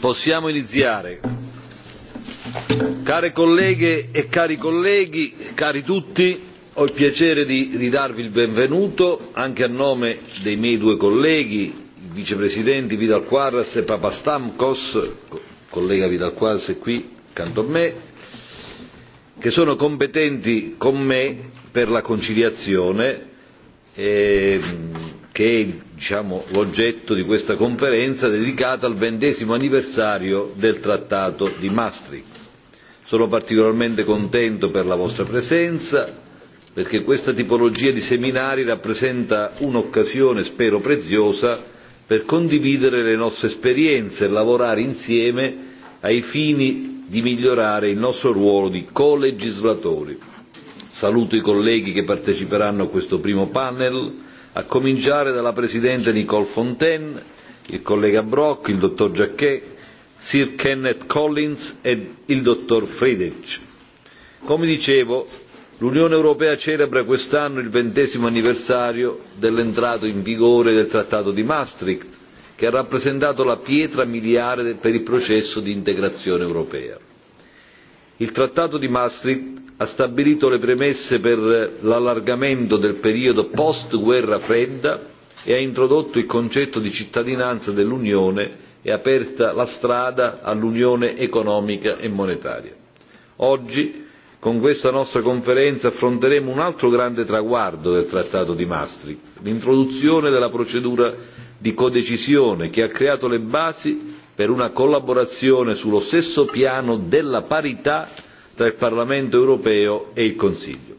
Possiamo iniziare. Care colleghe e cari colleghi, cari tutti, ho il piacere di, di darvi il benvenuto anche a nome dei miei due colleghi, vicepresidenti Vidal Quarras e Papastamkos, collega Vidal Quarras è qui accanto a me, che sono competenti con me per la conciliazione che è diciamo, l'oggetto di questa conferenza dedicata al ventesimo anniversario del trattato di Maastricht. Sono particolarmente contento per la vostra presenza perché questa tipologia di seminari rappresenta un'occasione, spero preziosa, per condividere le nostre esperienze e lavorare insieme ai fini di migliorare il nostro ruolo di colegislatori. Saluto i colleghi che parteciperanno a questo primo panel, a cominciare dalla Presidente Nicole Fontaine, il collega Brock, il Dottor Jacquet, Sir Kenneth Collins e il Dottor Friedrich. Come dicevo, l'unione europea celebra quest'anno il ventesimo anniversario dell'entrata in vigore del trattato di maastricht che ha rappresentato la pietra miliare per il processo di integrazione europea. Il Trattato di Maastricht ha stabilito le premesse per l'allargamento del periodo post guerra fredda e ha introdotto il concetto di cittadinanza dell'Unione e aperta la strada all'unione economica e monetaria. Oggi, con questa nostra conferenza, affronteremo un altro grande traguardo del Trattato di Maastricht, l'introduzione della procedura di codecisione che ha creato le basi per una collaborazione sullo stesso piano della parità tra il Parlamento europeo e il Consiglio.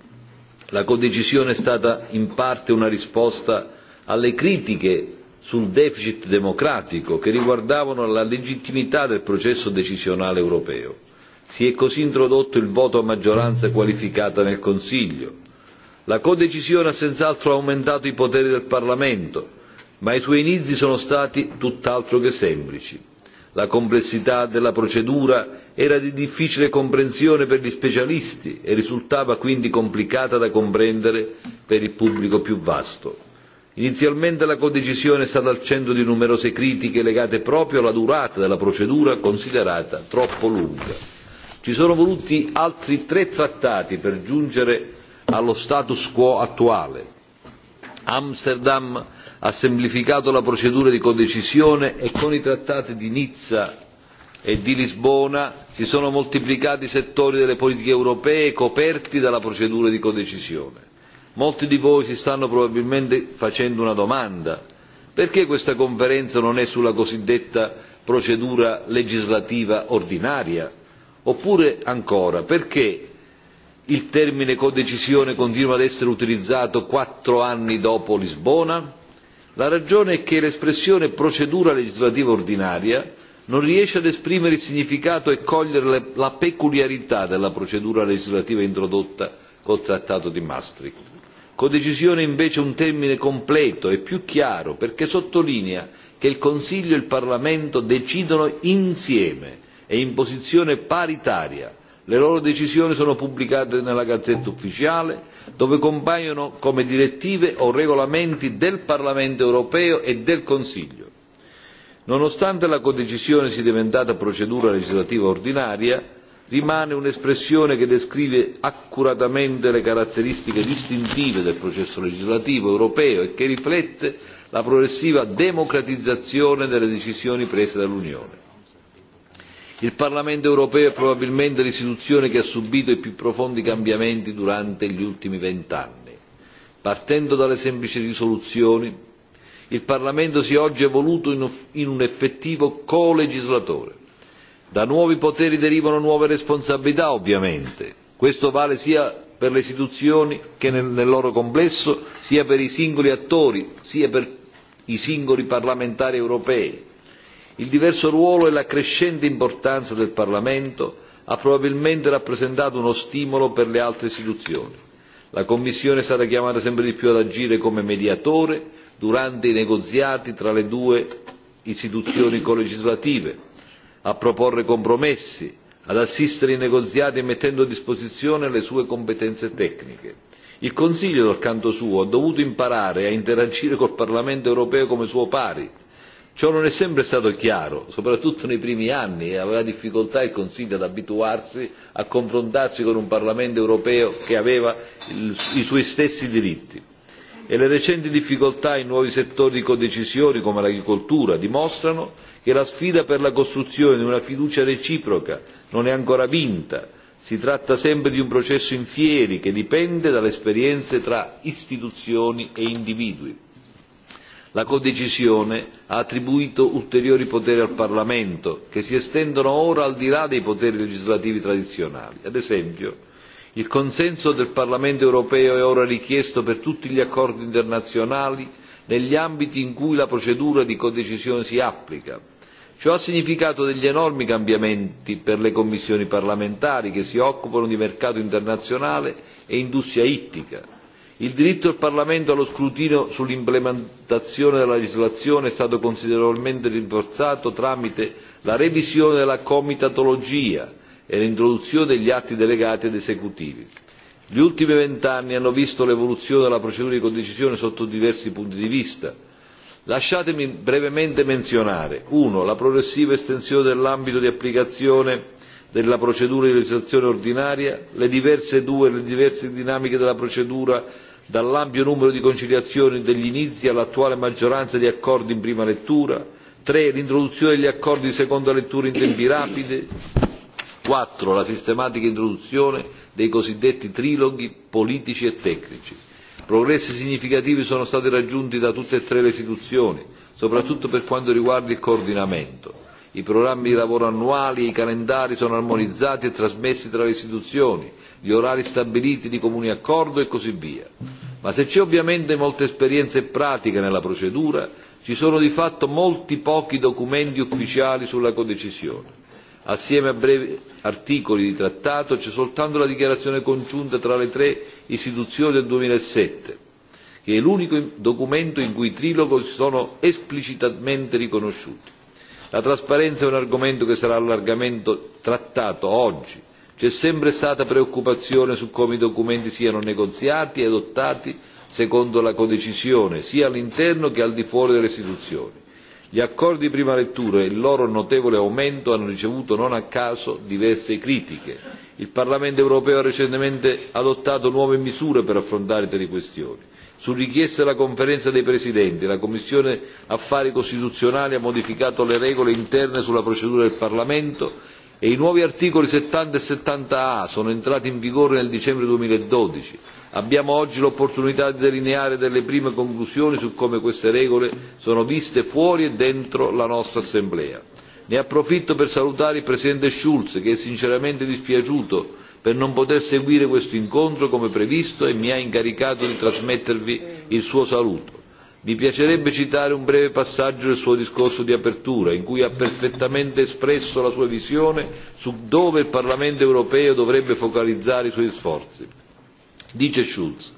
La codecisione è stata in parte una risposta alle critiche sul deficit democratico che riguardavano la legittimità del processo decisionale europeo. Si è così introdotto il voto a maggioranza qualificata nel Consiglio. La codecisione ha senz'altro aumentato i poteri del Parlamento, ma i suoi inizi sono stati tutt'altro che semplici. La complessità della procedura era di difficile comprensione per gli specialisti e risultava quindi complicata da comprendere per il pubblico più vasto. Inizialmente la codecisione è stata al centro di numerose critiche legate proprio alla durata della procedura considerata troppo lunga. Ci sono voluti altri tre trattati per giungere allo status quo attuale. Amsterdam ha semplificato la procedura di codecisione e con i trattati di nizza e di lisbona si sono moltiplicati i settori delle politiche europee coperti dalla procedura di codecisione. molti di voi si stanno probabilmente facendo una domanda perché questa conferenza non è sulla cosiddetta procedura legislativa ordinaria? oppure ancora perché il termine codecisione continua ad essere utilizzato quattro anni dopo lisbona? la ragione è che l'espressione procedura legislativa ordinaria non riesce ad esprimere il significato e cogliere la peculiarità della procedura legislativa introdotta col trattato di maastricht. codecisione è invece un termine completo e più chiaro perché sottolinea che il consiglio e il parlamento decidono insieme e in posizione paritaria le loro decisioni sono pubblicate nella gazzetta ufficiale dove compaiono come direttive o regolamenti del Parlamento europeo e del Consiglio. Nonostante la codecisione sia diventata procedura legislativa ordinaria, rimane un'espressione che descrive accuratamente le caratteristiche distintive del processo legislativo europeo e che riflette la progressiva democratizzazione delle decisioni prese dall'Unione il parlamento europeo è probabilmente l'istituzione che ha subito i più profondi cambiamenti durante gli ultimi vent'anni. partendo dalle semplici risoluzioni il parlamento si è oggi evoluto in un effettivo colegislatore. da nuovi poteri derivano nuove responsabilità ovviamente questo vale sia per le istituzioni che nel loro complesso sia per i singoli attori sia per i singoli parlamentari europei il diverso ruolo e la crescente importanza del parlamento ha probabilmente rappresentato uno stimolo per le altre istituzioni. la commissione è stata chiamata sempre di più ad agire come mediatore durante i negoziati tra le due istituzioni colegislative a proporre compromessi ad assistere i negoziati mettendo a disposizione le sue competenze tecniche. il consiglio dal canto suo ha dovuto imparare a interagire col parlamento europeo come suo pari Ciò non è sempre stato chiaro, soprattutto nei primi anni, e aveva difficoltà il Consiglio ad abituarsi a confrontarsi con un Parlamento europeo che aveva i suoi stessi diritti. E le recenti difficoltà in nuovi settori di codecisione come l'agricoltura dimostrano che la sfida per la costruzione di una fiducia reciproca non è ancora vinta. Si tratta sempre di un processo in fieri che dipende dalle esperienze tra istituzioni e individui la codecisione ha attribuito ulteriori poteri al Parlamento, che si estendono ora al di là dei poteri legislativi tradizionali. Ad esempio, il consenso del Parlamento europeo è ora richiesto per tutti gli accordi internazionali negli ambiti in cui la procedura di codecisione si applica. Ciò ha significato degli enormi cambiamenti per le commissioni parlamentari che si occupano di mercato internazionale e industria ittica il diritto del parlamento allo scrutinio sull'implementazione della legislazione è stato considerevolmente rinforzato tramite la revisione della comitatologia e l'introduzione degli atti delegati ed esecutivi. gli ultimi vent'anni hanno visto l'evoluzione della procedura di codecisione sotto diversi punti di vista. lasciatemi brevemente menzionare uno la progressiva estensione dell'ambito di applicazione della procedura di legislazione ordinaria le diverse dinamiche della procedura dall'ampio numero di conciliazioni degli inizi all'attuale maggioranza di accordi in prima lettura; tre l'introduzione degli accordi di seconda lettura in tempi rapidi; quattro la sistematica introduzione dei cosiddetti triloghi politici e tecnici. progressi significativi sono stati raggiunti da tutte e tre le istituzioni soprattutto per quanto riguarda il coordinamento. i programmi di lavoro annuali e i calendari sono armonizzati e trasmessi tra le istituzioni; gli orari stabiliti di comune accordo e così via. Ma se c'è ovviamente molta esperienza e pratica nella procedura, ci sono di fatto molti pochi documenti ufficiali sulla codecisione. Assieme a brevi articoli di trattato c'è soltanto la dichiarazione congiunta tra le tre istituzioni del duemilasette, che è l'unico documento in cui i trilogo si sono esplicitamente riconosciuti. La trasparenza è un argomento che sarà largamente trattato oggi C'è sempre stata preoccupazione su come i documenti siano negoziati e adottati secondo la codecisione, sia all'interno che al di fuori delle istituzioni. Gli accordi di prima lettura e il loro notevole aumento hanno ricevuto non a caso diverse critiche. Il Parlamento europeo ha recentemente adottato nuove misure per affrontare tali questioni. Su richiesta della conferenza dei presidenti, la Commissione Affari Costituzionali ha modificato le regole interne sulla procedura del Parlamento e i nuovi articoli settanta e settanta a sono entrati in vigore nel dicembre duemiladodici abbiamo oggi l'opportunità di delineare delle prime conclusioni su come queste regole sono viste fuori e dentro la nostra assemblea. ne approfitto per salutare il presidente schulz che è sinceramente dispiaciuto per non poter seguire questo incontro come previsto e mi ha incaricato di trasmettervi il suo saluto. Mi piacerebbe citare un breve passaggio del suo discorso di apertura, in cui ha perfettamente espresso la sua visione su dove il Parlamento europeo dovrebbe focalizzare i suoi sforzi. Dice Schulz,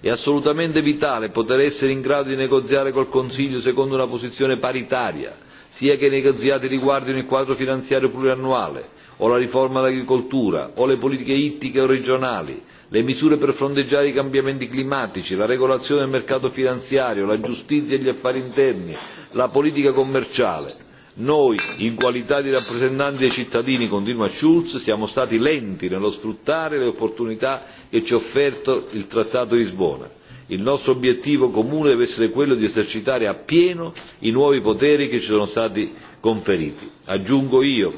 è assolutamente vitale poter essere in grado di negoziare col Consiglio secondo una posizione paritaria, sia che i negoziati riguardino il quadro finanziario pluriannuale, o la riforma dell'agricoltura, o le politiche ittiche o regionali, le misure per fronteggiare i cambiamenti climatici la regolazione del mercato finanziario la giustizia e gli affari interni la politica commerciale. noi in qualità di rappresentanti dei cittadini continua schulz siamo stati lenti nello sfruttare le opportunità che ci ha offerto il trattato di lisbona. il nostro obiettivo comune deve essere quello di esercitare appieno i nuovi poteri che ci sono stati conferiti. aggiungo io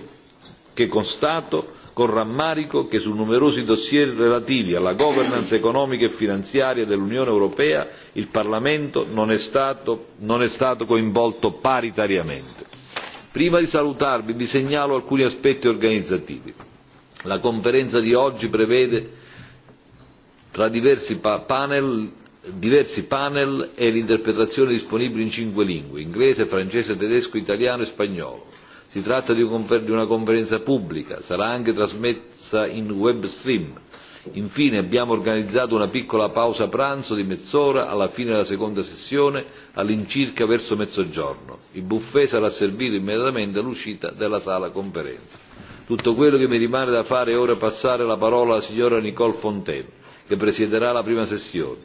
che constato con rammarico che su numerosi dossier relativi alla governance economica e finanziaria dell'unione europea il parlamento non è stato coinvolto paritariamente. prima di salutarvi vi segnalo alcuni aspetti organizzativi la conferenza di oggi prevede tra diversi panel e l'interpretazione disponibile in cinque lingue inglese francese tedesco italiano e spagnolo. Si tratta di una conferenza pubblica, sarà anche trasmessa in web stream. Infine abbiamo organizzato una piccola pausa pranzo di mezz'ora alla fine della seconda sessione all'incirca verso mezzogiorno. Il buffet sarà servito immediatamente all'uscita della sala conferenza. Tutto quello che mi rimane da fare è ora passare la parola alla signora Nicole Fontaine, che presiederà la prima sessione.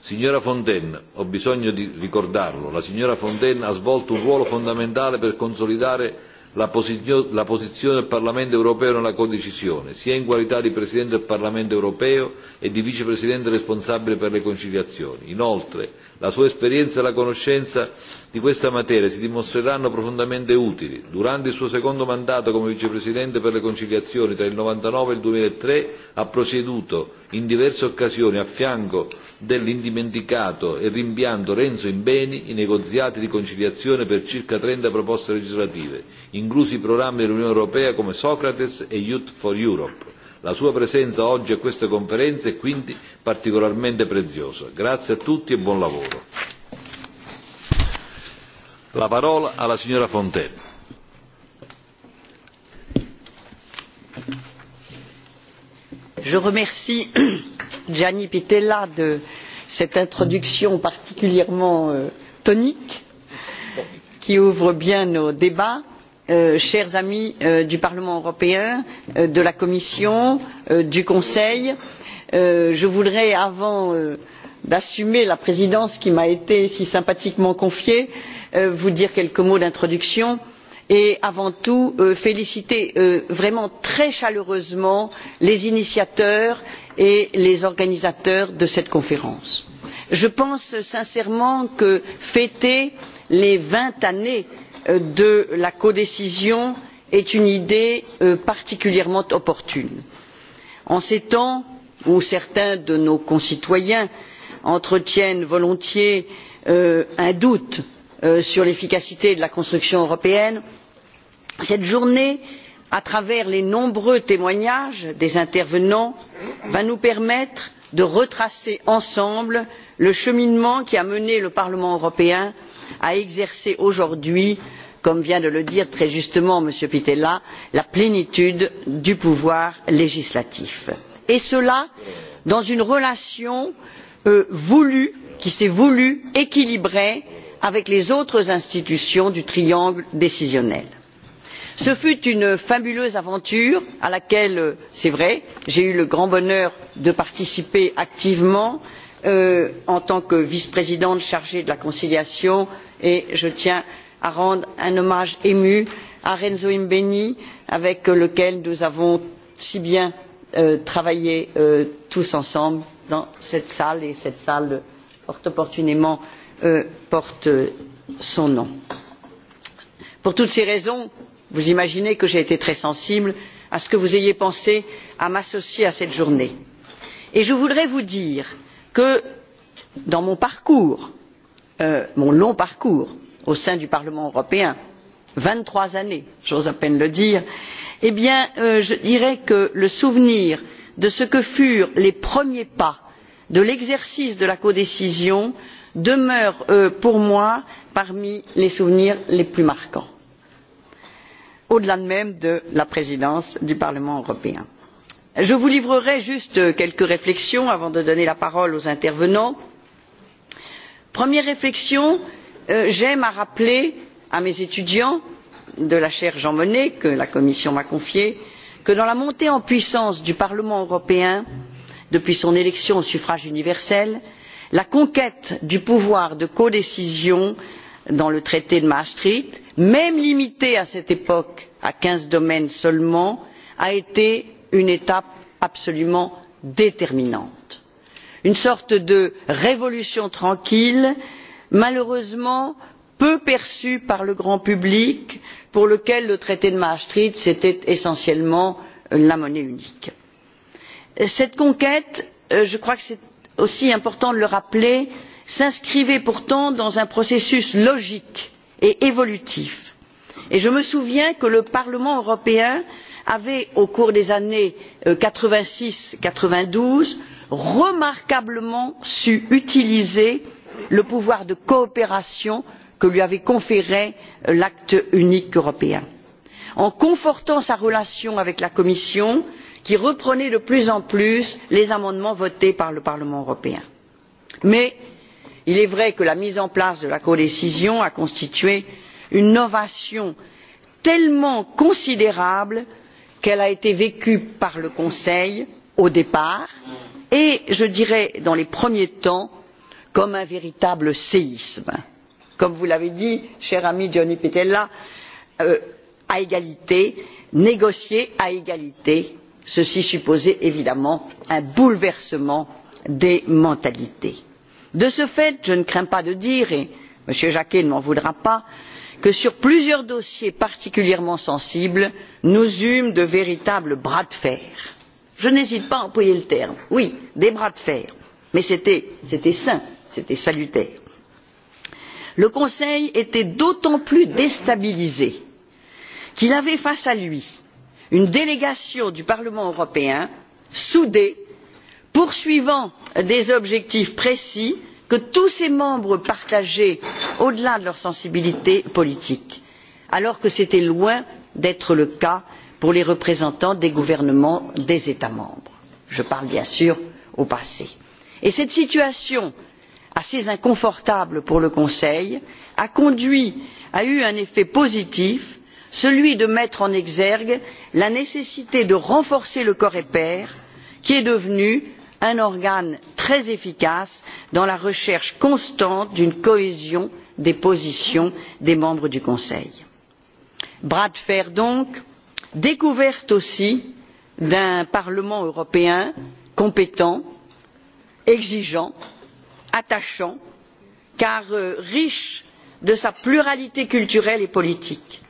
Signora Fontaine, ho bisogno di ricordarlo, la signora Fontaine ha svolto un ruolo fondamentale per consolidare la, posizione del Parlamento europeo nella codecisione, sia in qualità di Presidente del Parlamento europeo e di Vicepresidente responsabile per le conciliazioni. Inoltre, la sua esperienza e la conoscenza di questa materia si dimostreranno profondamente utili. durante il suo secondo mandato come vicepresidente per le conciliazioni tra il millenovecentonovantanove e il duemilatré ha presieduto in diverse occasioni a fianco dell'indimenticato e rimpianto renzo imbeni i negoziati di conciliazione per circa trenta proposte legislative inclusi i programmi dell'unione europea come socrates e youth for europe La sua presenza oggi a questa conferenza è quindi particolarmente preziosa. Grazie a tutti e buon lavoro. La parola alla signora Fontaine. Je remercie Gianni Pittella de cette introduction particulièrement tonique qui ouvre bien nos débats chers amis du parlement européen de la commission du conseil je voudrais avant d'assumer la présidence qui m'a été si sympathiquement confiée vous dire quelques mots d'introduction et avant tout féliciter vraiment très chaleureusement les initiateurs et les organisateurs de cette conférence. je pense sincèrement que fêter les vingt années de de la codécision est une idée particulièrement opportune. en ces temps où certains de nos concitoyens entretiennent volontiers un doute sur l'efficacité de la construction européenne cette journée à travers les nombreux témoignages des intervenants va nous permettre de retracer ensemble le cheminement qui a mené le parlement européen à exercer aujourd'hui comme vient de le dire très justement m. pittella la plénitude du pouvoir législatif et cela dans une relation qui s'est voulue équilibrée avec les autres institutions du triangle décisionnel. ce fut une fabuleuse aventure à laquelle c'est vrai j'ai eu le grand bonheur de participer activement et en tant que vice présidente chargée de la conciliation et je tiens à rendre un hommage ému à renzo imbeni avec lequel nous avons si bien travaillé tous ensemble dans cette salle et cette salle fort opportunément porte son nom. pour toutes ces raisons vous imaginez que j'ai été très sensible à ce que vous ayez pensé à m'associer à cette journée et je voudrais vous dire que que dans mon parcours mon long parcours au sein du parlement européen vingt trois années j'ose à peine le dire je dirais que le souvenir de ce que furent les premiers pas de l'exercice de la codécision demeure pour moi parmi les souvenirs les plus marquants au delà même de la présidence du parlement européen je vous livrerai juste quelques réflexions avant de donner la parole aux intervenants. première réflexion j'aime à rappeler à mes étudiants de la chaire jean monnet que la commission m'a confiée que dans la montée en puissance du parlement européen depuis son élection au suffrage universel la conquête du pouvoir de codécision dans le traité de maastricht même limité à cette époque à quinze domaines seulement a été une étape absolument déterminante une sorte de révolution tranquille malheureusement peu perçue par le grand public pour lequel le traité de maastricht c'était essentiellement la monnaie unique. cette conquête je crois que c'est aussi important de le rappeler s'inscrivait pourtant dans un processus logique et évolutif et je me souviens que le parlement européen avait avait au cours des années quatre vingt six quatre vingt douze remarquablement su utiliser le pouvoir de coopération que lui avait conféré l'acte unique européen en confortant sa relation avec la commission qui reprenait de plus en plus les amendements votés par le parlement européen. mais il est vrai que la mise en place de la codécision a constitué une novation tellement considérable que qu'elle a été vécue par le conseil au départ et je dirais dans les premiers temps comme un véritable séisme comme vous l'avez dit cher ami gianni pittella à égalité négocier à égalité ceci supposait évidemment un bouleversement des mentalités. de ce fait je ne crains pas de dire et m. jacquet ne m'en voudra pas que sur plusieurs dossiers particulièrement sensibles nous eûmes de véritables bras de fer je n'hésite pas à employer le terme oui des bras de fer mais c'était sain c'était salutaire. le conseil était d'autant plus déstabilisé qu'il avait face à lui une délégation du parlement européen soudée poursuivant des objectifs précis que tous ses membres partageaient au delà de leur sensibilité politique alors que c'était loin d'être le cas pour les représentants des gouvernements des états membres je parle bien sûr au passé. cette situation assez inconfortable pour le conseil a eu un effet positif celui de mettre en exergue la nécessité de renforcer le coreper qui est devenu un organe très efficace dans la recherche constante d'une cohésion des positions des membres du conseil. bras de fer donc découverte aussi d'un parlement européen compétent exigeant attachant car riche de sa pluralité culturelle et politique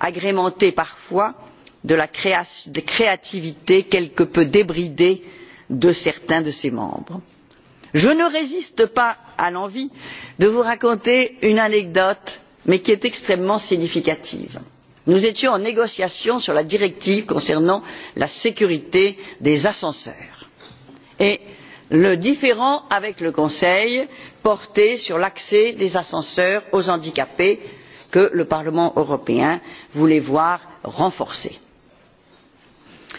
agrémentée parfois de la créativité quelque peu débridée de certains de ses membres je ne résiste pas à l'envie de vous raconter une anecdote mais qui est extrêmement significative nous étions en négociation sur la directive concernant la sécurité des ascenseurs et le différend avec le conseil portait sur l'accès des ascenseurs aux handicapés que le parlement européen voulait voir renforcé.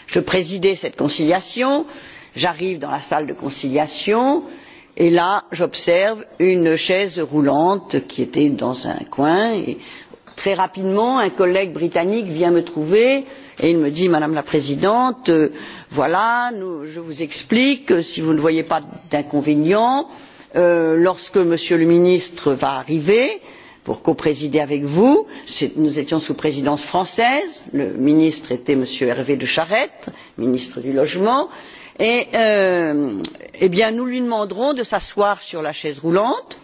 je présidais cette conciliation j'arrive dans la salle de conciliation et et là j'observe une chaise roulante qui était dans un coin et très rapidement un collègue britannique vient me trouver et il me dit madame la présidente voilà je vous explique si vous ne voyez pas d'inconvénient lorsque monsieur le ministre va arriver pour coprésider avec vous nous étions sous présidence française le ministre était m. hervé de charette ministre du logement et nous lui demanderons de s'asseoir sur la chaise roulante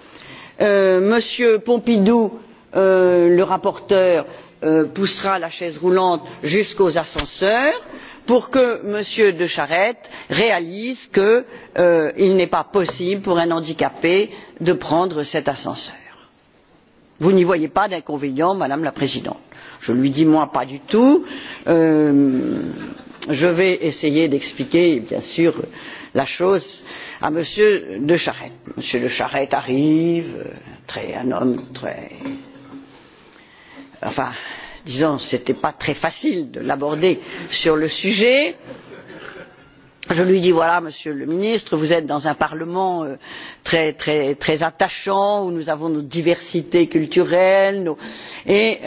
m. pompidou le rapporteur poussera la chaise roulante jusqu'aux ascenseurs pour que m. de charette réalise qu'il n'est pas possible pour un handicapé de prendre cet ascenseur. vous n'y voyez pas d'inconvénient madame la présidente? je lui dis moi pas du tout je vais essayer d'expliquer bien sûr la chose à m. de charette. m. de charette arrive un homme très enfin disons ce n'était pas très facile de l'aborder sur le sujet. je lui dis voilà monsieur le ministre vous êtes dans un parlement très très très attachant où nous avons nos diversités culturelles nos... et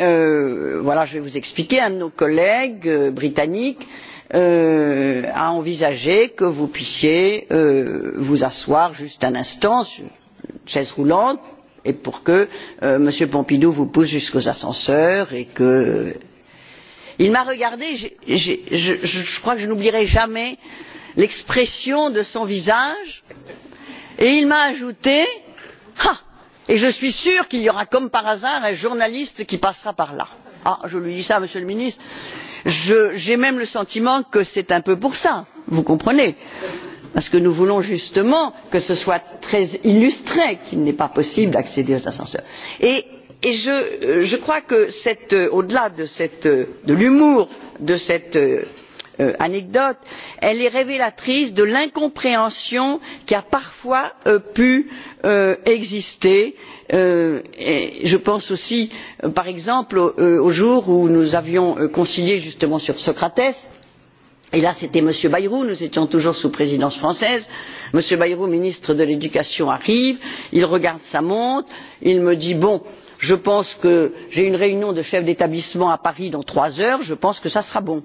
voilà je vais vous expliquer un de nos collègues britanniques euh, à envisager que vous puissiez vous asseoir juste un instant sur une chaise roulante et pour que m. pompidou vous pousse jusqu'aux ascenseurs et que il m'a regardée je crois que je n'oublierai jamais l'expression de son visage et il m'a ajouté ah et je suis sûr qu'il y aura comme par hasard un journaliste qui passera par là ah je lui dis cela monsieur le ministre j'ai même le sentiment que c'est un peu pour cela vous comprenez parce que nous voulons justement que ce soit très illustré qu'il n'est pas possible d'accéder aux ascenseurs. je crois que au delà de l'humour de cette anecdote elle est révélatrice de l'incompréhension qui a parfois pu exister je pense aussi par exemple au jour où nous avions concilié justement sur socrates et là c'était m. bayrou nous étions toujours sous présidence française m. bayrou ministre de l'éducation arrive il regarde sa montre il me dit bon je pense que j'ai une réunion de chefs d'établissement à paris dans trois heures je pense que ça sera bon.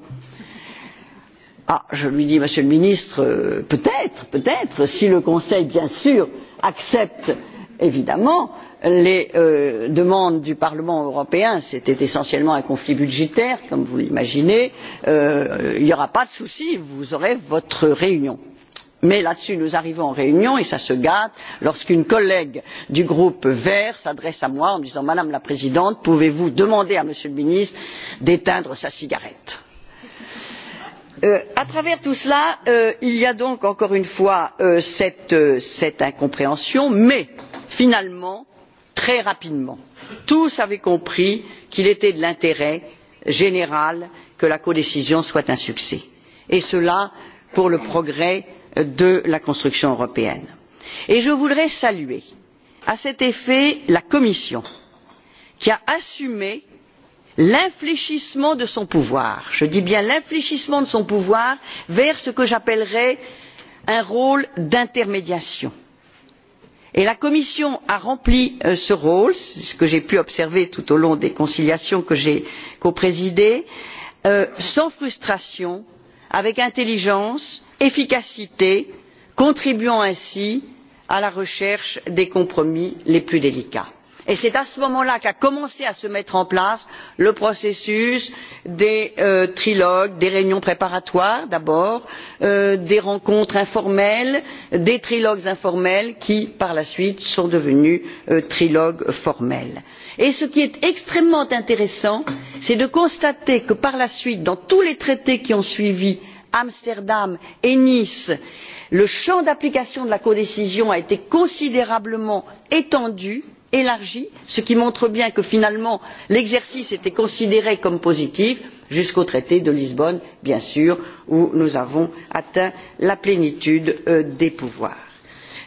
Ah, je lui dis, Monsieur le ministre, peut-être, peut-être, si le Conseil, bien sûr, accepte évidemment les demandes du parlement européen c'était essentiellement un conflit budgétaire comme vous l'imaginez il n'y aura pas de souci vous aurez votre réunion mais là dessus nous arrivons en réunion et ça se gâte lorsqu'une collègue du groupe verts s'adresse à moi en me disant madame la présidente pouvez vous demander à monsieur le ministre d'éteindre sa cigarette? à travers tout cela il y a donc encore une fois cette incompréhension mais finalement très rapidement. tous avaient compris qu'il était de l'intérêt général que la codécision soit un succès et cela pour le progrès de la construction européenne. je voudrais saluer à cet effet la commission qui a assumé l'infléchissement de son pouvoir je dis bien l'infléchissement de son pouvoir vers ce que j'appellerais un rôle d'intermédiation la commission a rempli ce rôle c'est ce que j'ai pu observer tout au long des conciliations que j'ai coprésidées sans frustration avec intelligence efficacité contribuant ainsi à la recherche des compromis les plus délicats et c'est à ce moment là qu'a commencé à se mettre en place le processus des trilogues des réunions préparatoires d'abord des rencontres informelles des trilogues informels qui par la suite sont devenus trilogues formels. ce qui est extrêmement intéressant c'est de constater que par la suite dans tous les traités qui ont suivi amsterdam et nice le champ d'application de la codécision a été considérablement étendu élargie ce qui montre bien que finalement l'exercice était considéré comme positif jusqu'au traité de lisbonne bien sûr où nous avons atteint la plénitude des pouvoirs.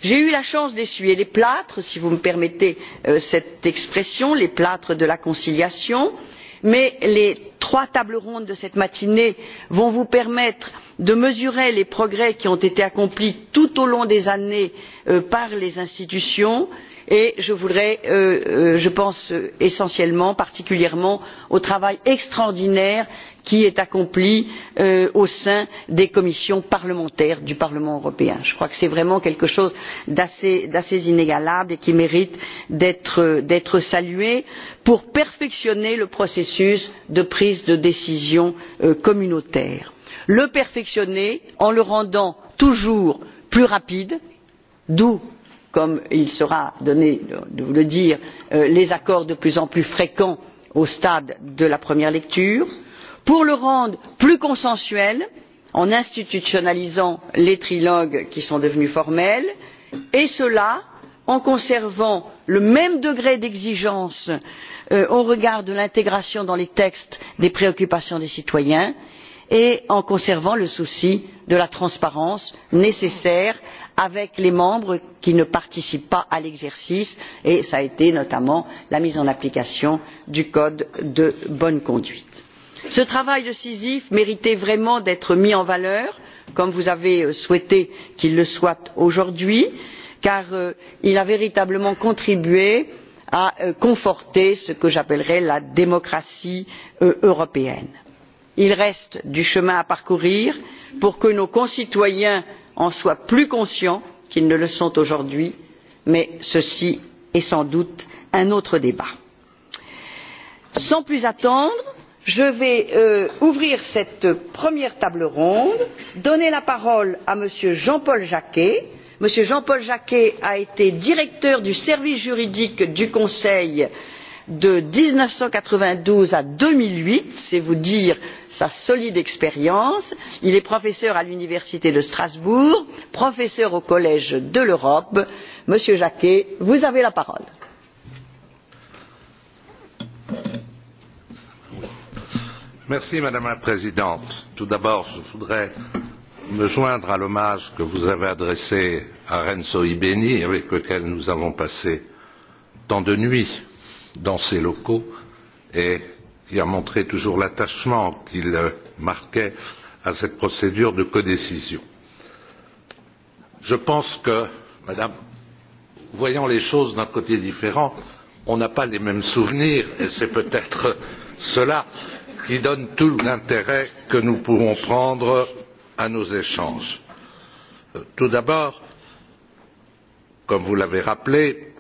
j'ai eu la chance d'essuyer les plâtres si vous me permettez cette expression les plâtres de la conciliation mais les trois tables rondes de cette matinée vont vous permettre de mesurer les progrès qui ont été accomplis tout au long des années par les institutions et et je voudrais je pense essentiellement particulièrement au travail extraordinaire qui est accompli au sein des commissions parlementaires du parlement européen. je crois que c'est vraiment quelque chose d'assez inégalable et qui mérite d'être salué pour perfectionner le processus de prise de décision communautaire le perfectionner en le rendant toujours plus rapide d'où comme il sera donné de vous le dire les accords de plus en plus fréquents au stade de la première lecture pour le rendre plus consensuel en institutionnalisant les trilogues qui sont devenus formels et cela en conservant le même degré d'exigence au regard de l'intégration dans les textes des préoccupations des citoyens et en conservant le souci de la transparence nécessaire à avec les membres qui ne participent pas à l'exercice et cela a été notamment la mise en application du code de bonne conduite. ce travail de sisyphe méritait vraiment d'être mis en valeur comme vous avez souhaité qu'il le soit aujourd'hui car il a véritablement contribué à conforter ce que j'appellerais la démocratie européenne. il reste du chemin à parcourir pour que nos concitoyens en soient plus conscients qu'ils ne le sont aujourd'hui mais ceci est sans doute un autre débat. sans plus attendre je vais ouvrir cette première table ronde donner la parole à m. jean paul jacquet. m. jean paul jacquet a été directeur du service juridique du conseil de mille neuf cent quatre vingt douze à deux mille huit c'est vous dire sa solide expérience il est professeur à l'université de strasbourg professeur au collège de l'europe. monsieur jacquet vous avez la parole. madame la présidente tout d'abord je voudrais me joindre à l'hommage que vous avez adressé à renzo ibeni avec lequel nous avons passé tant de nuits dans ses locaux et qui a montré toujours l'attachement qu'il marquait à cette procédure de codécision. Je pense que, madame, voyant les choses d'un côté différent, on n'a pas les mêmes souvenirs et c'est peut être cela qui donne tout l'intérêt que nous pouvons prendre à nos échanges. Tout d'abord, comme vous l'avez rappelé,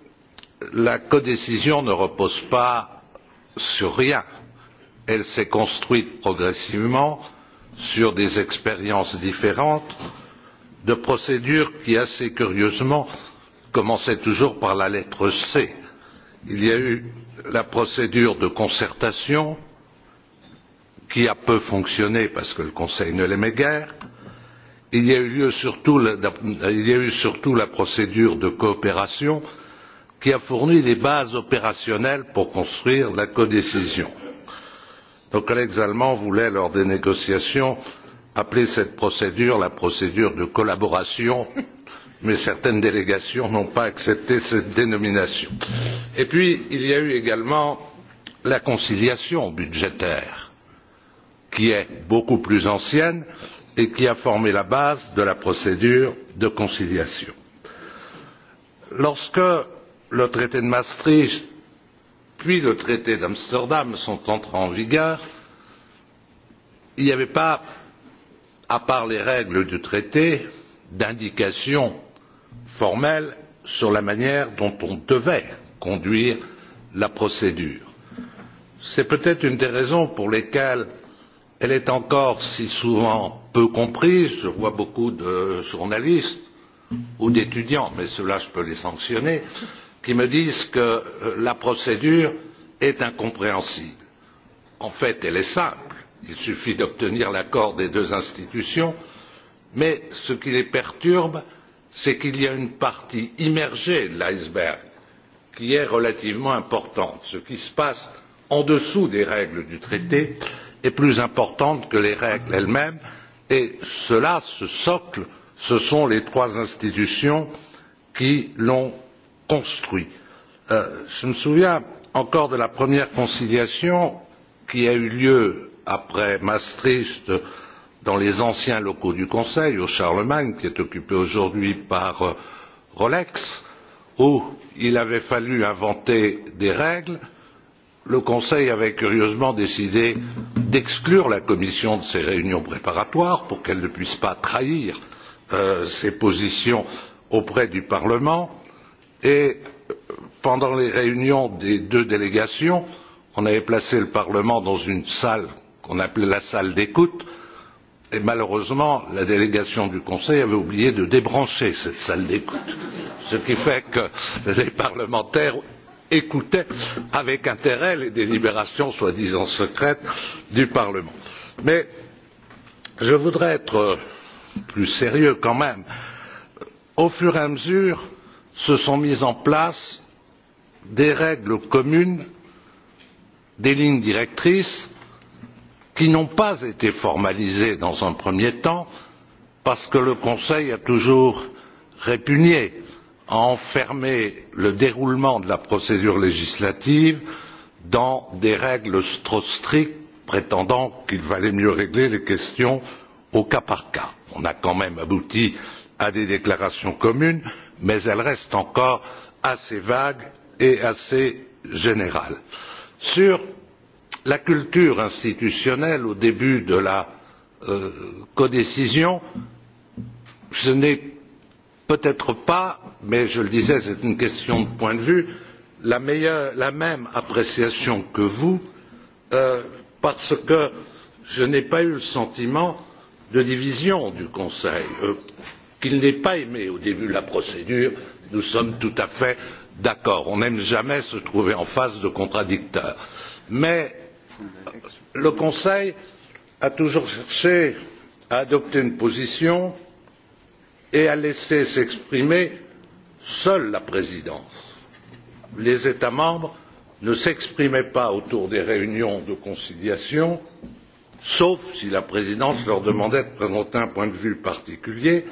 la codécision ne repose pas sur rien elle s'est construite progressivement sur des expériences différentes de procédures qui assez curieusement commençaient toujours par la lettre c. il y a eu la procédure de concertation qui a peu fonctionné parce que le conseil ne l'aimait guère il y a eu surtout la procédure de coopération qui a fourni les bases opérationnelles pour construire la codécision. Nos collègues allemands voulaient, lors des négociations, appeler cette procédure la procédure de collaboration, mais certaines délégations n'ont pas accepté cette dénomination. Et puis, il y a eu également la conciliation budgétaire, qui est beaucoup plus ancienne et qui a formé la base de la procédure de conciliation. Lorsque le traité de maastricht puis le traité d'amsterdam sont entrés en vigueur il n'y avait pas à part les règles du traité d'indication formelle sur la manière dont on devait conduire la procédure. c'est peut être une des raisons pour lesquelles elle est encore si souvent peu comprise je vois beaucoup de journalistes ou d'étudiants mais ceux là je peux les sanctionner qui qui me disent que la procédure est incompréhensible. En fait, elle est simple. Il suffit d'obtenir l'accord des deux institutions. Mais ce qui les perturbe, c'est qu'il y a une partie immergée de l'iceberg qui est relativement importante. Ce qui se passe en dessous des règles du traité est plus important que les règles elles mêmes et cela ce socle ce sont les trois institutions qui l'ont construit. je me souviens encore de la première conciliation qui a eu lieu après maastricht dans les anciens locaux du conseil au charlemagne qui est occupé aujourd'hui par rolex où il avait fallu inventer des règles le conseil avait curieusement décidé d'exclure la commission de ses réunions préparatoires pour qu'elle ne puisse pas trahir ses positions auprès du parlement et pendant les réunions des deux délégations on avait placé le parlement dans une salle qu'on appelait la salle d'écoute et malheureusement la délégation du conseil avait oublié de débrancher cette salle d'écoute ce qui fait que les parlementaires écoutaient avec intérêt les délibérations soi disant secrètes du parlement. mais je voudrais être plus sérieux quand même. au fur et à mesure se sont mises en place des règles communes des lignes directrices qui n'ont pas été formalisées dans un premier temps parce que le conseil a toujours répugné à enfermer le déroulement de la procédure législative dans des règles trop strictes prétendant qu'il valait mieux régler les questions au cas par cas. on a quand même abouti à des déclarations communes mais elle reste encore assez vague et assez générale. sur la culture institutionnelle au début de la codécision je n'ai peut être pas mais je le disais c'est une question de point de vue la même appréciation que vous parce que je n'ai pas eu le sentiment de division du conseil qu'il n'ait pas aimé au début la procédure nous sommes tout à fait d'accord on n'aime jamais se trouver en face de contradicteurs mais le conseil a toujours cherché à adopter une position et à laisser s'exprimer seule la présidence. les états membres ne s'exprimaient pas autour des réunions de conciliation sauf si la présidence leur demandait de présenter un point de vue particulier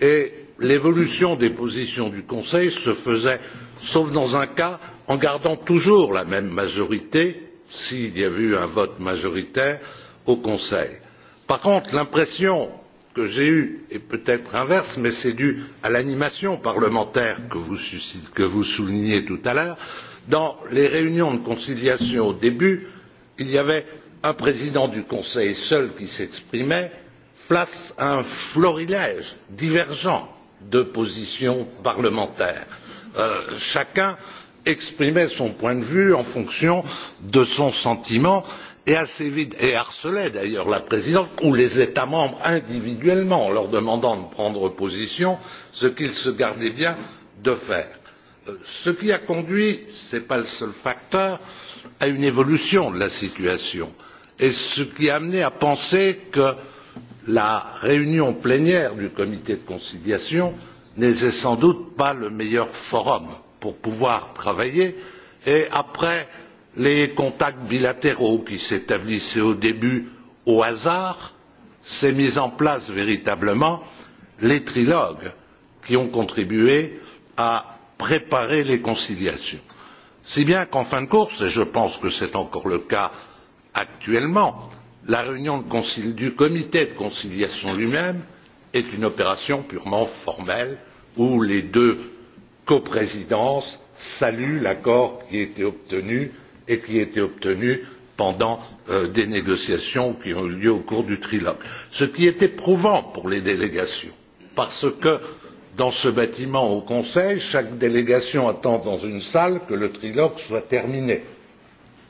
et l'évolution des positions du conseil se faisait sauf dans un cas en gardant toujours la même majorité s'il y avait eu un vote majoritaire au conseil. par contre l'impression que j'ai eue est peut être inverse mais c'est dû à l'animation parlementaire que vous soulignez tout à l'heure dans les réunions de conciliation au début il y avait un président du conseil seul qui s'exprimait place à un florilège divergent de positions parlementaires. chacun exprimait son point de vue en fonction de son sentiment et assez vite et harcelait d'ailleurs la présidence ou les états membres individuellement en leur demandant de prendre position ce qu'ils se gardaient bien de faire. ce qui a conduit ce n'est pas le seul facteur à une évolution de la situation et ce qui a amené à penser que la réunion plénière du comité de conciliation n'était sans doute pas le meilleur forum pour pouvoir travailler et après les contacts bilatéraux qui s'établissaient au début au hasard s'est mis en place véritablement les trilogues qui ont contribué à préparer les conciliations si bien qu'en fin de course et je pense que c'est encore le cas actuellement la réunion du comité de conciliation lui même est une opération purement formelle où les deux coprésidences saluent l'accord qui a été obtenu et qui a été obtenu pendant des négociations qui ont eu lieu au cours du trilogue ce qui est éprouvant pour les délégations parce que dans ce bâtiment au conseil chaque délégation attend dans une salle que le trilogue soit terminé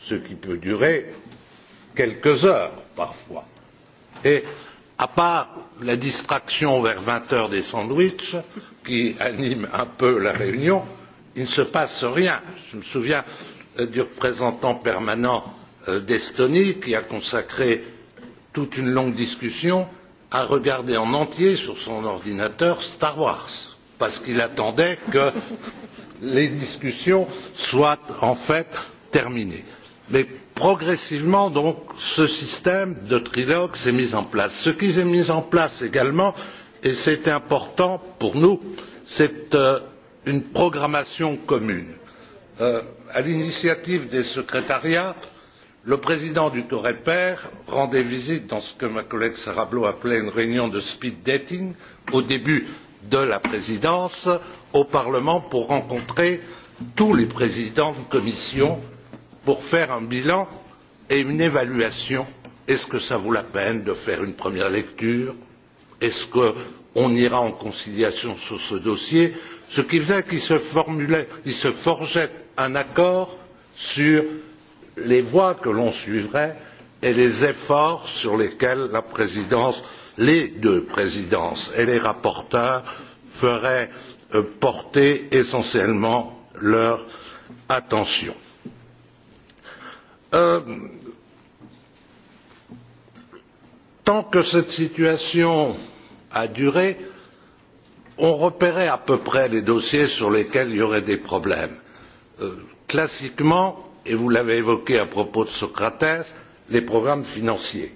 ce qui peut durer quelques heures parfois. Et à part la distraction vers vingt heures des sandwichs qui anime un peu la réunion, il ne se passe rien. Je me souviens du représentant permanent d'Estonie qui a consacré toute une longue discussion à regarder en entier sur son ordinateur Star Wars parce qu'il attendait que les discussions soient en fait terminées. Mais progressivement donc ce système de trilogue s'est mis en place. ce qui s'est mis en place également et c'est important pour nous c'est une programmation commune. à l'initiative des secrétariats le président du coreper rendait visite dans ce que ma collègue sarabia appelait une réunion de speed dating au début de la présidence au parlement pour rencontrer tous les présidents de commission pour faire un bilan et une évaluation est ce que cela vaut la peine de faire une première lecture est ce qu'on ira en conciliation sur ce dossier ce qui faisait qu'il se forgeait un accord sur les voies que l'on suivrait et les efforts sur lesquels la présidence les deux présidences et les rapporteurs feraient porter essentiellement leur attention tant que cette situation a duré on repérait à peu près les dossiers sur lesquels il y aurait des problèmes. classiquement et vous l'avez évoqué à propos de socrates les programmes financiers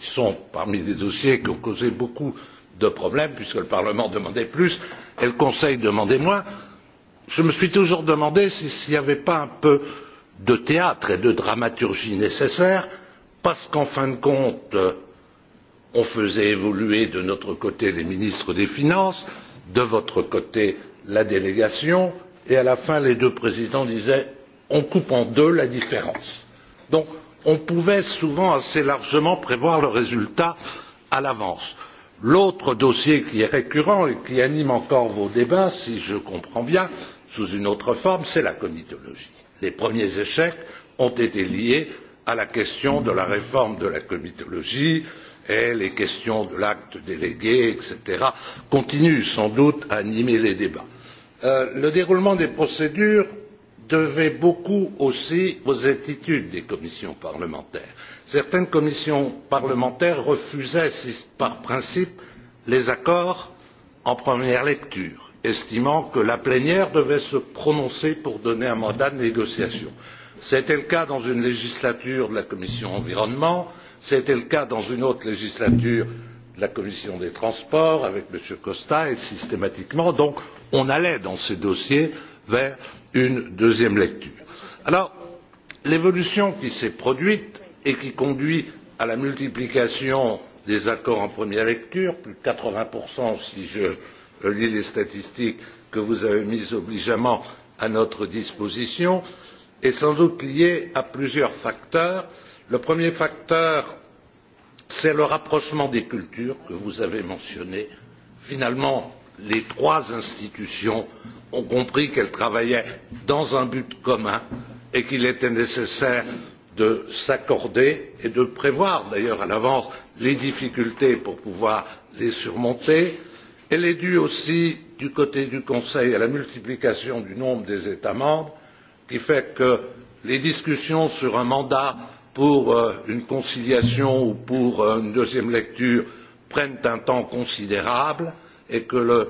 sont parmi les dossiers qui ont causé beaucoup de problèmes puisque le parlement demandait plus et le conseil demandait moins. je me suis toujours demandé s'il n'y avait pas un peu de théâtre et de dramaturgie nécessaires parce qu'en fin de compte on faisait évoluer de notre côté les ministres des finances de votre côté la délégation et à la fin les deux présidents disaient on coupe en deux la différence. donc on pouvait souvent assez largement prévoir le résultat à l'avance. l'autre dossier qui est récurrent et qui anime encore vos débats si je comprends bien sous une autre forme c'est la comitologie les premiers échecs ont été liés à la question de la réforme de la comitologie et les questions de l'acte délégué etc. continuent sans doute à animer les débats. le déroulement des procédures devait beaucoup aussi aux attitudes des commissions parlementaires. certaines commissions parlementaires refusaient par principe les accords en première lecture estimant que la plénière devait se prononcer pour donner un mandat de négociation. c'était le cas dans une législature de la commission de l'environnement c'était le cas dans une autre législature de la commission des transports avec m. costa et systématiquement donc on allait dans ces dossiers vers une deuxième lecture. alors l'évolution qui s'est produite et qui conduit à la multiplication des accords en première lecture plus de quatre vingts si je relis les statistiques que vous avez mises obligeamment à notre disposition est sans doute liée à plusieurs facteurs. le premier facteur c'est le rapprochement des cultures que vous avez mentionné. finalement les trois institutions ont compris qu'elles travaillaient dans un but commun et qu'il était nécessaire de s'accorder et de prévoir d'ailleurs à l'avance les difficultés pour pouvoir les surmonter. le elle est due aussi du côté du conseil à la multiplication du nombre des états membres qui fait que les discussions sur un mandat pour une conciliation ou pour une deuxième lecture prennent un temps considérable et que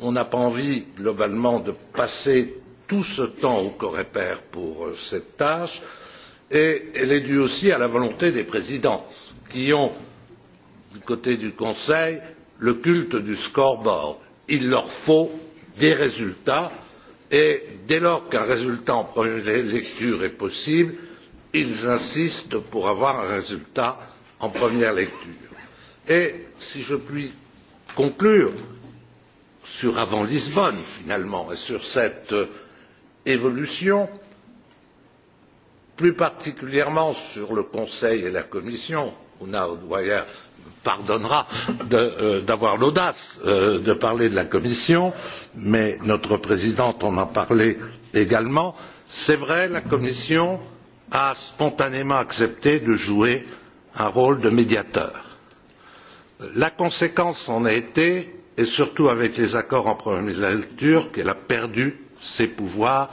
on n'a pas envie globalement de passer tout ce temps au coreper pour cette tâche et elle est due aussi à la volonté des présidences qui ont du côté du conseil le culte du scoreboard. Il leur faut des résultats et dès lors qu'un résultat en première lecture est possible, ils insistent pour avoir un résultat en première lecture. Et si je puis conclure sur avant Lisbonne finalement et sur cette évolution, plus particulièrement sur le Conseil et la Commission, Unard Dwyer pardonnera d'avoir l'audace de parler de la commission mais notre présidente en a parlé également c'est vrai la commission a spontanément accepté de jouer un rôle de médiateur. la conséquence en a été et surtout avec les accords en première lecture qu'elle a perdu ses pouvoirs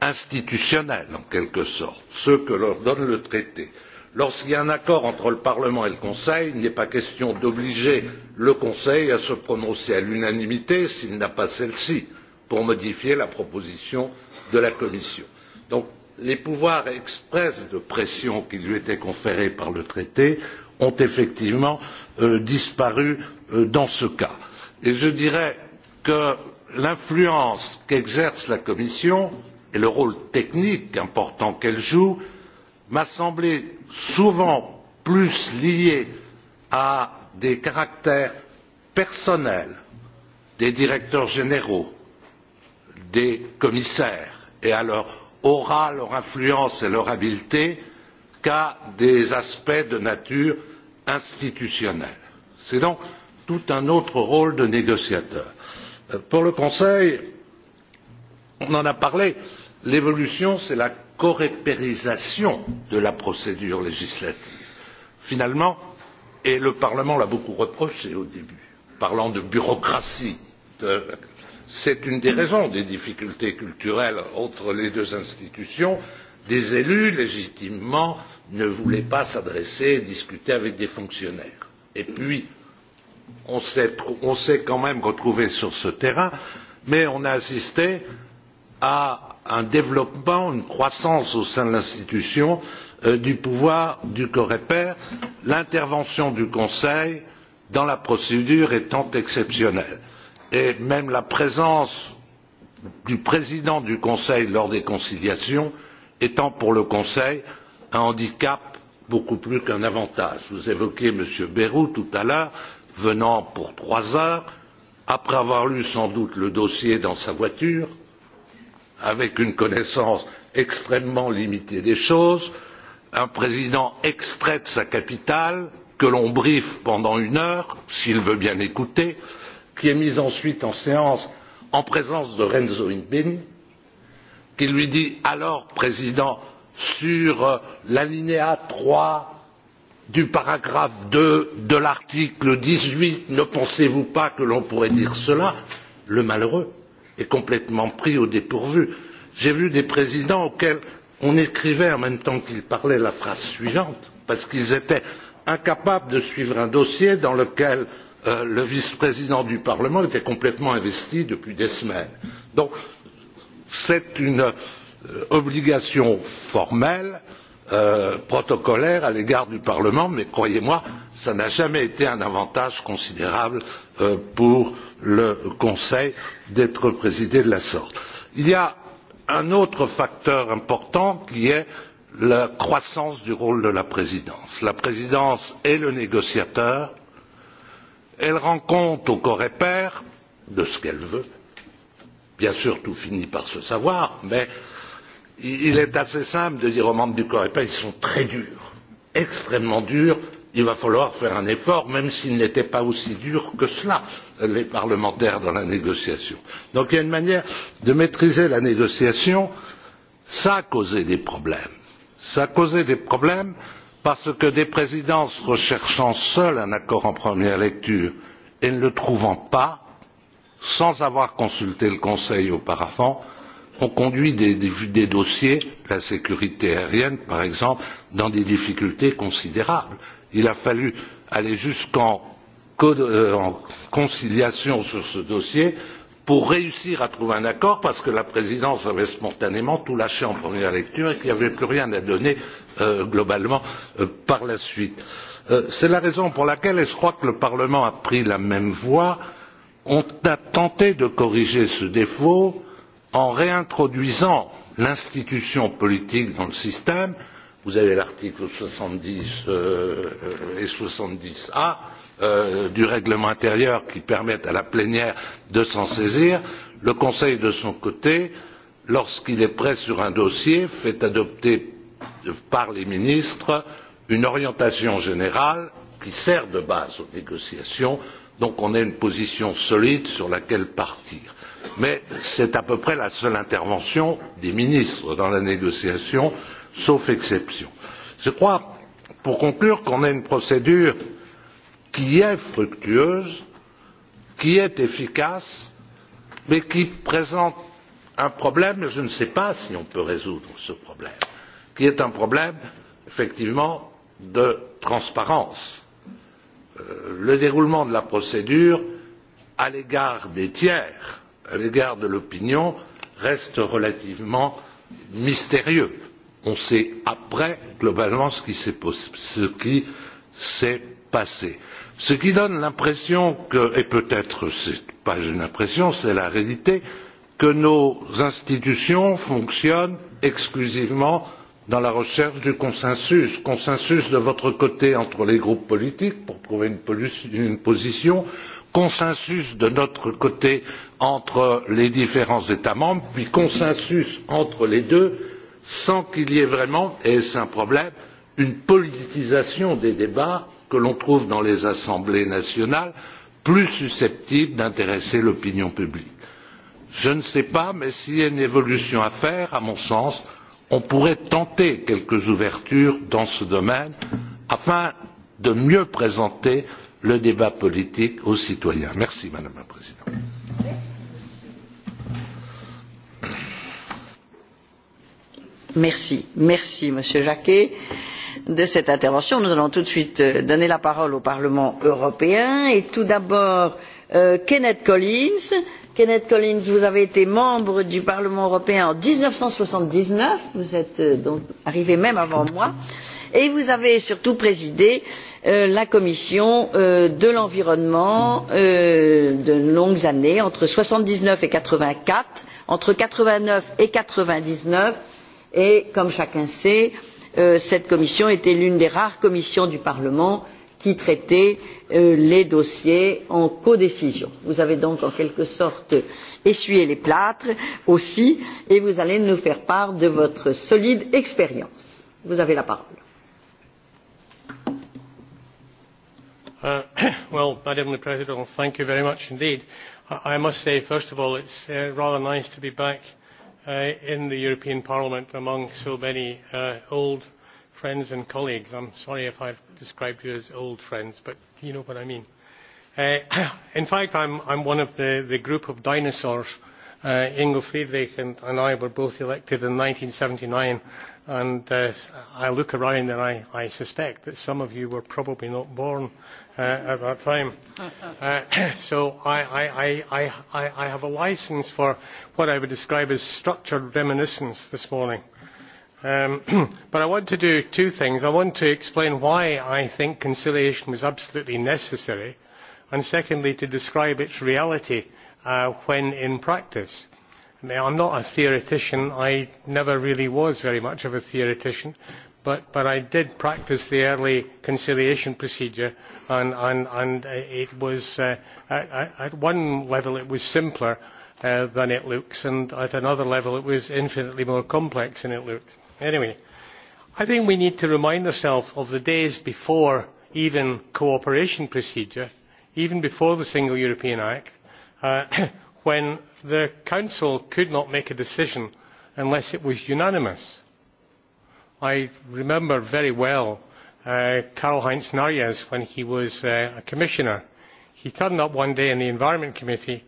institutionnels en quelque sorte ceux que leur donne le traité lorsqu'il y a un accord entre le parlement et le conseil il n'est pas question d'obliger le conseil à se prononcer à l'unanimité s'il n'a pas celle ci pour modifier la proposition de la commission. donc les pouvoirs exprès de pression qui lui étaient conférés par le traité ont effectivement disparu dans ce cas. et je dirais que l'influence qu'exerce la commission et le rôle technique important qu'elle joue m'a semblé souvent plus liées à des caractères personnels des directeurs généraux, des commissaires et à leur aura, leur influence et leur habileté qu'à des aspects de nature institutionnelle. C'est donc tout un autre rôle de négociateur. Pour le Conseil, on en a parlé, l'évolution, c'est la corépérisation de la procédure législative. Finalement, et le Parlement l'a beaucoup reproché au début, parlant de bureaucratie, c'est une des raisons des difficultés culturelles entre les deux institutions. Des élus, légitimement, ne voulaient pas s'adresser et discuter avec des fonctionnaires. Et puis, on s'est quand même retrouvé sur ce terrain, mais on a assisté à un développement une croissance au sein de l'institution du pouvoir du coreper l'intervention du conseil dans la procédure étant exceptionnelle et même la présence du président du conseil lors des conciliations étant pour le conseil un handicap beaucoup plus qu'un avantage. vous évoquiez m. bayrou tout à l'heure venant pour trois heures après avoir lu sans doute le dossier dans sa voiture avec une connaissance extrêmement limitée des choses, un président extrait de sa capitale, que l'on briefe pendant une heure, s'il veut bien écouter, qui est mis ensuite en séance en présence de Renzo Imbeni, qui lui dit alors, président, sur l'alinéa trois du paragraphe deux de l'article dix huit, ne pensez vous pas que l'on pourrait dire cela? Le malheureux est complètement pris au dépourvu. J'ai vu des présidents auxquels on écrivait en même temps qu'ils parlaient la phrase suivante, parce qu'ils étaient incapables de suivre un dossier dans lequel le vice président du Parlement était complètement investi depuis des semaines. Donc c'est une obligation formelle protocolaire à l'égard du parlement mais croyez moi cela n'a jamais été un avantage considérable pour le conseil d'être présidé de la sorte. il y a un autre facteur important qui est la croissance du rôle de la présidence. la présidence est le négociateur elle rend compte au coreper de ce qu'elle veut bien sûr tout finit par se savoir mais il est assez simple de dire aux membres du coreper ils sont très durs extrêmement durs il va falloir faire un effort, même s'il n'était pas aussi dur que cela, les parlementaires dans la négociation. Donc il y a une manière de maîtriser la négociation, ça a causé des problèmes. Ça a causé des problèmes parce que des présidences recherchant seules un accord en première lecture et ne le trouvant pas, sans avoir consulté le Conseil auparavant, ont conduit des, dossiers, la sécurité aérienne par exemple, dans des difficultés considérables il a fallu aller jusqu'en conciliation sur ce dossier pour réussir à trouver un accord parce que la présidence avait spontanément tout lâché en première lecture et qu'il n'y avait plus rien à donner globalement par la suite. c'est la raison pour laquelle et je crois que le parlement a pris la même voie on a tenté de corriger ce défaut en réintroduisant l'institution politique dans le système vous avez l'article soixante dix et soixante dix A du règlement intérieur qui permettent à la plénière de s'en saisir. Le Conseil, de son côté, lorsqu'il est prêt sur un dossier, fait adopter par les ministres une orientation générale qui sert de base aux négociations, donc on a une position solide sur laquelle partir. Mais c'est à peu près la seule intervention des ministres dans la négociation. Euh, sauf exception. je crois pour conclure qu'on a une procédure qui est fructueuse qui est efficace mais qui présente un problème je ne sais pas si on peut résoudre ce problème qui est un problème effectivement de transparence. le déroulement de la procédure à l'égard des tiers à l'égard de l'opinion reste relativement mystérieux on sait après globalement ce qui s'est passé ce qui donne l'impression et peut être ce n'est pas une impression c'est la réalité que nos institutions fonctionnent exclusivement dans la recherche du consensus consensus de votre côté entre les groupes politiques pour trouver une position consensus de notre côté entre les différents états membres puis consensus entre les deux sans qu'il y ait vraiment et c'est un problème une politisation des débats que l'on trouve dans les assemblées nationales plus susceptibles d'intéresser l'opinion publique. je ne sais pas mais s'il y a une évolution à faire à mon sens on pourrait tenter quelques ouvertures dans ce domaine afin de mieux présenter le débat politique aux citoyens. merci madame la présidente. Merci, merci Monsieur Jacquet de cette intervention. Nous allons tout de suite donner la parole au Parlement européen et tout d'abord Kenneth Collins. Kenneth Collins, vous avez été membre du Parlement européen en mille neuf cent soixante dix neuf, vous êtes donc arrivé même avant moi, et vous avez surtout présidé la commission de l'environnement de longues années, entre soixante dix neuf et quatre-vingt quatre, entre quatre-vingt neuf et quatre-vingt dix neuf et comme chacun sait cette commission était l'une des rares commissions du parlement qui traitait les dossiers en codécision. vous avez donc en quelque sorte essuyé les plâtres aussi et vous allez nous faire part de votre solide expérience. vous avez la parole. madame president présidente merci beaucoup. je dois dire tout d'abord first of all it is rather nice to be back in the European Parliament among so many old friends and colleagues. I am sorry if I have described you as old friends, but you know what I mean. in fact, I am one of the, the group of dinosaurs. Uh, Ingo Friedrich and, and I were both elected in seventy nine and uh, I look around and I, I suspect that some of you were probably not born about time. so I, I, I, I have a license for what I would describe as structured reminiscence this morning. Um but I want to do two things. I want to explain why I think conciliation was absolutely necessary, and secondly, to describe its reality uh when in practice. I I'm not a theoretician. I never really was very much of a theoretician but, I did practice the early conciliation procedure, and, and, and it was uh, at, at one level it was simpler uh, than it looks, and at another level it was infinitely more complex than it looked. Anyway, I think we need to remind ourselves of the days before even cooperation procedure, even before the Single European Act, uh, when the Council could not make a decision unless it was unanimous I remember very well Karl Heinz Narjes when he was a commissioner. He turned up one day in the Environment Committee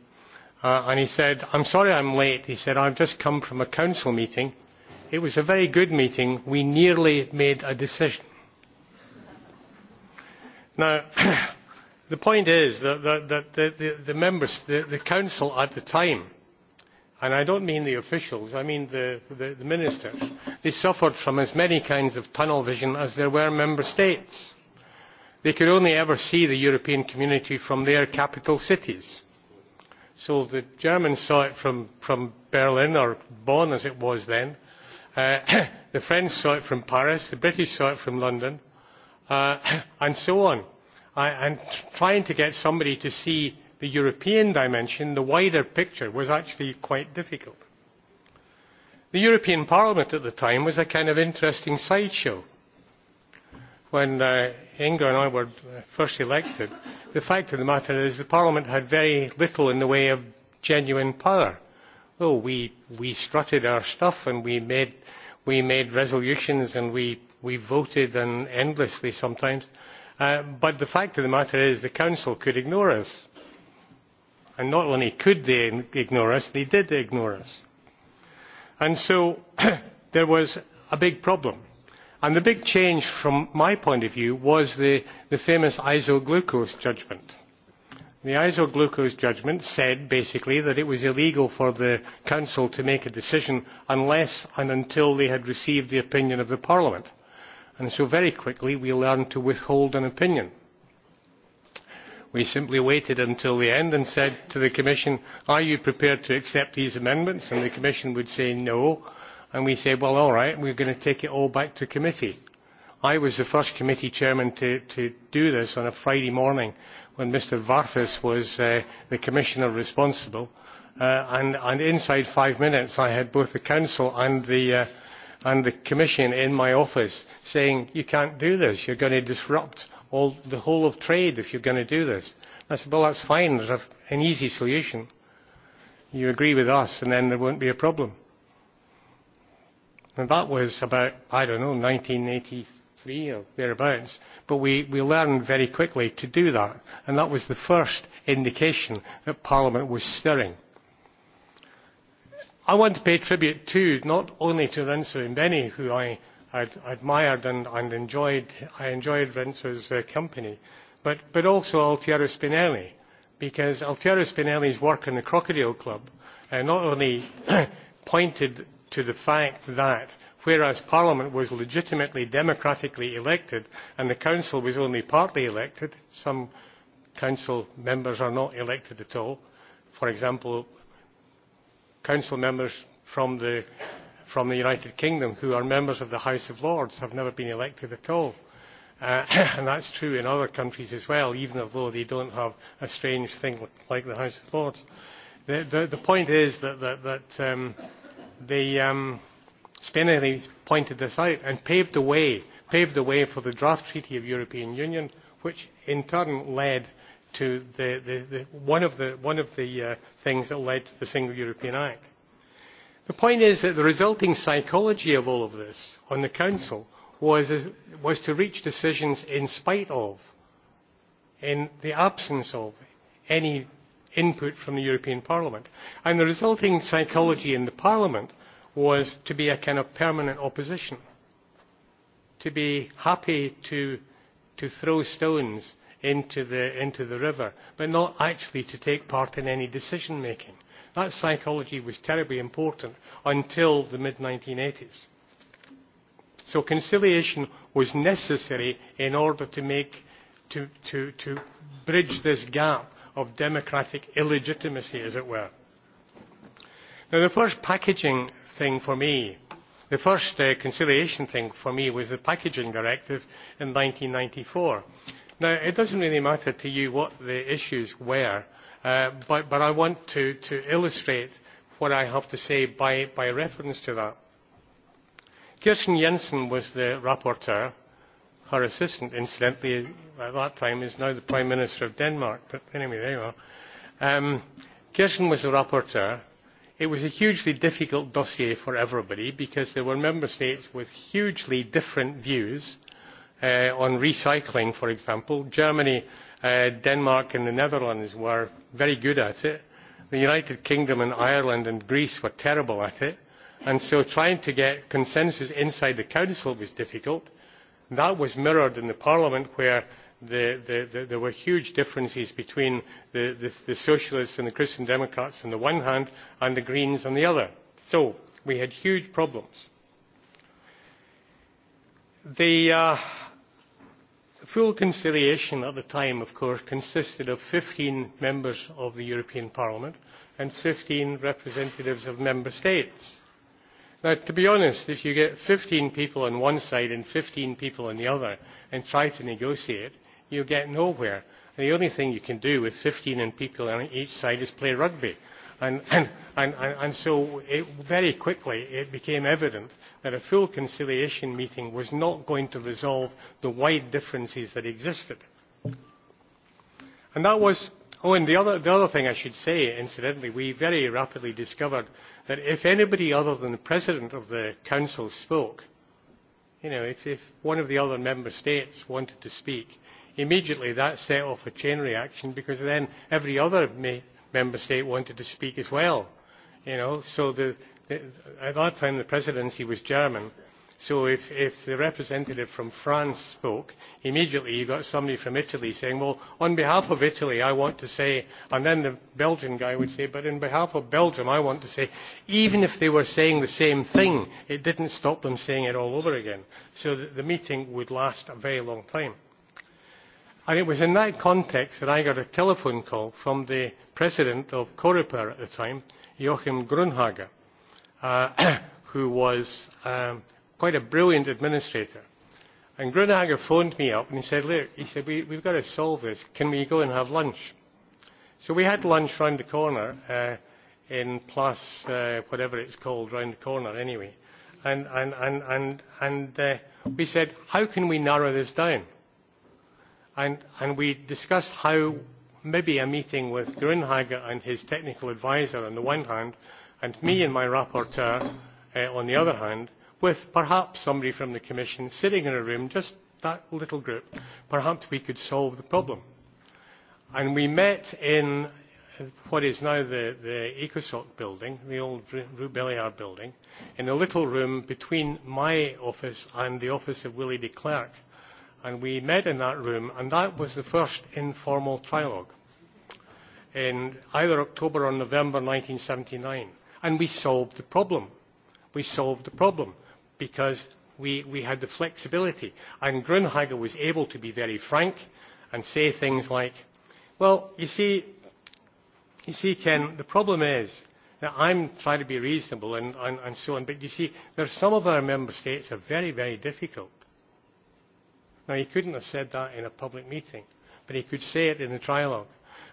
and he said, I'm sorry I am late. He said, I've just come from a council meeting. It was a very good meeting. We nearly made a decision. Now, the point is that, the, the, the, the members, the, the council at the time, and i do not mean the officials i mean the ministers they suffered from as many kinds of tunnel vision as there were member states. they could only ever see the european community from their capital cities so the germans saw it from berlin or bonn as it was then the french saw it from paris the british saw it from london and so on. trying to get somebody to see the European dimension, the wider picture, was actually quite difficult. The European Parliament at the time was a kind of interesting sideshow. When Inger and I were first elected, the fact of the matter is the Parliament had very little in the way of genuine power. we, we strutted our stuff and we made, we made resolutions and we, we voted and endlessly sometimes. but the fact of the matter is the Council could ignore us and not only could they ignore us they did ignore us. and so there was a big problem. and the big change from my point of view was the, famous isoglucose judgment. the isoglucose judgment said basically that it was illegal for the council to make a decision unless and until they had received the opinion of parliament. and so very quickly we learned to withhold an opinion we simply waited until the end and said to the commission are you prepared to accept these amendments? and the commission would say no and we said well all right we are going to take it all back to committee. i was the first committee chairman to do this on a friday morning when mr varfis was the commissioner responsible and inside five minutes i had both the council and the commission in my office saying you cannot do this you are going to disrupt all, the whole of trade if you're going to do this. I said, well, that's fine. There's a, an easy solution. You agree with us, and then there won't be a problem. And that was about, I don't know, 1983 or thereabouts. But we, we learned very quickly to do that. And that was the first indication that Parliament was stirring. I want to pay tribute too, not only to Renzo and Benny, who I I admired and, and enjoyed. I enjoyed Renzo's uh, company, but but also Altiero Spinelli, because Altiero Spinelli's work in the Crocodile Club uh, not only pointed to the fact that whereas Parliament was legitimately democratically elected and the Council was only partly elected, some Council members are not elected at all. For example, Council members from the from the United Kingdom who are members of the House of Lords have never been elected at all. Uh, and that's true in other countries as well, even though they don't have a strange thing like the House of Lords. The, the, the point is that, that, that um, the, um, Spinelli pointed this out and paved the way, paved the way for the draft Treaty of European Union, which in turn led to the, the, the, one of the, one of the uh, things that led to the Single European Act The point is that the resulting psychology of all of this on the Council was, was to reach decisions in spite of, in the absence of, any input from the European Parliament. And the resulting psychology in the Parliament was to be a kind of permanent opposition, to be happy to, to throw stones into the, into the river, but not actually to take part in any decision making That psychology was terribly important until the mid 1980s. So conciliation was necessary in order to make to, to, to bridge this gap of democratic illegitimacy, as it were. Now, the first packaging thing for me, the first uh, conciliation thing for me was the packaging directive in 1994. Now, it doesn't really matter to you what the issues were but, I want to, to illustrate what I have to say by, by reference to that. Kirsten Jensen was the rapporteur. Her assistant, incidentally, at that time is now the Prime Minister of Denmark. But anyway, there you are. Um, Kirsten was the rapporteur. It was a hugely difficult dossier for everybody because there were member states with hugely different views on recycling for example germany denmark and the netherlands were very good at it the united kingdom and ireland and greece were terrible at it and so trying to get consensus inside the council was difficult. that was mirrored in parliament where there were huge differences between the socialists and the christian democrats on the one hand and the greens on the other so we had huge problems full conciliation at the time of course consisted of fifteen members of the european parliament and fifteen representatives of member states. to be honest if you get fifteen people on one side and fifteen people on the other and try to negotiate you get nowhere. the only thing you can do with fifteen people on each side is play rugby and so very quickly it became evident that a full conciliation meeting was not going to resolve the wide differences that existed. And that was, oh, and the other, the other thing I should say, incidentally, we very rapidly discovered that if anybody other than the President of the Council spoke, you know, if, if one of the other member states wanted to speak, immediately that set off a chain reaction because then every other member state wanted to speak as well. You know, so the, at that time the presidency was German, so if, if the representative from France spoke, immediately you got somebody from Italy saying, well, on behalf of Italy, I want to say, and then the Belgian guy would say, but on behalf of Belgium, I want to say, even if they were saying the same thing, it didn't stop them saying it all over again. So the, the meeting would last a very long time. And it was in that context that I got a telephone call from the president of Coreper at the time, Joachim Grunhager who was quite a brilliant administrator. And Grunhager phoned me up and he said, look, he said, we, we've got to solve this. Can we go and have lunch? So we had lunch round the corner uh, in Plus, uh, whatever it's called, round the corner anyway. And, and, and, and, and uh, we said, how can we narrow this down? And, and we discussed how maybe a meeting with Grunhager and his technical advisor on the one hand and me and my rapporteur on the other hand with perhaps somebody from the commission sitting in a room just that little group perhaps we could solve the problem. we met in what is now the, the ecosoc building, the old Belliard building, in a little room between my office and the office of Willie de Klerk. And we met in that room, and that was the first informal trilogue in either October or November seventy nine and we solved the problem. We solved the problem because we, we had the flexibility. And Grunheiger was able to be very frank and say things like, well, you see, you see, Ken, the problem is that I'm trying to be reasonable and, and, and so on, but you see, there are some of our member states are very, very difficult. Now, he couldn't have said that in a public meeting, but he could say it in the trialogue.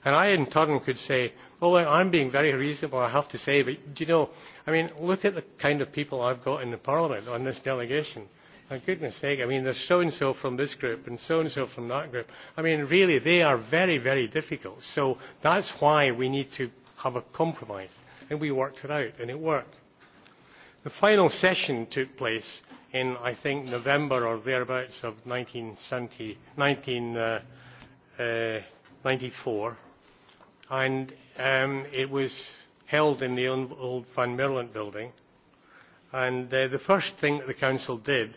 And I, in turn, could say, well, I'm being very reasonable, I have to say, but do you know, I mean, look at the kind of people I've got in the Parliament on this delegation. For goodness sake, I mean, there's so-and-so from this group and so-and-so from that group. I mean, really, they are very, very difficult. So that's why we need to have a compromise. And we worked it out, and it worked. The final session took place in, I think, November or thereabouts of ninety four and um, it was held in the old Van Mierland building. And uh, the first thing that the council did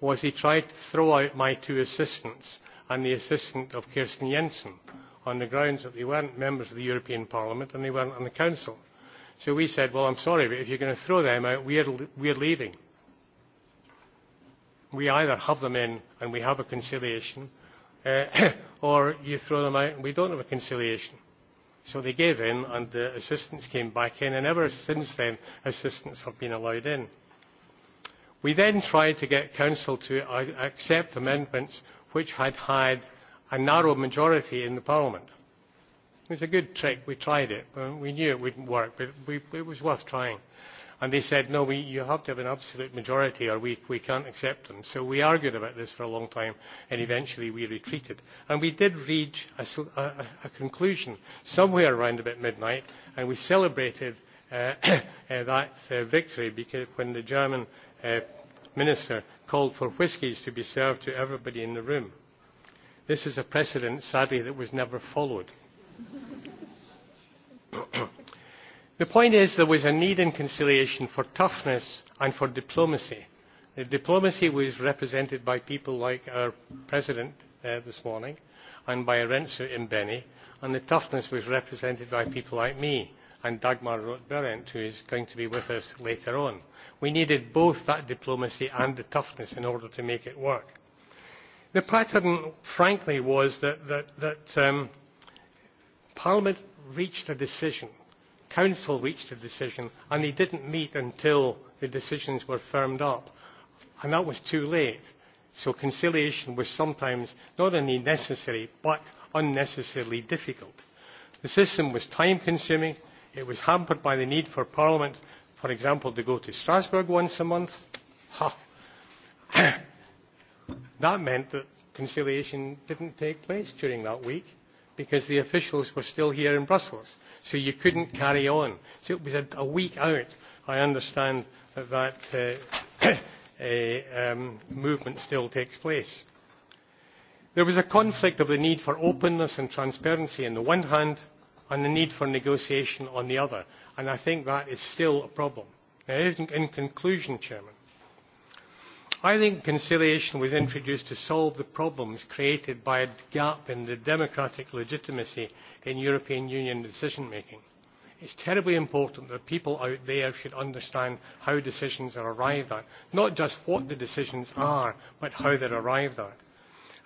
was he tried to throw out my two assistants and the assistant of Kirsten Jensen on the grounds that they weren't members of the European Parliament and they weren't on the council. So we said, well, I'm sorry, but if you're going to throw them out, we're, we're leaving. We either have them in and we have a conciliation, uh, or you throw them out and we don't have a conciliation So they gave in and the assistants came back in and ever since then assistants have been allowed in. We then tried to get Council to accept amendments which had had a narrow majority in the Parliament. It was a good trick. We tried it. We knew it wouldn't work, but we, it was worth trying and they said no we, you have to have an absolute majority or we, we can't accept them so we argued about this for a long time and eventually we retreated and we did reach a, a conclusion somewhere around about midnight and we celebrated that victory because when the German minister called for whiskies to be served to everybody in the room. This is a precedent, sadly, that was never followed the point is there was a need in conciliation for toughness and for diplomacy. The diplomacy was represented by people like our president this morning and by Renzo Imbeni, and the toughness was represented by people like me and Dagmar Roth-Berendt, who is going to be with us later on. We needed both that diplomacy and the toughness in order to make it work. The pattern, frankly, was that, that, Parliament reached a decision – council reached a decision and they did not meet until the decisions were firmed up and that was too late so conciliation was sometimes not only necessary but unnecessarily difficult. the system was time consuming it was hampered by the need for parliament for example to go to strasbourg once a month that meant that conciliation did not take place during that week because the officials were still here in brussels so you couldn't carry on. So it was a, a week out. I understand that that uh, uh, um, movement still takes place. There was a conflict of the need for openness and transparency on the one hand and the need for negotiation on the other, and I think that is still a problem. Now, in conclusion, Chairman, I think conciliation was introduced to solve the problems created by a gap in the democratic legitimacy in European Union decision making. It is terribly important that people out there should understand how decisions are arrived at, not just what the decisions are, but how they are arrived at.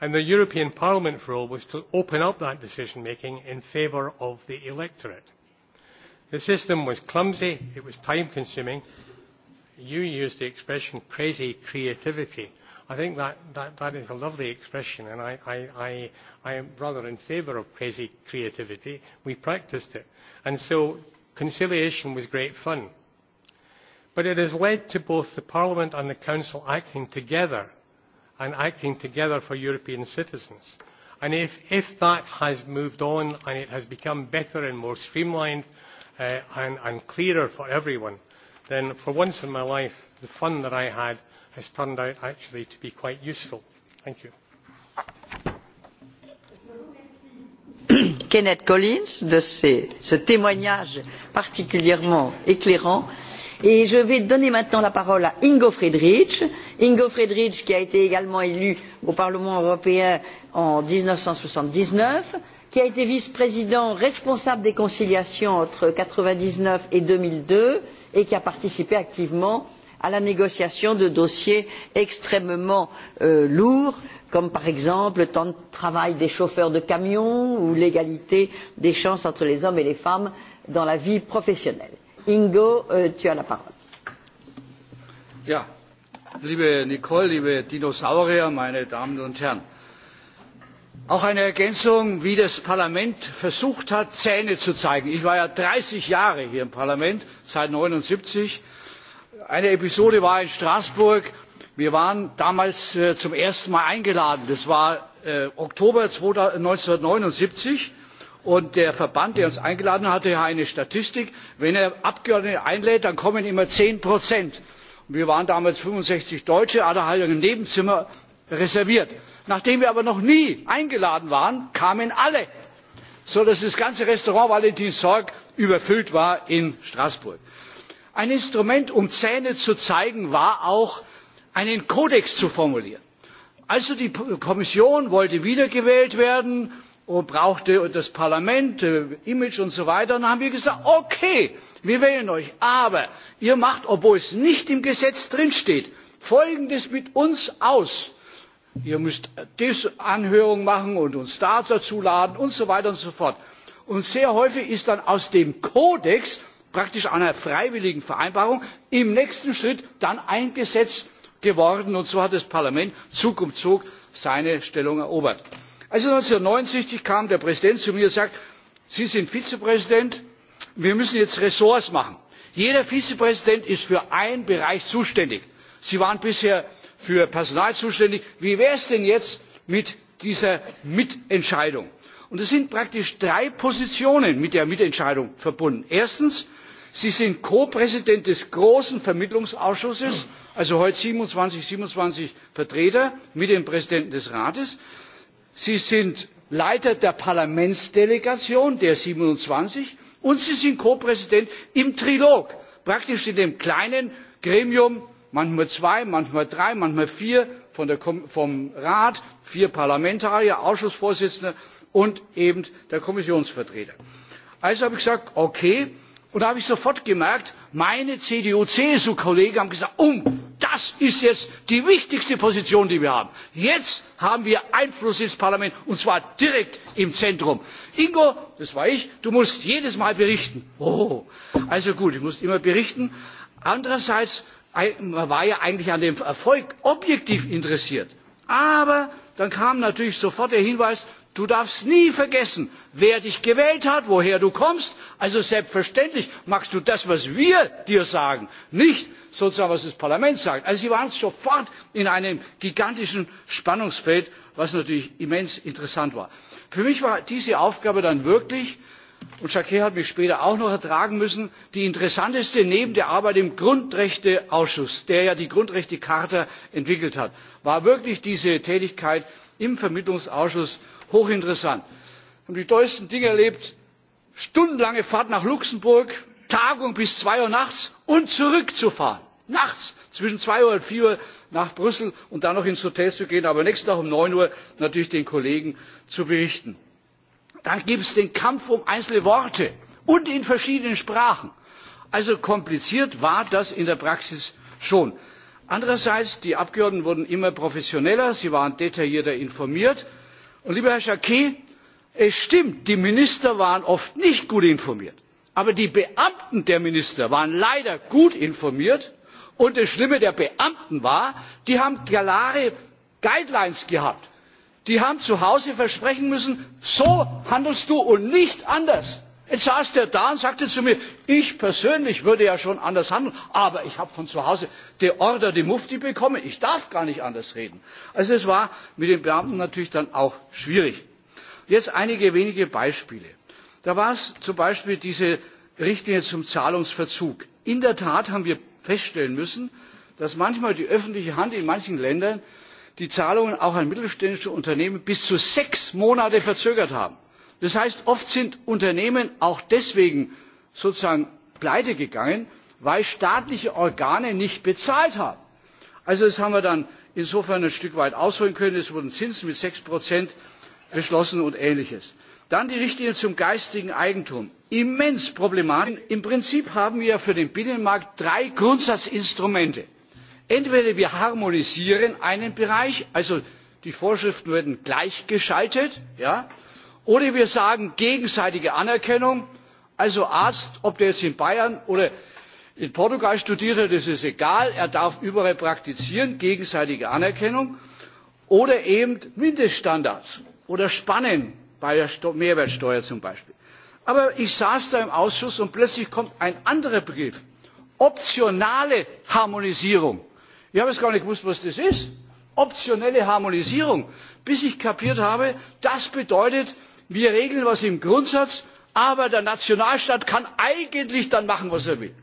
And the European Parliament's role was to open up that decision making in favour of the electorate. The system was clumsy, it was time consuming, you used the expression crazy creativity. I think that, that, that is a lovely expression, and I, I, I, I am rather in favour of crazy creativity. We practised it. And so conciliation was great fun. But it has led to both the Parliament and the Council acting together and acting together for European citizens. And if, if that has moved on and it has become better and more streamlined uh, and, and clearer for everyone, then for once in my life the fun that I had has turned out actually to be quite useful. Thank you. Kenneth Collins, de ce témoignage particulièrement éclairant et je vais donner maintenant la parole à ingo friedrich ingo friedrich qui a été également élu au parlement européen en mille neuf cent soixante dix neuf qui a été vice président responsable des conciliations entre mille neuf cent quatre vingt dix neuf et deux mille deux et qui a participé activement à la négociation de dossiers extrêmement lourds comme par exemple le temps de travail des chauffeurs de camions ou l'égalité des chances entre les hommes et les femmes dans la vie professionnelle. Ingo, tu as la parole. Ja, liebe Nicole, liebe Dinosaurier, meine Damen und Herren. Auch eine Ergänzung, wie das Parlament versucht hat, Zähne zu zeigen. Ich war ja dreißig Jahre hier im Parlament, seit 1979. Eine Episode war in Straßburg. Wir waren damals zum ersten Mal eingeladen. Das war Oktober 1979 und der verband der uns eingeladen hat hatte eine statistik wenn er abgeordnete einlädt dann kommen immer zehn prozent. wir waren damals fünfundsechzig deutsche alle hatten ein nebenzimmer reserviert. nachdem wir aber noch nie eingeladen waren kamen alle sodass das ganze restaurant valentin sorg überfüllt war in straßburg. ein instrument um zähne zu zeigen war auch einen kodex zu formulieren. also die kommission wollte wiedergewählt werden brauchte das parlament image und so weiter. dann haben wir gesagt okay wir wählen euch aber ihr macht obwohl es nicht im gesetz steht folgendes mit uns aus ihr müsst diese anhörung machen und uns dazu laden und so weiter und so fort. und sehr häufig ist dann aus dem kodex praktisch einer freiwilligen vereinbarung im nächsten schritt dann ein gesetz geworden und so hat das parlament zug um zug seine stellung erobert also eintausendneunhundertneunundsiebzig kam der präsident zu mir und sagte sie sind vizepräsident wir müssen jetzt ressorts machen. jeder vizepräsident ist für einen bereich zuständig. sie waren bisher für personal zuständig wie wäre es denn jetzt mit dieser mitentscheidung? es sind praktisch drei positionen mit der mitentscheidung verbunden erstens sie sind ko präsident des großen vermittlungsausschusses also heute siebenundzwanzig siebenundzwanzig vertreter mit dem präsidenten des rates sie sind leiter der parlamentsdelegation der siebenundzwanzig und sie sind ko präsident im trilog praktisch in dem kleinen gremium manchmal zwei manchmal drei manchmal vier vom rat vier parlamentarier ausschussvorsitzende und eben der kommissionsvertreter. also habe ich gesagt okay und da habe ich sofort gemerkt meine cdu csu kollegen haben gesagt das ist jetzt die wichtigste position die wir haben. jetzt haben wir einfluss ins parlament und zwar direkt im zentrum. ingo das war ich du musst jedes mal berichten. oh also gut ich muss immer berichten. andererseits man war ja eigentlich an dem erfolg objektiv interessiert. aber dann kam natürlich sofort der hinweis Du darfst nie vergessen, wer dich gewählt hat, woher du kommst. Also selbstverständlich machst du das, was wir dir sagen, nicht sozusagen, was das Parlament sagt. Also sie waren sofort in einem gigantischen Spannungsfeld, was natürlich immens interessant war. Für mich war diese Aufgabe dann wirklich, und Jacquet hat mich später auch noch ertragen müssen, die interessanteste neben der Arbeit im Grundrechteausschuss, der ja die Grundrechtecharta entwickelt hat, war wirklich diese Tätigkeit im Vermittlungsausschuss hochinteressant. wir haben die tollsten dinge erlebt stundenlange fahrt nach luxemburg tagung bis zwei uhr nachts und zurückzufahren nachts zwischen zwei uhr und vier uhr nach brüssel und dann noch ins hotel zu gehen aber am nächsten tag um neun uhr natürlich den kollegen zu berichten. dann gibt es den kampf um einzelne worte und in verschiedenen sprachen. also kompliziert war das in der praxis schon. andererseits die abgeordneten wurden immer professioneller sie waren detaillierter informiert lieber herr jacquet es stimmt die minister waren oft nicht gut informiert aber die beamten der minister waren leider gut informiert und das schlimme der beamten war die haben klare guidelines gehabt die haben zu hause versprechen müssen so handelst du und nicht anders! Jetzt saß der da und sagte zu mir, ich persönlich würde ja schon anders handeln, aber ich habe von zu Hause die Order, die Mufti bekommen, ich darf gar nicht anders reden. Also es war mit den Beamten natürlich dann auch schwierig. Jetzt einige wenige Beispiele. Da war es zum Beispiel diese Richtlinie zum Zahlungsverzug. In der Tat haben wir feststellen müssen, dass manchmal die öffentliche Hand in manchen Ländern die Zahlungen auch an mittelständische Unternehmen bis zu sechs Monate verzögert haben das heißt oft sind unternehmen auch deswegen sozusagen pleitegegangen weil staatliche organe nicht bezahlt haben. also das haben wir dann insofern ein stück weit ausholen können es wurden zinsen mit sechs beschlossen und ähnliches. dann die richtlinie zum geistigen eigentum immens problematisch. im prinzip haben wir für den binnenmarkt drei grundsatzinstrumente entweder wir harmonisieren einen bereich also die vorschriften werden gleichgeschaltet oder wir sagen gegenseitige anerkennung also arzt ob der jetzt in bayern oder in portugal studiert hat das ist egal er darf überall praktizieren gegenseitige anerkennung oder eben mindeststandards oder spannen bei der mehrwertsteuer zum beispiel. aber ich saß da im ausschuss und plötzlich kommt ein anderer begriff optionale harmonisierung. ich habe erst gar nicht gewusst was das ist optionelle harmonisierung bis ich kapiert habe das bedeutet wir regeln etwas im grundsatz aber der nationalstaat kann eigentlich dann machen was er will.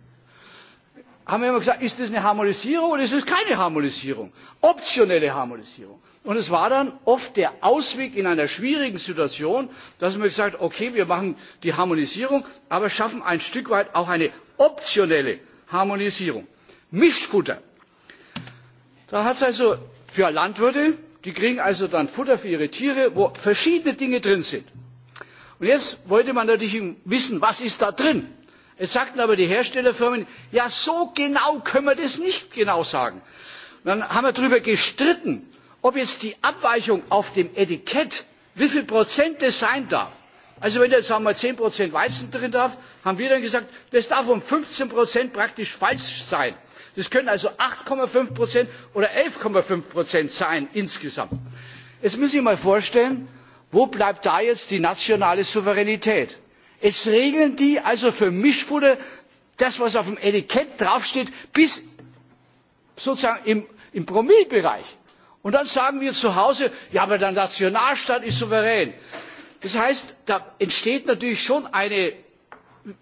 haben wir immer gesagt ist das eine harmonisierung oder ist es keine harmonisierung? optionelle harmonisierung. und es war dann oft der ausweg in einer schwierigen situation dass man gesagt hat okay wir machen die harmonisierung aber schaffen ein stück weit auch eine optionelle harmonisierung. mischfutter da hat es also für landwirte die kriegen also dann futter für ihre tiere wo verschiedene dinge drin sind. Und jetzt wollte man natürlich wissen was ist da drin? jetzt sagten aber die herstellerfirmen ja so genau können wir das nicht genau sagen. dann haben wir darüber gestritten ob jetzt die abweichung auf dem etikett wie viel prozent das sein darf. also wenn da sagen wir zehn prozent weizen drin darf haben wir dann gesagt das darf um fünfzehn prozent praktisch falsch sein das können also acht fünf oder elf fünf sein insgesamt. jetzt müssen sie sich mal vorstellen wo bleibt da jetzt die nationale souveränität? es regeln die also für mischfutter das was auf dem etikett draufsteht bis sozusagen im promillebereich. und dann sagen wir zu hause ja aber der nationalstaat ist souverän. das heißt da entsteht natürlich schon eine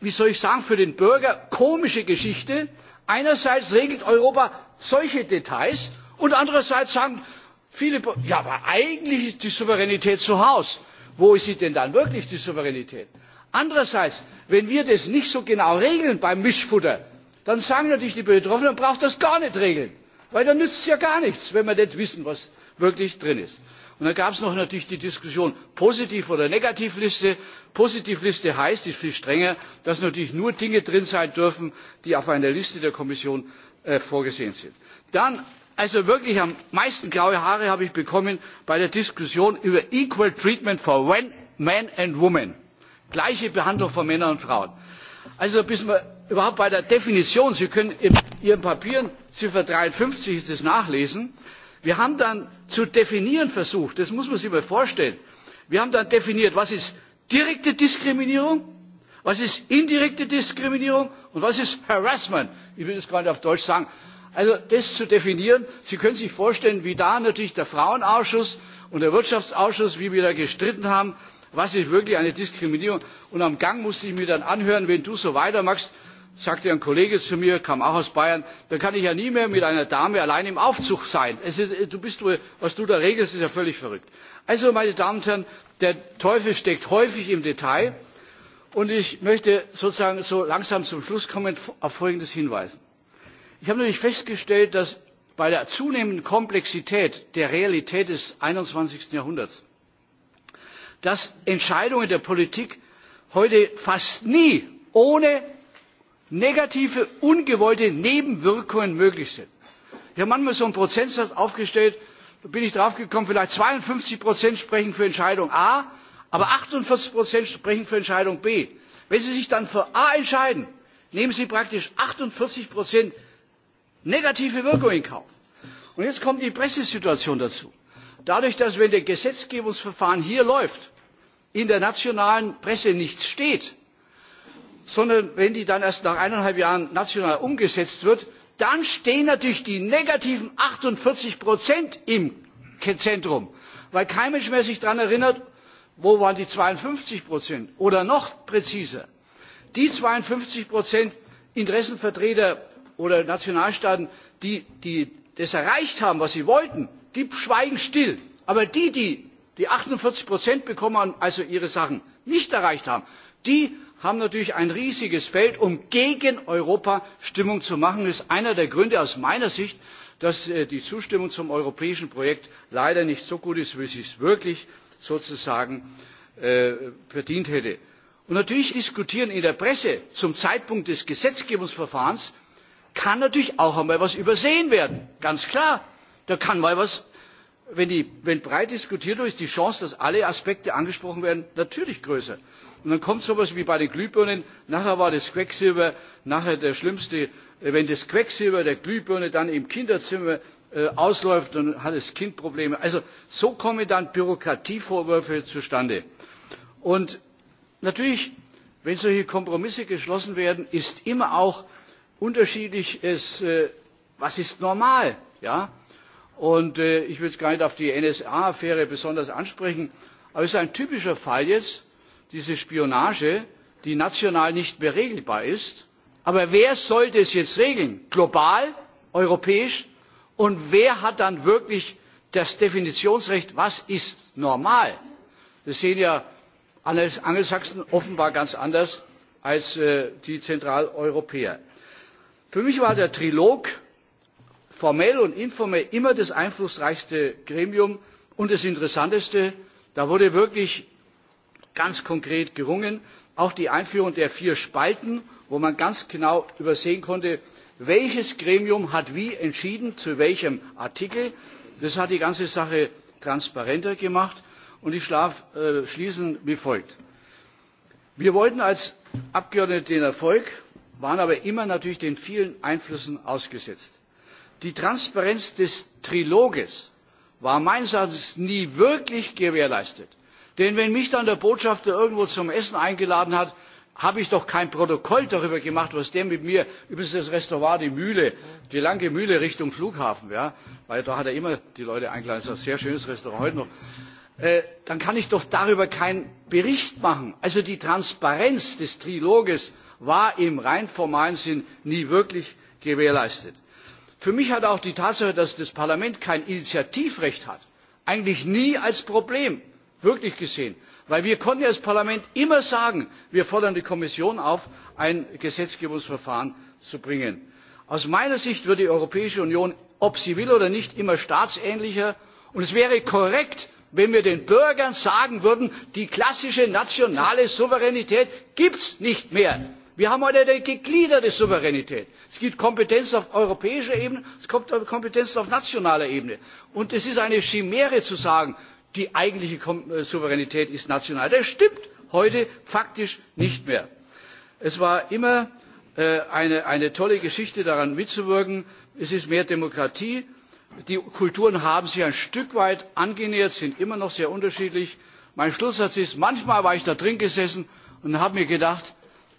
wie soll ich sagen für den bürger komische geschichte einerseits regelt europa solche details und andererseits sagen viele ja aber eigentlich ist die souveränität zu hause. wo ist sie denn dann wirklich die souveränität? andererseits wenn wir das nicht so genau regeln beim mischfutter dann sagen natürlich die betroffenen man braucht das gar nicht regeln weil dann nützt es ja gar nichts wenn wir nicht wissen was wirklich drin ist und dann gab es noch natürlich die diskussion positiv oder negativliste. positivliste heißt ist viel strenger dass natürlich nur dinge drin sein dürfen die auf einer liste der kommission vorgesehen sind. dann also wirklich am meisten graue haare habe ich bekommen bei der diskussion über equal treatment for men and women gleiche behandlung von männern und frauen. also bis man überhaupt bei der definition sie können in ihren papieren ziffer dreiundfünfzig ist es nachlesen Wir haben dann zu definieren versucht, das muss man sich mal vorstellen, wir haben dann definiert, was ist direkte Diskriminierung, was ist indirekte Diskriminierung und was ist Harassment. Ich will das gerade auf Deutsch sagen. Also das zu definieren, Sie können sich vorstellen, wie da natürlich der Frauenausschuss und der Wirtschaftsausschuss, wie wir da gestritten haben, was ist wirklich eine Diskriminierung. Und am Gang musste ich mir dann anhören, wenn du so weitermachst, sagte ein kollege zu mir kam auch aus bayern da kann ich ja nie mehr mit einer dame allein im aufzug sein was du da regelst ist ja völlig verrückt. also meine damen und herren der teufel steckt häufig im detail und ich möchte sozusagen so langsam zum schluss kommend auf folgendes hinweisen ich habe nämlich festgestellt dass bei der zunehmenden komplexität der realität des. einundzwanzig jahrhunderts entscheidungen der politik heute fast nie ohne negative, ungewollte Nebenwirkungen möglich sind. Ich habe manchmal so einen Prozentsatz aufgestellt, da bin ich drauf gekommen, vielleicht 52 Prozent sprechen für Entscheidung A, aber 48 Prozent sprechen für Entscheidung B. Wenn Sie sich dann für A entscheiden, nehmen Sie praktisch 48 Prozent negative Wirkung in Kauf. Und jetzt kommt die Pressesituation dazu. Dadurch, dass wenn das Gesetzgebungsverfahren hier läuft, in der nationalen Presse nichts steht, sondern wenn die dann erst nach eineinhalb jahren national umgesetzt wird dann stehen natürlich die negativen achtundvierzig im zentrum weil kein mensch mehr sich daran erinnert wo waren die zweiundfünfzig oder noch präziser die zweiundfünfzig interessenvertreter oder nationalstaaten die das erreicht haben was sie wollten die schweigen still aber die die die achtundvierzig bekommen also ihre sachen nicht erreicht haben die haben natürlich ein riesiges feld um gegen europa stimmung zu machen. das ist einer der gründe aus meiner sicht dass die zustimmung zum europäischen projekt leider nicht so gut ist wie sie es wirklich sozusagen verdient hätte. und natürlich diskutieren in der presse zum zeitpunkt des gesetzgebungsverfahrens kann natürlich auch einmal etwas übersehen werden ganz klar. da kann mal etwas wenn breit diskutiert wird ist die chance dass alle aspekte angesprochen werden natürlich größer. Und dann kommt so etwas wie bei den Glühbirnen, nachher war das Quecksilber nachher der schlimmste, wenn das Quecksilber der Glühbirne dann im Kinderzimmer ausläuft, dann hat das Kind Probleme. Also so kommen dann Bürokratievorwürfe zustande. Und natürlich, wenn solche Kompromisse geschlossen werden, ist immer auch unterschiedlich, was ist normal. Ja? Und ich will jetzt gar nicht auf die NSA-Affäre besonders ansprechen, aber es ist ein typischer Fall jetzt, diese spionage die national nicht mehr regelbar ist. aber wer sollte es jetzt regeln? global europäisch? und wer hat dann wirklich das definitionsrecht was ist normal? das sehen ja angelsachsen offenbar ganz anders als die zentraleuropäer. für mich war der trilog formell und informell immer das einflussreichste gremium und das interessanteste. da wurde wirklich ganz konkret gerungen. Auch die Einführung der vier Spalten, wo man ganz genau übersehen konnte, welches Gremium hat wie entschieden, zu welchem Artikel. Das hat die ganze Sache transparenter gemacht. Und ich schließe wie folgt. Wir wollten als Abgeordnete den Erfolg, waren aber immer natürlich den vielen Einflüssen ausgesetzt. Die Transparenz des Triloges war meines Erachtens nie wirklich gewährleistet. Denn wenn mich dann der Botschafter irgendwo zum Essen eingeladen hat, habe ich doch kein Protokoll darüber gemacht, was der mit mir, übrigens das Restaurant die Mühle, die lange Mühle Richtung Flughafen, ja, weil da hat er immer die Leute eingeladen, das ist ein sehr schönes Restaurant heute noch, dann kann ich doch darüber keinen Bericht machen. Also die Transparenz des Triloges war im rein formalen Sinn nie wirklich gewährleistet. Für mich hat auch die Tatsache, dass das Parlament kein Initiativrecht hat, eigentlich nie als Problem wirklich gesehen. denn wir konnten als parlament immer sagen wir fordern die kommission auf ein gesetzgebungsverfahren zu bringen. aus meiner sicht wird die europäische union ob sie will oder nicht immer staatsähnlicher und es wäre korrekt wenn wir den bürgern sagen würden die klassische nationale souveränität gibt es nicht mehr. wir haben heute eine gegliederte souveränität. es gibt kompetenzen auf europäischer ebene es gibt kompetenzen auf nationaler ebene. und es ist eine chimäre zu sagen die eigentliche souveränität ist national. das stimmt heute faktisch nicht mehr. es war immer eine tolle geschichte daran mitzuwirken. es ist mehr demokratie. die kulturen haben sich ein stück weit angenähert sind immer noch sehr unterschiedlich. mein schlusssatz ist manchmal war ich da drin gesessen und habe mir gedacht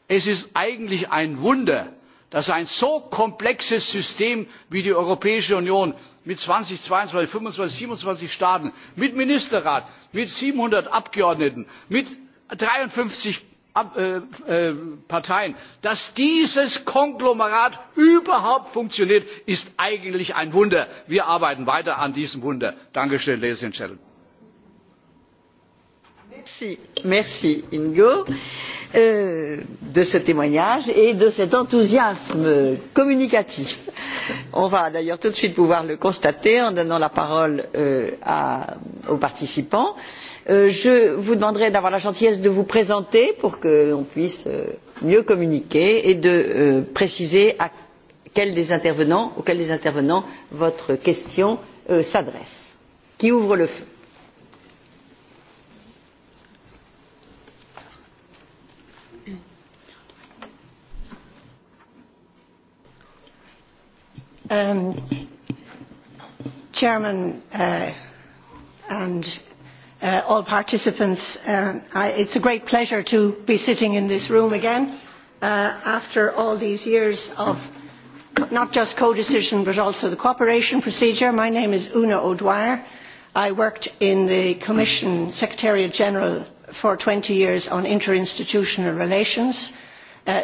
es ist eigentlich ein wunder dass ein so komplexes system wie die europäische union mit zwanzig zweiundzwanzig fünfundzwanzig siebenundzwanzig staaten mit ministerrat mit siebenhundert abgeordneten mit dreiundfünfzig parteien dass dieses konglomerat überhaupt funktioniert ist eigentlich ein wunder. wir arbeiten weiter an diesem wunder. danke schön ladies and gentlemen merci ingo de ce témoignage et de cet enthousiasme communicatif. on va d'ailleurs tout de suite pouvoir le constater en donnant la parole aux participants. je vous demanderai d'avoir la gentillesse de vous présenter pour que l'on puisse mieux communiquer et de préciser à quel des intervenants, auquel des intervenants votre question s'adresse. qui ouvre le feu? Um, Chairman uh, and uh, all participants, uh, I, it's a great pleasure to be sitting in this room again uh, after all these years of not just co-decision but also the cooperation procedure. My name is Una O'Dwyer. I worked in the Commission Secretariat General for twenty years on interinstitutional relations,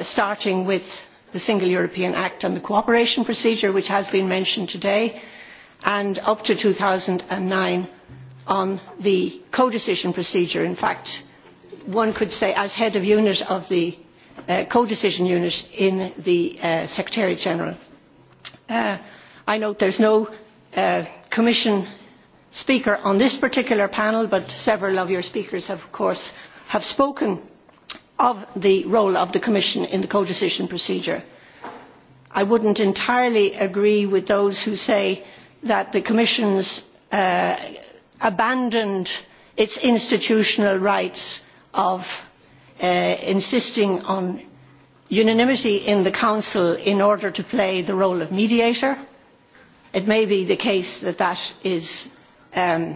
starting with the Single European Act on the Cooperation Procedure, which has been mentioned today, and up to two thousand nine on the codecision procedure. In fact, one could say as head of unit of the codecision unit in the Secretariat General. I note there is no Commission speaker on this particular panel, but several of your speakers have, of course, have spoken of the role of the Commission in the codecision procedure. I would not entirely agree with those who say that the Commission has abandoned its institutional rights of insisting on unanimity in the Council in order to play the role of mediator. It may be the case that that is and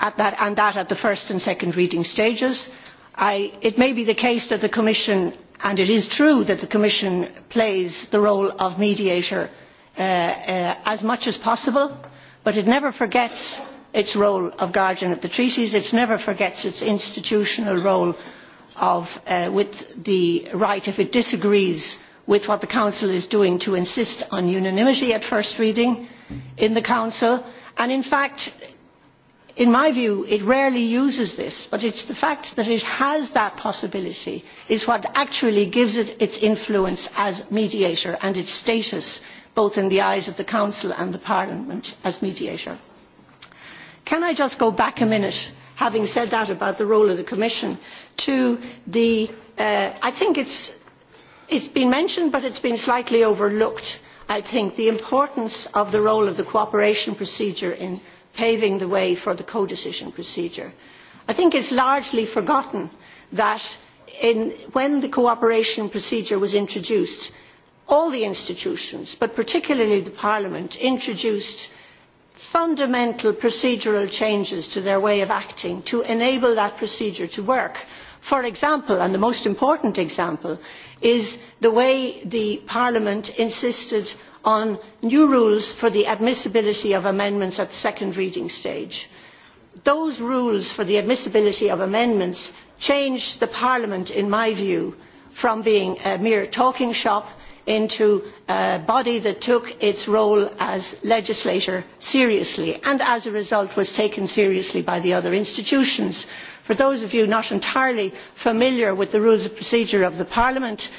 that at the first and second reading stages it may be the case that the commission and it is true that the commission plays the role of mediator as much as possible but it never forgets its role of guardian of the treaties it never forgets its institutional role with the right if it disagrees with what the council is doing to insist on unanimity at first reading in the council and in fact in my view it rarely uses this but it is the fact that it has that possibility that what actually gives it its influence as mediator and its status both in the eyes of the council and parliament as mediator. can i just go back a minute having said that about the role of the commission to the i think it has been mentioned but it has been slightly overlooked i think the importance of the role of the cooperation procedure in paving the way for the codecision procedure. I think it is largely forgotten that when the cooperation procedure was introduced, all the institutions, but particularly Parliament, introduced fundamental procedural changes to their way of acting to enable that procedure to work for example and the most important example is the way parliament insisted on new rules for the admissibility of amendments at the second reading stage. those rules for the admissibility of amendments changed parliament in my view from being a mere talking shop into a body that took its role as legislator seriously and as a result was taken seriously by the other institutions. for those of you not entirely familiar with the rules of procedure of parliament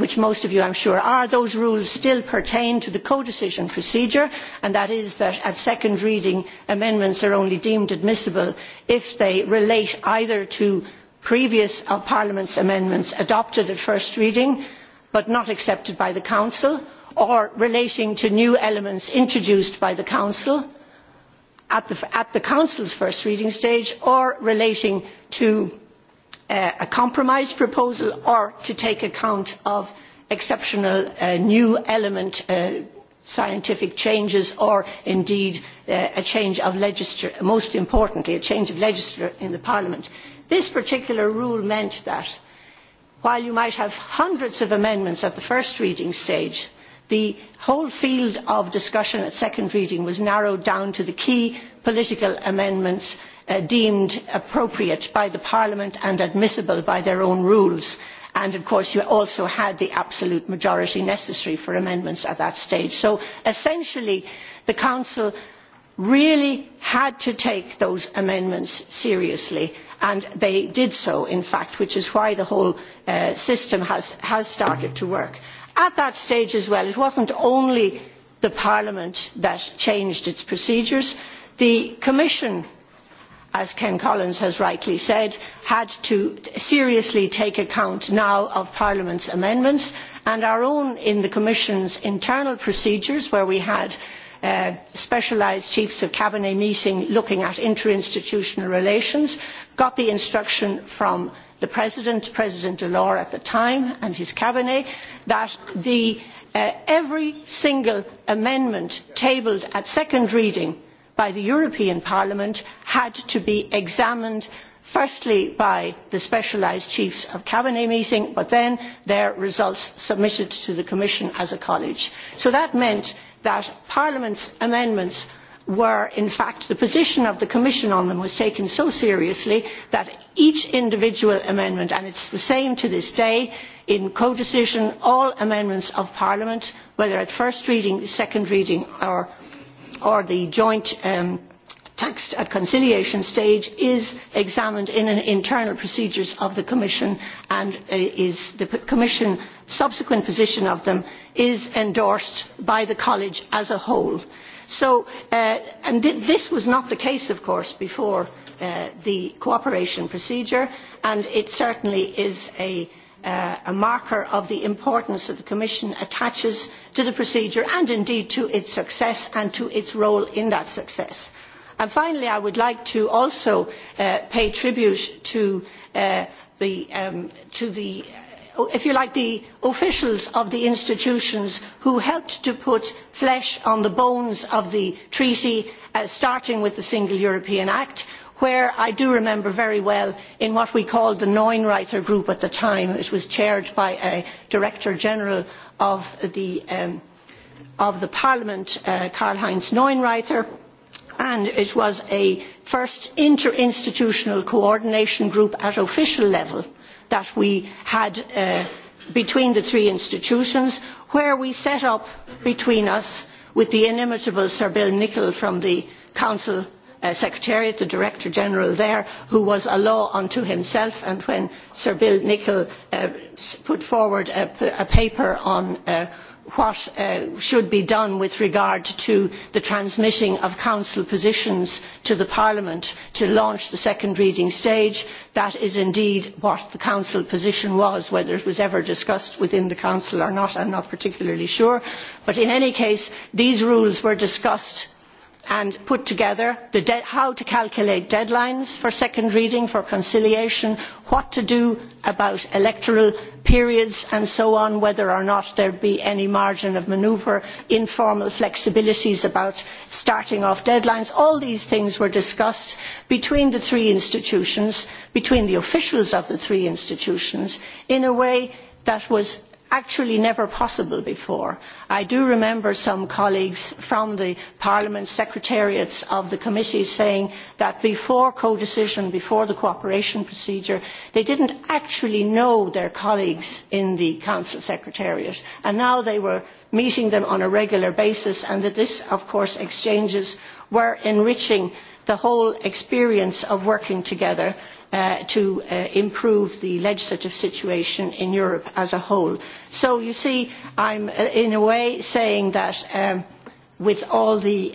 which most of you i am sure are those rules still pertain to the codecision procedure and that is that at second reading amendments are only deemed admissible if they relate either to previous parliament's amendments adopted at first reading but not accepted by the council or relating to new elements introduced by the council at the council's first reading stage or relating to a compromise proposal or to take account of exceptional new element scientific changes or indeed a change of legislature most importantly a change of legislature in parliament. this particular rule meant that while you might have hundreds of amendments at the first reading stage the whole field of discussion at second reading was narrowed down to the key political amendments deemed appropriate by parliament and admissible by their own rules and of course you also had the absolute majority necessary for amendments at that stage. so essentially the council really had to take those amendments seriously and they did so in fact which is why the whole system has started to work. at that stage as well it was not only parliament that changed its procedures the commission as ken collins has rightly said had to seriously take account now of parliament's amendments and our own in the commission's internal procedures where we had specialised chiefs of cabinet meeting looking at interinstitutional relations got the instruction from the president president delors at the time and his cabinet that every single amendment tabled at second reading by the european parliament had to be examined firstly by the specialised chiefs of cabinet meeting but then their results submitted to the commission as a college. so that meant that Parliament's amendments were in fact the position of the commission on them was taken so seriously that each individual amendment and it is the same to this day in codecision all amendments of parliament whether at first reading second reading or the joint text at conciliation stage is examined in the internal procedures of the commission and the commission subsequent position of them is endorsed by the college as a whole. this was not the case of course before the cooperation procedure and it certainly is a marker of the importance that the commission attaches to the procedure and indeed to its success and to its role in that success. finally i would like to also pay tribute to the if you like, the officials of the institutions who helped to put flesh on the bones of the treaty, starting with the Single European Act, where I do remember very well in what we called the Neunreiter Group at the time. It was chaired by a Director General of the, Parliament, Karl-Heinz Neunreiter, and it was a first interinstitutional coordination group at official level that we had between the three institutions where we set up between us with the inimitable sir bill nicholl from the council secretariat the director general there who was a law unto himself and when sir bill nicholl put forward a paper on what should be done with regard to the transmitting of council positions to parliament to launch the second reading stage that is indeed what the council position was whether it was ever discussed within the council or not i am not particularly sure but in any case these rules were discussed and put together how to calculate deadlines for second reading for conciliation what to do about electoral periods and so on whether or not there would be any margin of manoeuvre informal flexibilities about starting off deadlines all these things were discussed between the three institutions between the officials of the three institutions in a way that was actually never possible before. I do remember some colleagues from the Parliament secretariats of the committee saying that before codecision, before the cooperation procedure, they did not actually know their colleagues in the Council Secretariat. And now they were meeting them on a regular basis and that this, of course, exchanges were enriching the whole experience of working together to improve the legislative situation in Europe as a whole. So you see, I am in a way saying that with all the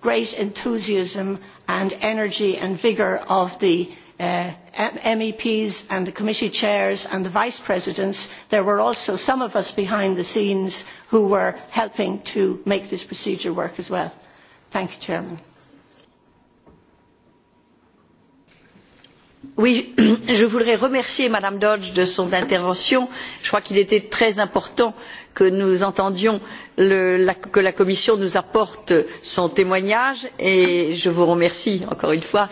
great enthusiasm and energy and vigour of the meps and the committee chairs and the vice presidents there were also some of us behind the scenes who were helping to make this procedure work as well. thank you chairman. je voudrais remercier mme dodge de son intervention. je crois qu'il était très important que nous entendions que la commission nous apporte son témoignage et je vous remercie encore une fois.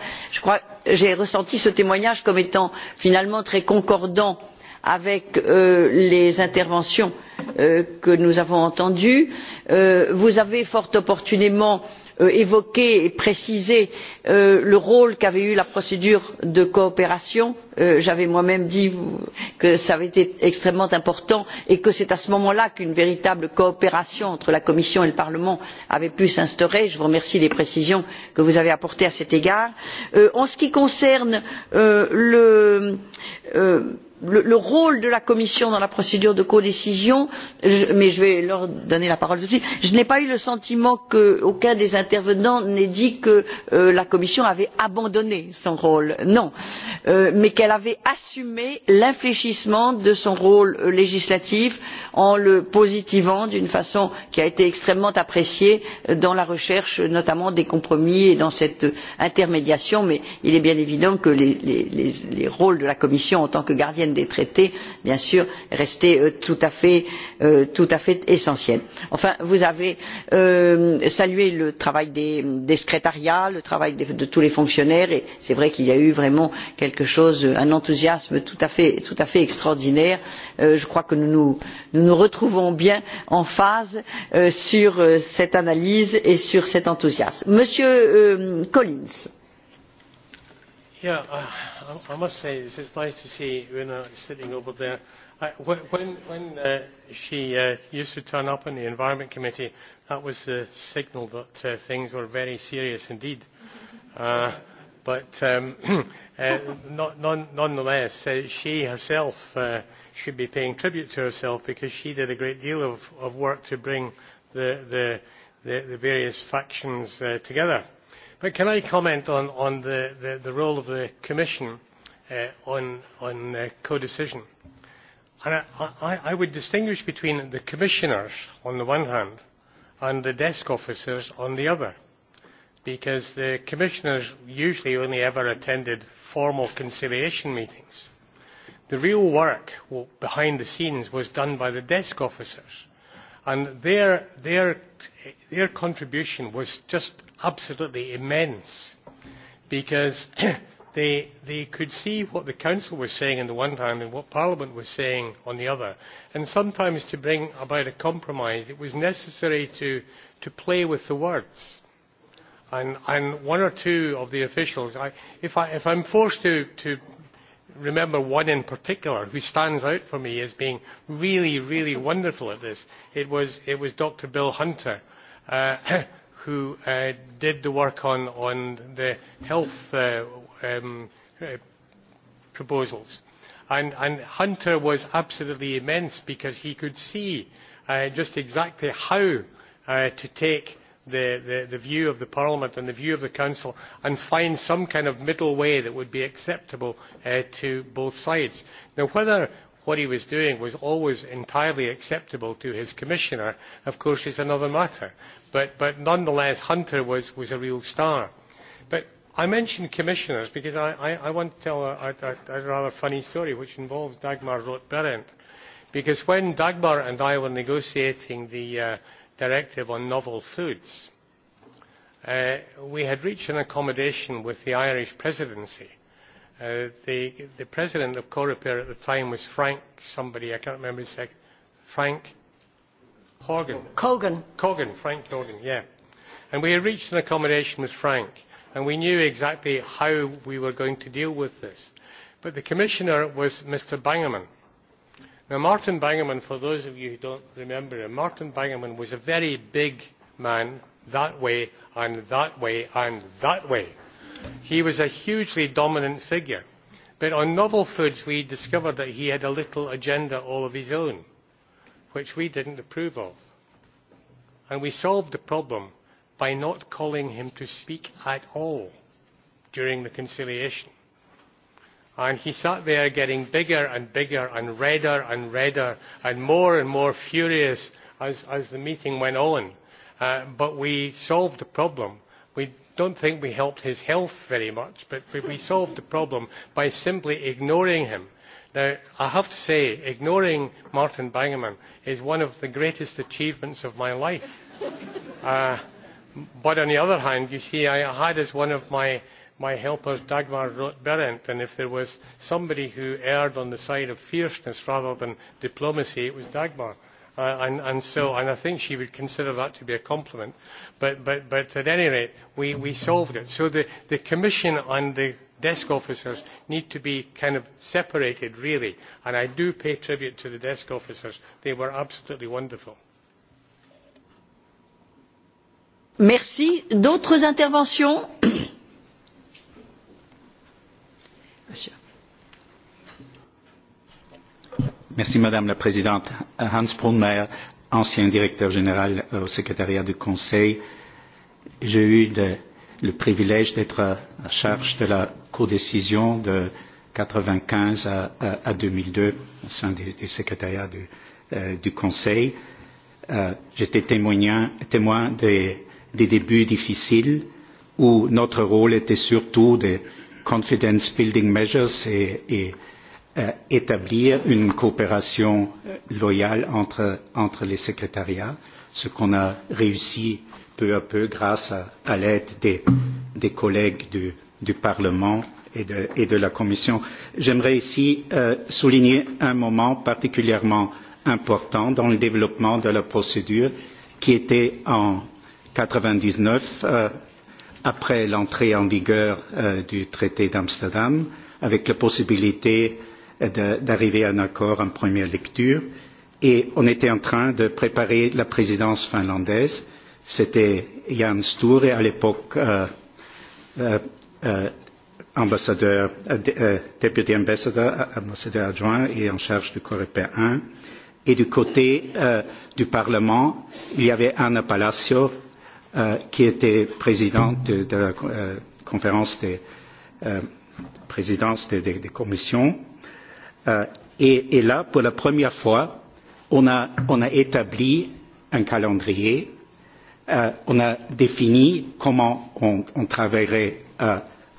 j'ai ressenti ce témoignage comme étant finalement très concordant avec les interventions que nous avons entendues. vous avez fort opportunément évoqué et précisé le rôle qu'avait eu la procédure de coopération j'avais moi même dit que cela avait été extrêmement important et que c'est à ce moment là qu'une véritable coopération entre la commission et le parlement avait pu s'instaurer je vous remercie des précisions que vous avez apportées à cet égard. en ce qui concerne le le rôle de la commission dans la procédure de codécision mais je vais leur donner la parole tout de suite je n'ai pas eu le sentiment qu'aucun des intervenants n'ait dit que la commission avait abandonné son rôle non mais qu'elle avait assumé l'infléchissement de son rôle législatif en le positivant d'une façon qui a été extrêmement appréciée dans la recherche notamment des compromis et dans cette intermédiation mais il est bien évident que les rôles de la commission en tant que gardienne domaine des traités bien sûr rester tout à fait essentiel. enfin vous avez salué le travail des secrétariats le travail de tous les fonctionnaires et c'est vrai qu'il y a eu vraiment quelque chose un enthousiasme tout à fait extraordinaire. je crois que nous nous retrouvons bien en phase sur cette analyse et sur cet enthousiasme. monsieur collins I must say, this is nice to see Una sitting over there. I, when when uh, she uh, used to turn up in the Environment Committee, that was the signal that uh, things were very serious indeed. Uh, but um, uh, not, non, nonetheless, uh, she herself uh, should be paying tribute to herself because she did a great deal of, of work to bring the, the, the, the various factions uh, together But can I comment on, on the, the, the role of the Commission on, codecision? I, I, I would distinguish between the commissioners on the one hand and the desk officers on the other, because the commissioners usually only ever attended formal conciliation meetings. The real work behind the scenes was done by the desk officers, and their, their their contribution was just absolutely immense because they, they could see what the Council was saying on the one hand and what Parliament was saying on the other. And sometimes to bring about a compromise, it was necessary to, to play with the words. And, and one or two of the officials, I, if, I, if I'm forced to, to remember one in particular who stands out for me as being really, really wonderful at this. It was, it was Dr. Bill Hunter, uh, who uh, did the work on, on the health uh, um, proposals. And, and Hunter was absolutely immense because he could see uh, just exactly how uh, to take the, the, view of Parliament and the view of the Council and find some kind of middle way that would be acceptable to both sides. Now, whether what he was doing was always entirely acceptable to his commissioner, of course, is another matter. But, but nonetheless, Hunter was, was a real star. But I mentioned commissioners because I, I, I want to tell a, a, a rather funny story which involves Dagmar Roth-Berendt. Because when Dagmar and I were negotiating the uh, directive on novel foods. we had reached an accommodation with the Irish presidency. the, the president of Coreper at the time was Frank somebody, I can't remember his name Frank Horgan. Frank And we had reached an accommodation with Frank, and we knew exactly how we were going to deal with this. But the commissioner was Mr. bangemann. Now, Martin Bangerman, for those of you who don't remember him, Martin Bangerman was a very big man that way and that way and that way. He was a hugely dominant figure. But on novel foods, we discovered that he had a little agenda all of his own, which we didn't approve of. And we solved the problem by not calling him to speak at all during the conciliation And he sat there getting bigger and bigger and redder and redder and more and more furious as, as the meeting went on. but we solved the problem. We don't think we helped his health very much, but we, we solved the problem by simply ignoring him. Now, I have to say, ignoring Martin Bangemann is one of the greatest achievements of my life. but on the other hand, you see, I had as one of my my helper Dagmar Berendt, and if there was somebody who erred on the side of fierceness rather than diplomacy, it was Dagmar. Uh, and, and so, and I think she would consider that to be a compliment. But, but, but at any rate, we, we solved it. So the, the Commission and the desk officers need to be kind of separated, really. And I do pay tribute to the desk officers. They were absolutely wonderful. Merci. D'autres interventions Monsieur. Merci Madame la Présidente. Hans Brunmeier, ancien directeur général au secrétariat du Conseil. J'ai eu de, le privilège d'être à, charge de la codécision de 1995 à, à, à 2002 au sein du, secrétariat du, euh, du Conseil. Euh, J'étais témoin, des, des débuts difficiles où notre rôle était surtout de, confidence building measures et, établir une coopération loyale entre, les secrétariats, ce qu'on a réussi peu à peu grâce à, l'aide des, collègues du, Parlement et de, la Commission. J'aimerais ici souligner un moment particulièrement important dans le développement de la procédure qui était en quatre vingt dix neuf après l'entrée en vigueur du traité d'Amsterdam, avec la possibilité d'arriver à un accord en première lecture. Et on était en train de préparer la présidence finlandaise. C'était Jan Sture, à l'époque ambassadeur, député ambassadeur, ambassadeur adjoint et en charge du Coreper 1. Et du côté du Parlement, il y avait Anna Palacio, qui était présidente de, la conférence des présidences des, commissions. et, là, pour la première fois, on a, établi un calendrier, on a défini comment on, travaillerait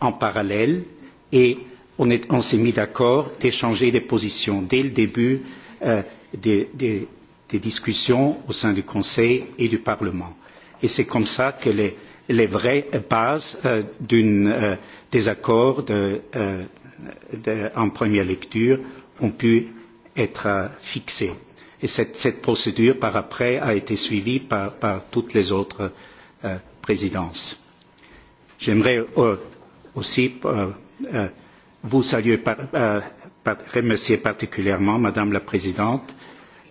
en parallèle et on, s'est mis d'accord d'échanger des positions dès le début des discussions au sein du Conseil et du Parlement et c'est comme cela que les, vraies bases des accords en première lecture ont pu être fixées. Et cette, procédure, par après, a été suivie par, toutes les autres présidences. J'aimerais aussi vous saluer, remercier particulièrement Madame la Présidente.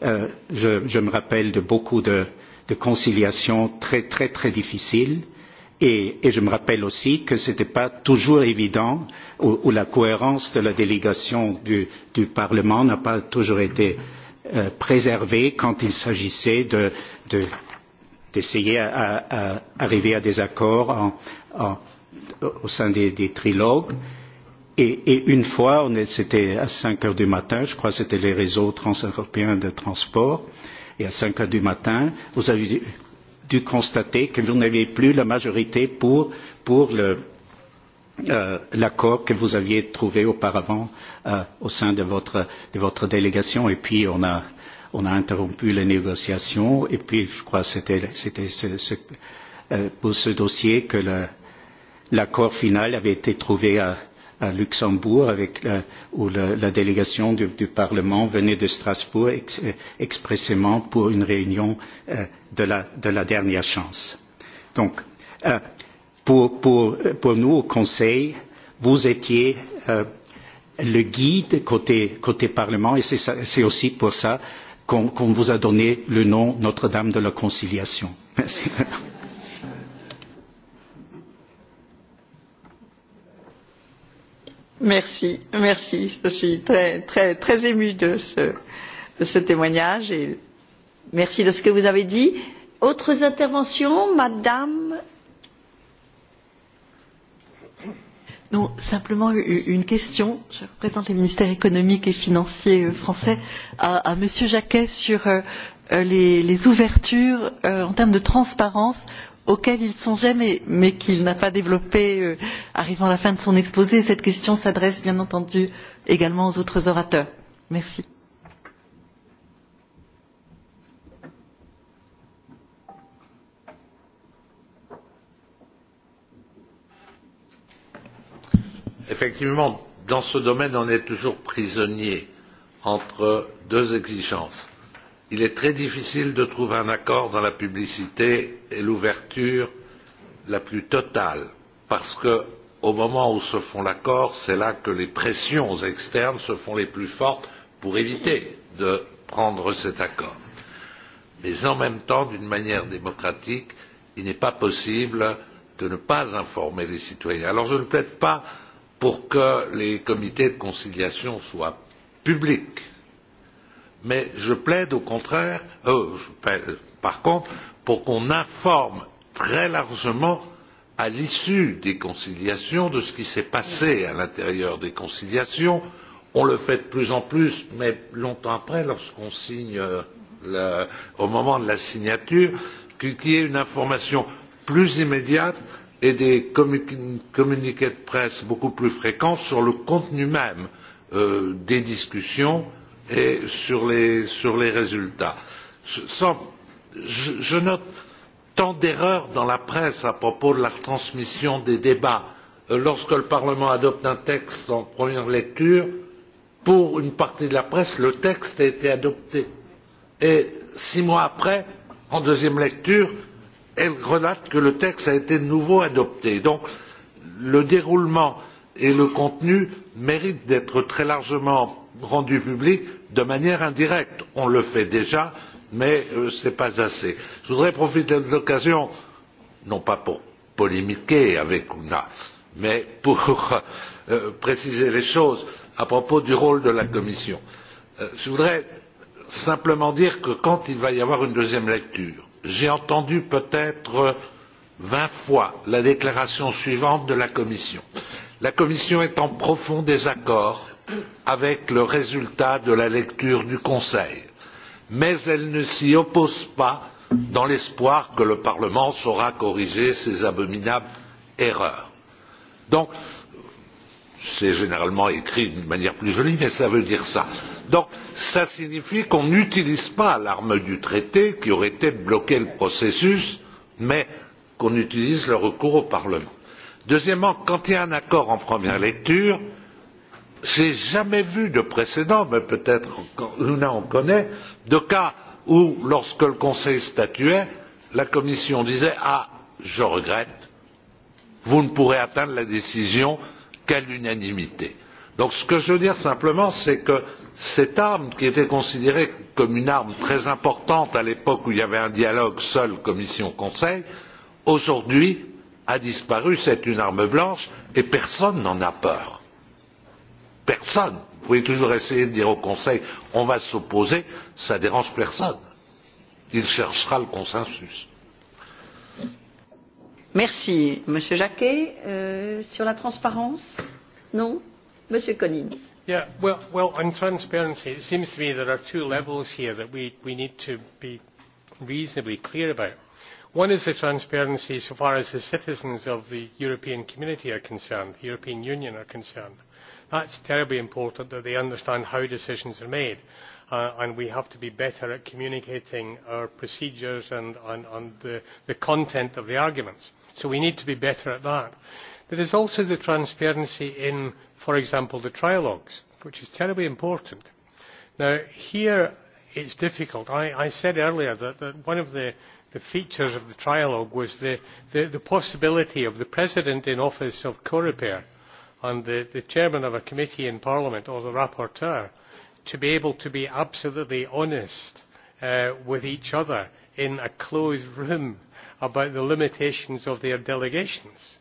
je, me rappelle de beaucoup de de conciliation très très très difficile. Et, je me rappelle aussi que ce n'était pas toujours évident, ou, la cohérence de la délégation du, Parlement n'a pas toujours été préservée quand il s'agissait d'essayer d'arriver à des accords au sein des, trilogues. Et, une fois, c'était à cinq heures du matin, je crois que c'était les réseaux transeuropéens de transport, euh, et à cinq heures du matin, vous avez dû constater que vous n'aviez plus la majorité pour, l'accord que vous aviez trouvé auparavant au sein de votre, délégation. Et puis, on a, interrompu les négociations. Et puis, je crois que c'était pour ce dossier que l'accord final avait été trouvé à à Luxembourg, avec la, où la, la délégation du, du Parlement venait de Strasbourg ex, expressément pour une réunion euh, de, la, de la dernière chance. Donc, euh, pour, pour, pour nous au Conseil, vous étiez euh, le guide côté, côté Parlement et c'est aussi pour ça qu'on qu vous a donné le nom Notre-Dame de la Conciliation. Merci. Merci, merci. Je suis très, très, très émue de ce, de ce témoignage et merci de ce que vous avez dit. Autres interventions, Madame Non, simplement une question. Je représente les ministères économiques et financiers français à, à Monsieur Jacquet sur les, les ouvertures en termes de transparence auquel il songeait mais qu'il n'a pas développé arrivant à la fin de son exposé. Cette question s'adresse bien entendu également aux autres orateurs. Merci. Effectivement, dans ce domaine, on est toujours prisonnier entre deux exigences il est très difficile de trouver un accord dans la publicité et l'ouverture la plus totale parce que au moment où se fait l'accord c'est là que les pressions externes se font les plus fortes pour éviter de prendre cet accord. mais en même temps d'une manière démocratique il n'est pas possible de ne pas informer les citoyens. alors je ne plaide pas pour que les comités de conciliation soient publics mais je plaide au contraire par contre pour qu'on informe très largement à l'issue des conciliations de ce qui s'est passé à l'intérieur des conciliations. On le fait de plus en plus, mais longtemps après, lorsqu'on signe au moment de la signature, qu'il y ait une information plus immédiate et des communiqués de presse beaucoup plus fréquents sur le contenu même des discussions et sur les résultats. je note tant d'erreurs dans la presse à propos de la retransmission des débats lorsque le parlement adopte un texte en première lecture pour une partie de la presse le texte a été adopté et six mois après en deuxième lecture elle relate que le texte a été de nouveau adopté. donc le déroulement et le contenu méritent d'être très largement rendu public de manière indirecte. On le fait déjà, mais ce n'est pas assez. Je voudrais profiter de l'occasion, non pas pour polémiquer avec Ouna, mais pour préciser les choses à propos du rôle de la Commission. je voudrais simplement dire que quand il va y avoir une deuxième lecture, j'ai entendu peut être vingt fois la déclaration suivante de la Commission. La Commission est en profond désaccord avec le résultat de la lecture du Conseil, mais elle ne s'y oppose pas dans l'espoir que le Parlement saura corriger ces abominables erreurs. Donc, c'est généralement écrit d'une manière plus jolie, mais ça veut dire ça. Donc, ça signifie qu'on n'utilise pas l'arme du traité qui aurait été de bloquer le processus, mais qu'on utilise le recours au Parlement. Deuxièmement, quand il y a un accord en première lecture, j'ai jamais vu de précédent, mais peut-être Luna en connaît, de cas où, lorsque le Conseil statuait, la Commission disait Ah, je regrette, vous ne pourrez atteindre la décision qu'à l'unanimité. Donc ce que je veux dire simplement, c'est que cette arme qui était considérée comme une arme très importante à l'époque où il y avait un dialogue seul Commission Conseil, aujourd'hui a disparu, c'est une arme blanche et personne n'en a peur personne. Vous pouvez toujours essayer de dire au Conseil on va s'opposer, ça ne dérange personne. Il cherchera le consensus. Merci. Monsieur Jacquet, euh, sur la transparence Non Monsieur Collins. Yeah, well, well, on transparency, it seems to me there are two levels here that we, we need to be reasonably clear about. One is the transparency so far as the citizens of the European community are concerned, the European Union are concerned That is terribly important that they understand how decisions are made. and we have to be better at communicating our procedures and, the, content of the arguments. So we need to be better at that. There is also the transparency in, for example, the trialogues, which is terribly important. Now, here it is difficult. I, said earlier that, one of the, features of the trialogue was the, the possibility of the president in office of co-repair and the, the chairman of a committee in Parliament or the rapporteur to be able to be absolutely honest with each other in a closed room about the limitations of their delegations,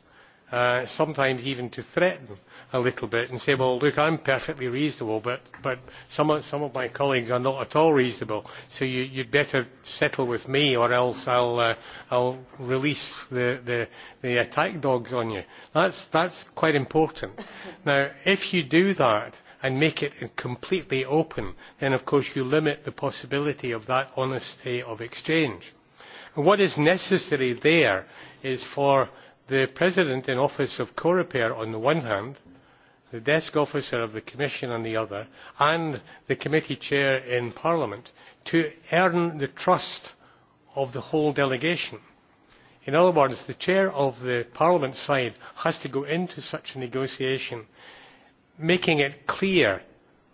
sometimes even to threaten a little bit and say, well, look, I'm perfectly reasonable, but, but some, of, some of my colleagues are not at all reasonable, so you, you'd better settle with me or else I'll, uh, I'll release the, the, the attack dogs on you. That's, that's quite important. Now, if you do that, and make it completely open, then of course you limit the possibility of that honesty of exchange. And what is necessary there is for the President in office of CoRepair on the one hand, the desk officer of the Commission on the other, and the committee chair in Parliament to earn the trust of the whole delegation. In other words, the chair of the Parliament side has to go into such a negotiation making it clear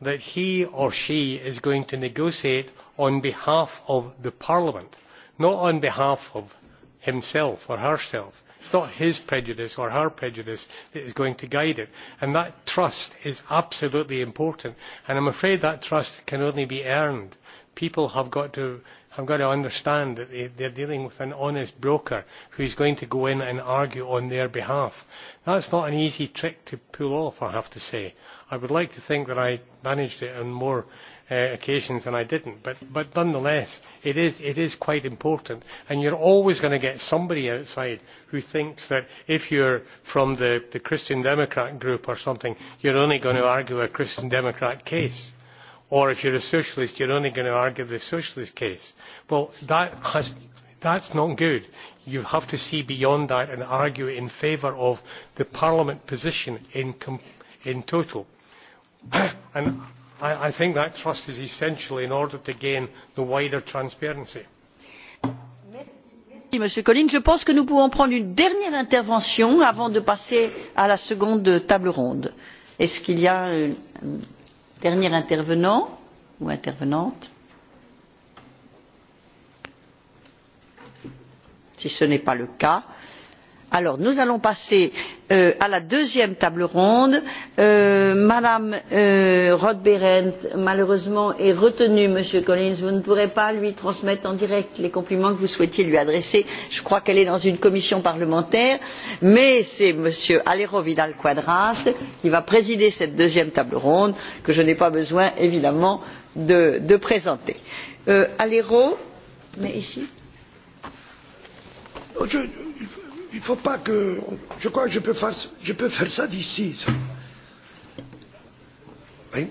that he or she is going to negotiate on behalf of the Parliament, not on behalf of himself or herself It is not his prejudice or her prejudice that is going to guide it. And that trust is absolutely important. And I am afraid that trust can only be earned. People have got to have got to understand that they, they're dealing with an honest broker who is going to go in and argue on their behalf. That's not an easy trick to pull off, I have to say. I would like to think that I managed it on more occasions and I didn't. But, but nonetheless, it is, it is quite important. And you're always going to get somebody outside who thinks that if you're from the, the Christian Democrat group or something, you're only going to argue a Christian Democrat case. Or if you're a socialist, you're only going to argue the socialist case. Well, that has, that's not good. You have to see beyond that and argue in favour of the Parliament position in, in total. and I, think that trust is essential in order to gain the wider transparency. Monsieur Collins. Je pense que nous pouvons prendre une dernière intervention avant de passer à la seconde table ronde. Est-ce qu'il y a un dernier intervenant ou intervenante Si ce n'est pas le cas, Alors, nous allons passer à la deuxième table ronde. Madame Roth Behrendt, malheureusement, est retenue, Monsieur Collins. Vous ne pourrez pas lui transmettre en direct les compliments que vous souhaitiez lui adresser. Je crois qu'elle est dans une commission parlementaire, mais c'est Monsieur alejo Vidal Quadras qui va présider cette deuxième table ronde que je n'ai pas besoin, évidemment, de, présenter. Alero, mais ici il ne faut pas que. Je crois que je peux faire, je peux faire ça d'ici. Oui.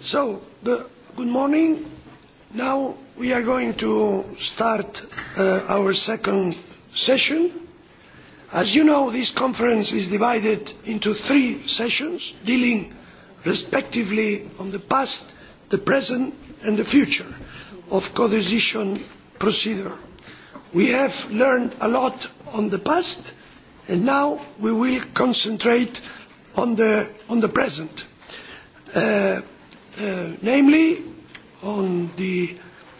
So, the, good morning. Now we are going to start uh, our second session. As you know, this conference is divided into three sessions dealing respectively on the past, the present and the future of co decision procedure. We have learned a lot on the past and now we will concentrate on the, on the present, namely on the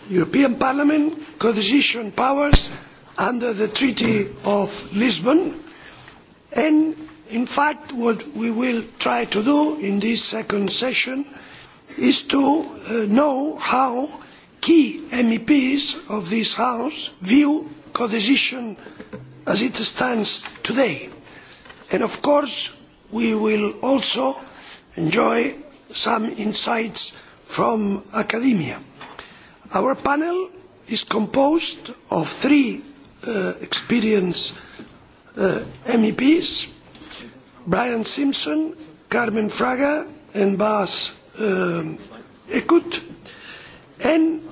European Parliament codecision powers under the Treaty of Lisbon and in fact what we will try to do in this second session is to know how key meps of this house view codecision as it stands today. And of course, we will also enjoy some insights from academia. Our panel is composed of three experienced MEPs, Brian Simpson, Carmen Fraga, and Bas Ekut, and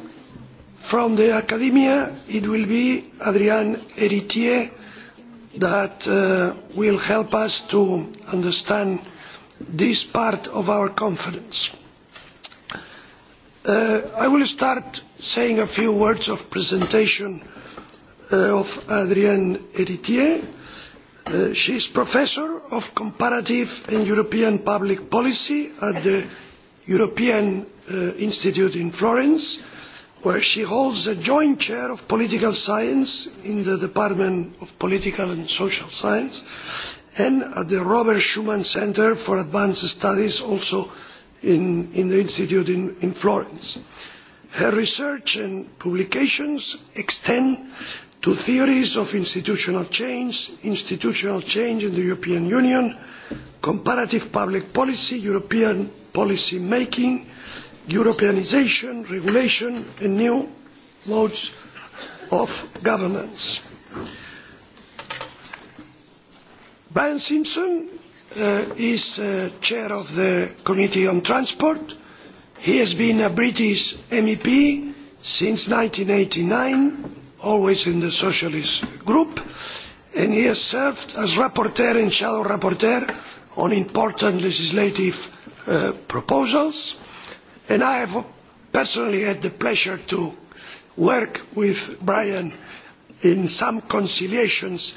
from the academia it will be Adrian Héritier that will help us to understand this part of our confidence. I will start by saying a few words of presentation of Adrienne Héritier. She is Professor of Comparative and European Public Policy at the European Institute in Florence where she holds the joint chair of political science in the Department of Political and Social Science and at the Robert Schuman Center for Advanced Studies, also in, in the Institute in, in Florence. Her research and publications extend to theories of institutional change, institutional change in the European Union, comparative public policy, European policy making, Europeanisation, regulation and new modes of governance. Brian Simpson is chair of the Committee on Transport. He has been a British MEP since eighty nine, always in the Socialist group, and he has served as rapporteur and shadow rapporteur on important legislative proposals and I have personally had the pleasure to work with Brian in some conciliations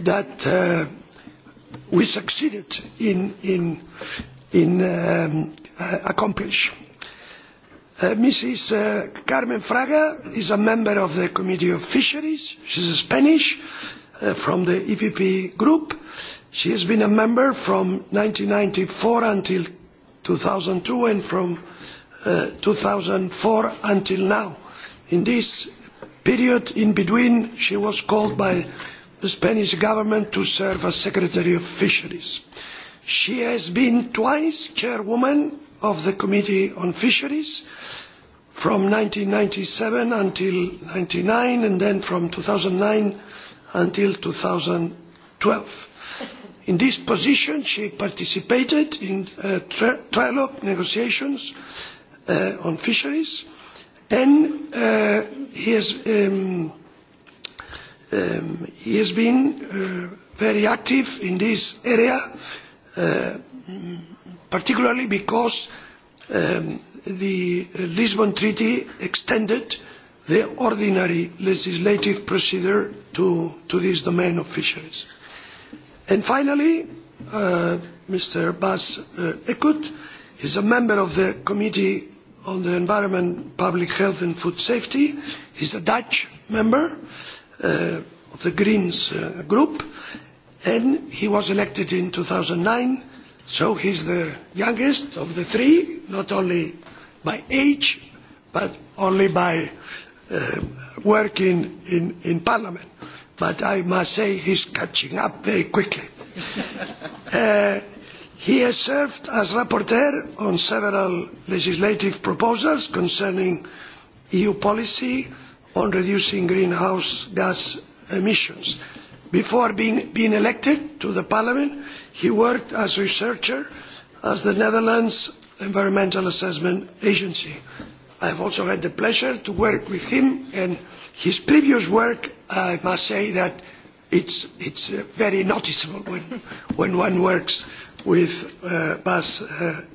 that we succeeded in, accomplishing. Mrs. Carmen Fraga is a member of the Committee of Fisheries. She is Spanish from the EPP group. She has been a member from ninety four until two thousand two and from two thousand four until now. in this period in between she was called by the spanish government to serve as secretary of fisheries. she has been twice chairwoman of the committee on fisheries from 1997 ninety seven until 1999 and ninety nine and then from two thousand nine until 2012. twelve. In this position, she participated in trilogue negotiations on fisheries, and he has he has been very active in this area, particularly because the Lisbon Treaty extended the ordinary legislative procedure to, to this domain of fisheries. And finally, Mr. Bas uh, Ekut is a member of the Committee on the environment, public health and food safety. He's a Dutch member uh, of the Greens uh, group and he was elected in 2009 so he's the youngest of the three, not only by age but only by uh, working in, in Parliament. But I must say he's catching up very quickly. uh, He has served as rapporteur on several legislative proposals concerning EU policy on reducing greenhouse gas emissions. Before being, elected to Parliament, he worked as a researcher at the Netherlands Environmental Assessment Agency. I have also had the pleasure to work with him and his previous work, I must say that it's, it's very noticeable when, when one works with Bas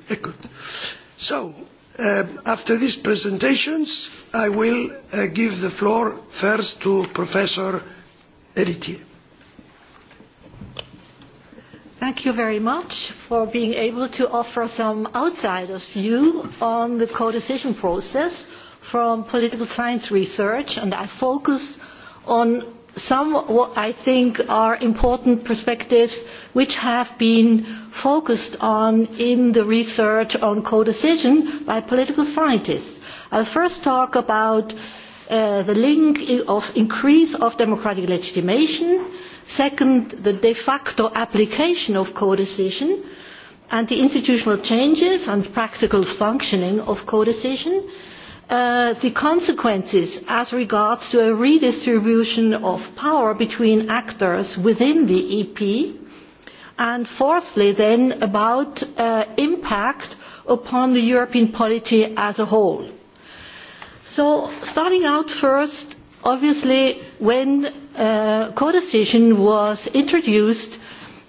Eckert. So, after these presentations, I will uh give the floor first to Professor Eritier. Thank you very much for being able to offer some outsider's view on the co-decision process from political science research, and I focus on some what I think are important perspectives which have been focused on in the research on codecision by political scientists. I'll first talk about uh, the link of increase of democratic legitimation, second, the de facto application of codecision, and the institutional changes and practical functioning of codecision, decision the consequences as regards to a redistribution of power between actors within the EP, and fourthly, then about uh, impact upon the European polity as a whole. So, starting out first, obviously, when uh, codecision was introduced,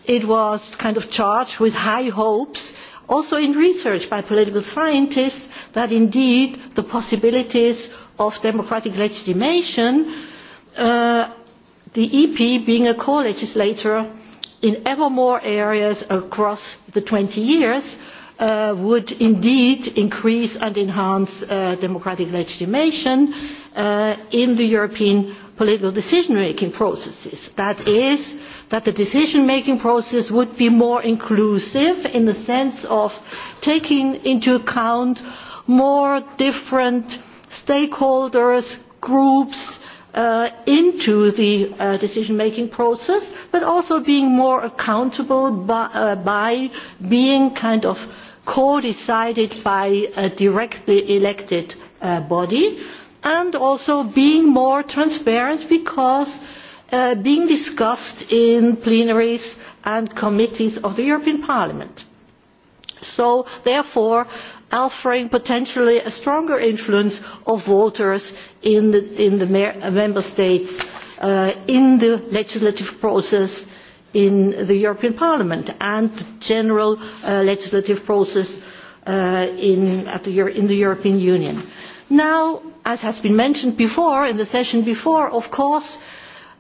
it was kind of charged with high hopes, also in research by political scientists that indeed the possibilities of democratic legitimation, uh, the EP being a co-legislator in ever more areas across the 20 years, uh, would indeed increase and enhance uh, democratic legitimation uh, in the European political decision-making processes. That is, that the decision-making process would be more inclusive in the sense of taking into account more different stakeholders, groups into the decision making process, but also being more accountable by, being kind of co decided by a directly elected body, and also being more transparent because being discussed in plenaries and committees of the European Parliament. So, therefore, offering potentially a stronger influence of voters in the member states in the legislative process in the European Parliament and the general legislative process in, the European Union. Now, as has been mentioned before, in the session before, of course,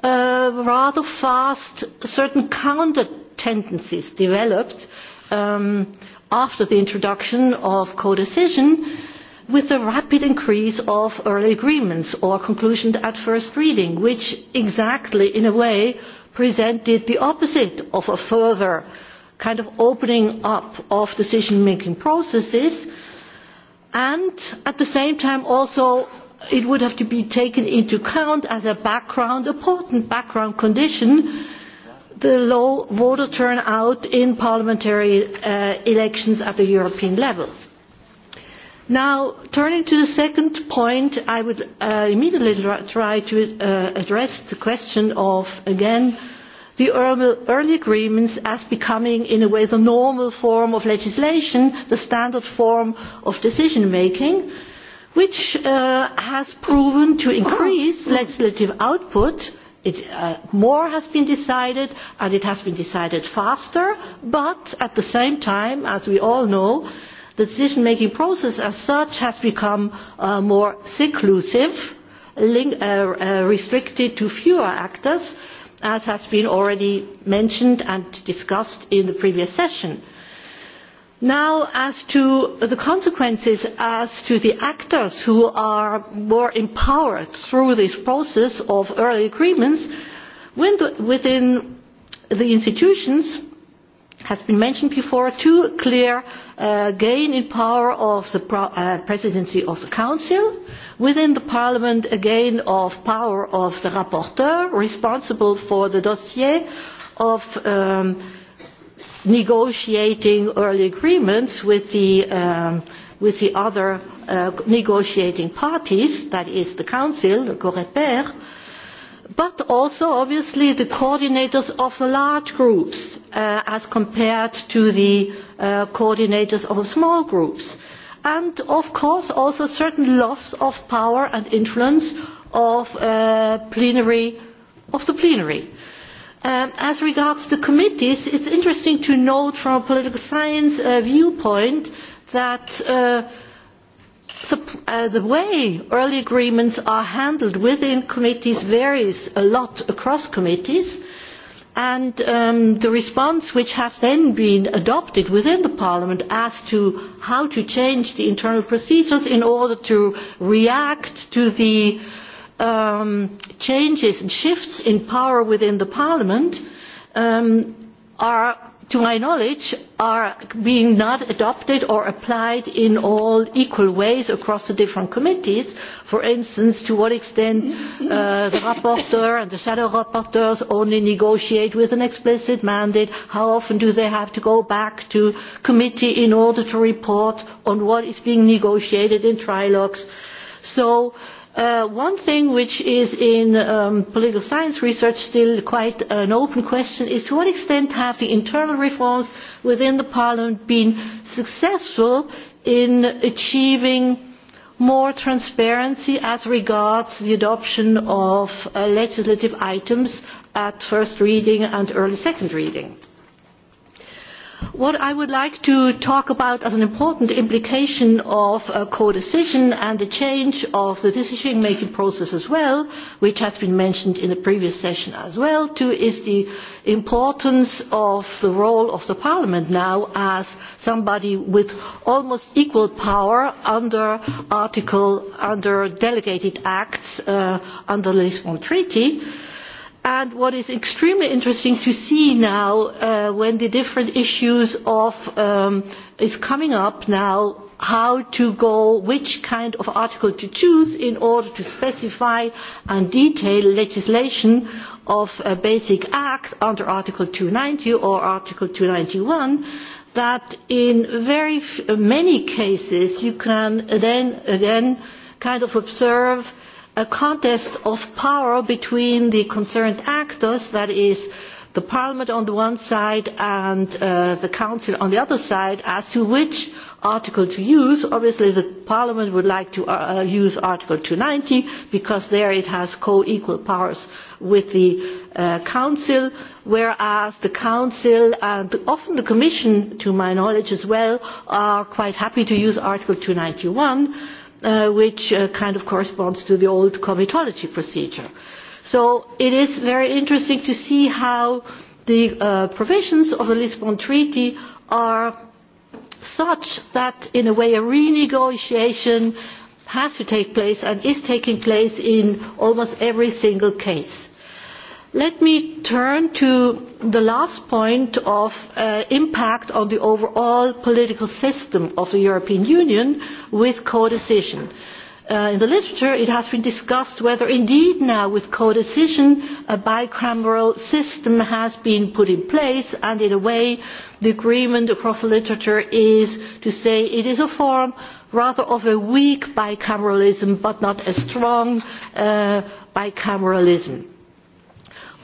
rather fast certain counter tendencies developed after the introduction of codecision with the rapid increase of early agreements or conclusions at first reading, which exactly, in a way, presented the opposite of a further kind of opening up of decision-making processes. And at the same time, also, it would have to be taken into account as a background, important background condition the low voter turnout in parliamentary elections at the European level. Now, turning to the second point, I would immediately try to address the question of, again, the early agreements as becoming, in a way, the normal form of legislation, the standard form of decision making, which has proven to increase legislative output It, uh, more has been decided, and it has been decided faster, but at the same time, as we all know, the decision-making process as such has become uh, more seclusive, link, uh, uh, restricted to fewer actors, as has been already mentioned and discussed in the previous session Now, as to the consequences, as to the actors who are more empowered through this process of early agreements within the institutions, has been mentioned before, two clear uh, gain in power of the pro- uh, presidency of the council, within the parliament a gain of power of the rapporteur responsible for the dossier of um, negotiating early agreements with the um, with the other uh, negotiating parties, that is the Council, the COREPER, but also obviously the coordinators of the large groups uh, as compared to the uh, coordinators of the small groups. And of course also certain loss of power and influence of uh, plenary, of the plenary as regards the committees, it is interesting to note from a political science viewpoint that the, way early agreements are handled within committees varies a lot across committees, and the response which has then been adopted within Parliament as to how to change the internal procedures in order to react to the um, changes and shifts in power within the parliament um, are, to my knowledge, are being not adopted or applied in all equal ways across the different committees. For instance, to what extent uh, the rapporteur and the shadow rapporteurs only negotiate with an explicit mandate, how often do they have to go back to committee in order to report on what is being negotiated in trilogues. So Uh, one thing which is in um, political science research still quite an open question is to what extent have the internal reforms within the parliament been successful in achieving more transparency as regards the adoption of uh, legislative items at first reading and early second reading? What I would like to talk about as an important implication of a co-decision and the change of the decision-making process as well, which has been mentioned in the previous session as well, too, is the importance of the role of the Parliament now as somebody with almost equal power under article, under delegated acts, uh, under the Lisbon Treaty, uh, And what is extremely interesting to see now, uh, when the different issues of um, is coming up now, how to go, which kind of article to choose in order to specify and detail legislation of a basic act under Article 290 or Article 291 that in very many cases you can then again kind of observe a contest of power between the concerned actors, that is, the Parliament on the one side and uh, the Council on the other side, as to which article to use. Obviously, the Parliament would like to uh, use Article 290 because there it has co-equal powers with the uh, Council, whereas the Council and often the Commission, to my knowledge as well, are quite happy to use Article 291 which kind of corresponds to the old comitology procedure. So it is very interesting to see how the provisions of the Lisbon Treaty are such that, in a way, a renegotiation has to take place and is taking place in almost every single case Let me turn to the last point of impact on the overall political system of the European Union with codecision. in the literature, it has been discussed whether indeed now with codecision a bicameral system has been put in place, and in a way, the agreement across the literature is to say it is a form rather of a weak bicameralism, but not a strong bicameralism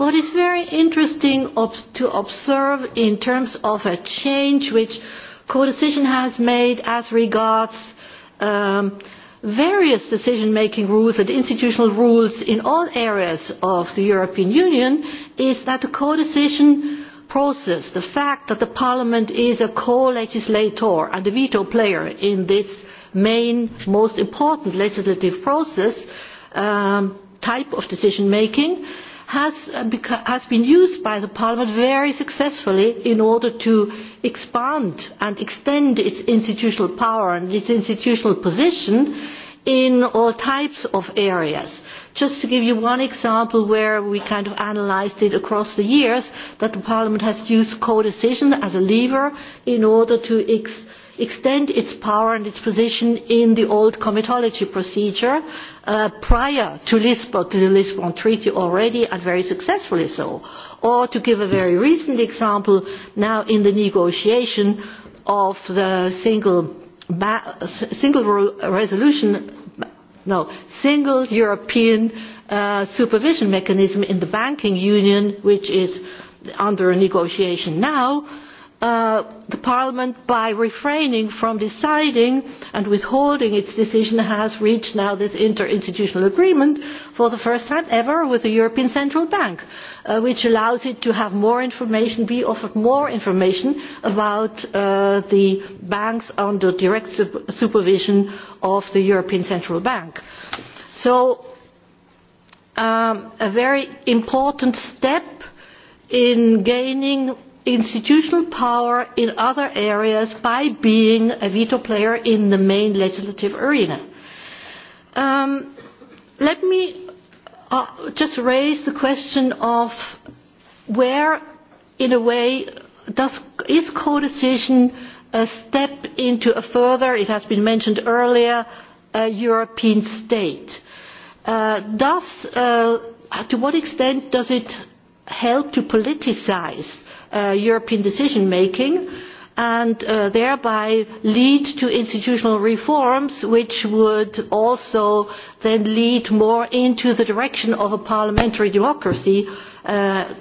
What is very interesting ob to observe in terms of a change which co-decision has made as regards um, various decision-making rules and institutional rules in all areas of the European Union is that the co-decision process, the fact that the Parliament is a co-legislator and a veto player in this main, most important legislative process um, type of decision-making, uh, has, been used by Parliament very successfully in order to expand and extend its institutional power and its institutional position in all types of areas. Just to give you one example where we kind of analysed it across the years, that Parliament has used codecision as a lever in order to extend its power and its position in the old comitology procedure prior to the Lisbon Treaty already, and very successfully so. Or to give a very recent example, now in the negotiation of the single, resolution, no, single European supervision mechanism in the banking union, which is under negotiation now, parliament by refraining from deciding and withholding its decision has reached now this interinstitutional agreement for the first time ever with the european central bank which allows it to have more information be offered more information about the banks under direct supervision of the european central bank. so a very important step in gaining institutional power in other areas by being a veto player in the main legislative arena. Um, let me uh, just raise the question of where, in a way, does, is co-decision a step into a further, it has been mentioned earlier, a European state? Uh, does, uh, to what extent does it help to politicize European decision making and thereby lead to institutional reforms which would also then lead more into the direction of a parliamentary democracy as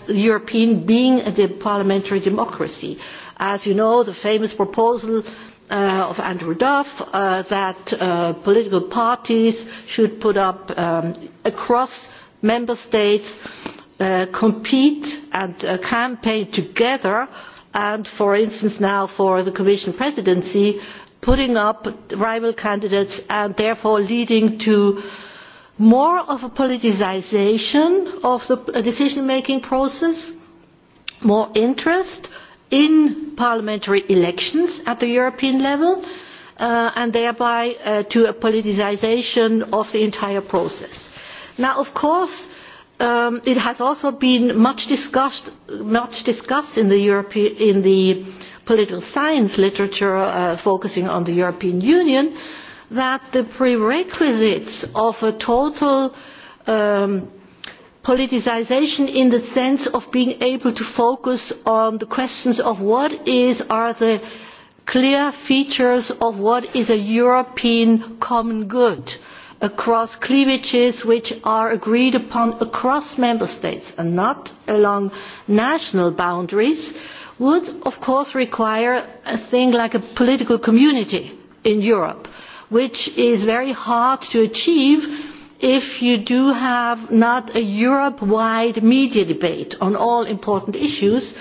the European being a parliamentary democracy. As you know, the famous proposal of Andrew Duff that political parties should put up across member states uh, compete and campaign together and for instance now for the commission presidency putting up rival candidates and therefore leading to more of a politicisation of the decision making process more interest in parliamentary elections at the european level and thereby to a politicisation of the entire process. now of course um, it has also been much discussed, much discussed in the in the political science literature uh, focusing on the European Union, that the prerequisites of a total um, politicization in the sense of being able to focus on the questions of what is are the clear features of what is a European common good. Uh, across cleavages which are agreed upon across member states and not along national boundaries would of course require a thing like a political community in Europe, which is very hard to achieve if you do have not a Europe-wide media debate on all important issues,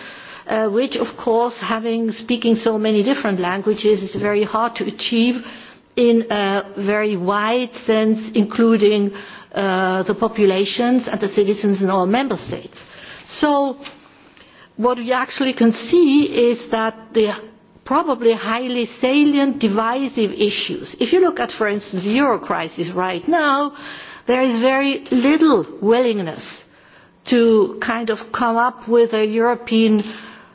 which of course having speaking so many different languages is very hard to achieve in a very wide sense, including uh, the populations and the citizens in all member states. So what we actually can see is that the probably highly salient, divisive issues. If you look at, for instance, the euro crisis right now, there is very little willingness to kind of come up with a European uh,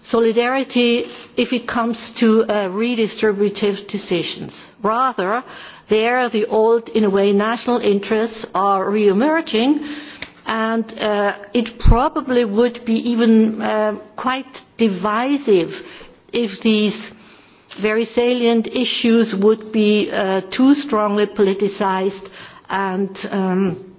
solidarity if it comes to uh, redistributive decisions. Rather, there the old, in a way, national interests are re-emerging and uh, it probably would be even uh, quite divisive if these very salient issues would be uh, too strongly politicized and um,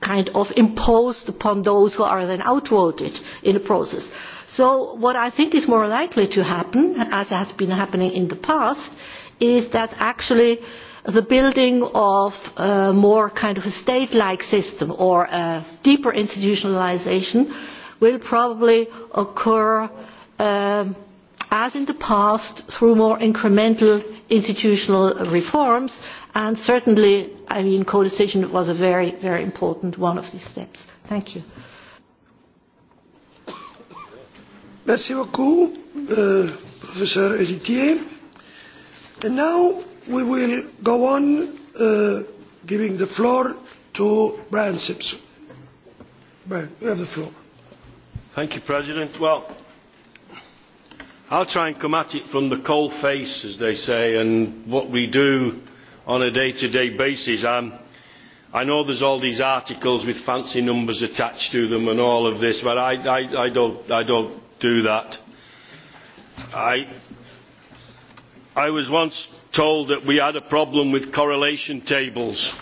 kind of imposed upon those who are then outvoted in the process. So what I think is more likely to happen, as has been happening in the past, is that actually the building of a more kind of a state-like system or a deeper institutionalization will probably occur as in the past through more incremental institutional reforms and certainly I mean co-decision was a very, very important one of these steps. Thank you. Merci beaucoup, euh, professeur Elitier. And now we will go on uh, giving the floor to Brian Simpson. Brian, you have the floor. Thank you, President. Well, I'll try and come at it from the coal face, as they say, and what we do on a day-to-day basis. I'm, I know there's all these articles with fancy numbers attached to them and all of this, but I, I, I, don't, I don't do that. I, I was once told that we had a problem with correlation tables.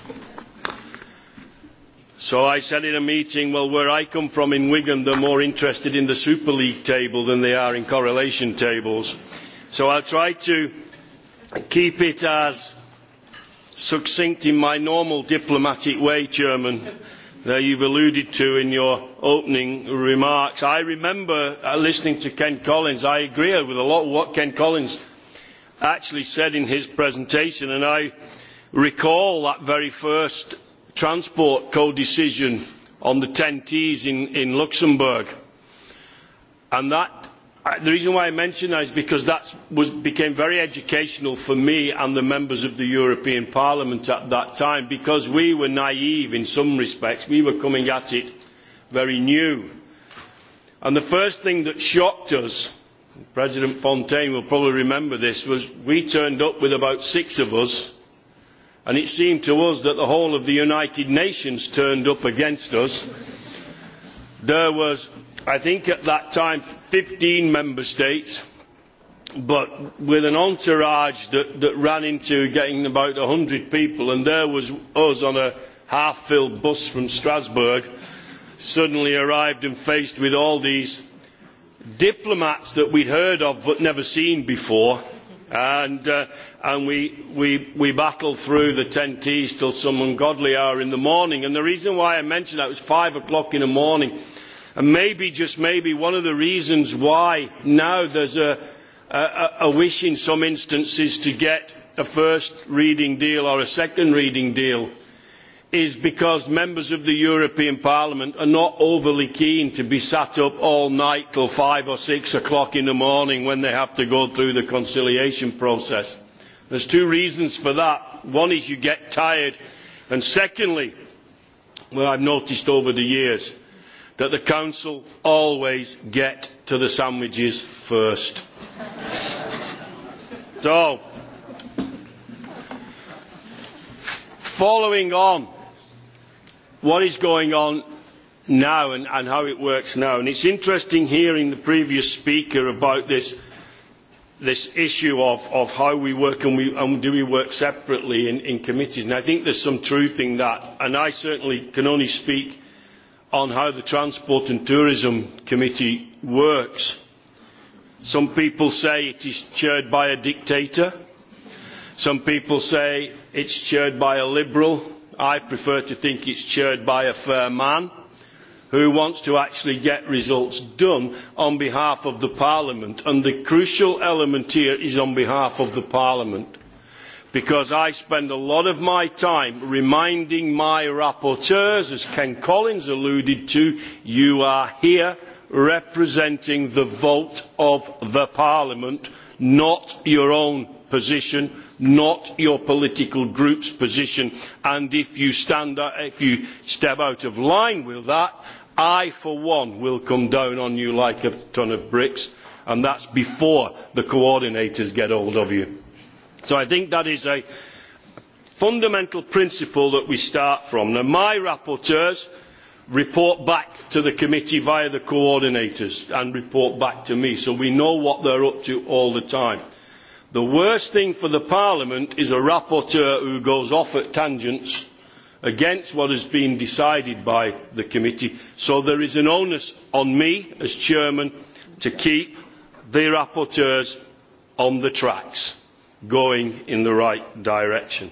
So I said in a meeting, well, where I come from in Wigan, they're more interested in the Super League table than they are in correlation tables. So I'll try to keep it as succinct in my normal diplomatic way, Chairman that you have alluded to in your opening remarks. I remember listening to Ken Collins. I agree with a lot of what Ken Collins actually said in his presentation, and I recall that very first transport codecision on the ten ts in luxembourg and that the reason why i mention that is because that became very educational for me and the members of the european parliament at that time because we were naive in some respects we were coming at it very new and the first thing that shocked us president fontaine will probably remember this was we turned up with about six of us and it seemed to us that the whole of the united nations turned up against us there was I think at that time fifteen member states, but with an entourage that, ran into getting about a hundred people, and there was us on a half-filled bus from Strasbourg, suddenly arrived and faced with all these diplomats that we'd heard of but never seen before, and, uh, and we, we, we battled through the ten T's till some ungodly hour in the morning. And the reason why I mentioned that was five o'clock in the morning And maybe, just maybe, one of the reasons why now there's a, a, a wish in some instances to get a first reading deal or a second reading deal is because members of the European Parliament are not overly keen to be sat up all night till five or six o'clock in the morning when they have to go through the conciliation process. There are two reasons for that. One is you get tired, and secondly, well, I have noticed over the years, that the council always get to the sandwiches first. so, following on what is going on now and, and how it works now, and it's interesting hearing the previous speaker about this this issue of, of how we work and, we, and do we work separately in, in committees. And I think there's some truth in that. And I certainly can only speak on how the Transport and Tourism Committee works. Some people say it is chaired by a dictator. Some people say it is chaired by a liberal. I prefer to think it is chaired by a fair man who wants to actually get results done on behalf of Parliament. And the crucial element here is on behalf of the Parliament because I spend a lot of my time reminding my rapporteurs, as Ken Collins alluded to, you are here representing the vote of the Parliament, not your own position, not your political group's position. And if you, stand, if you step out of line with that, I, for one, will come down on you like a ton of bricks, and that is before the coordinators get hold of you so i think that is a fundamental principle that we start from. my rapporteurs report back to the committee via the coordinators and report back to me so we know what they are up to all the time. the worst thing for parliament is a rapporteur who goes off at tangents against what has been decided by the committee so there is an onus on me as chairman to keep the rapporteurs on the tracks going in the right direction.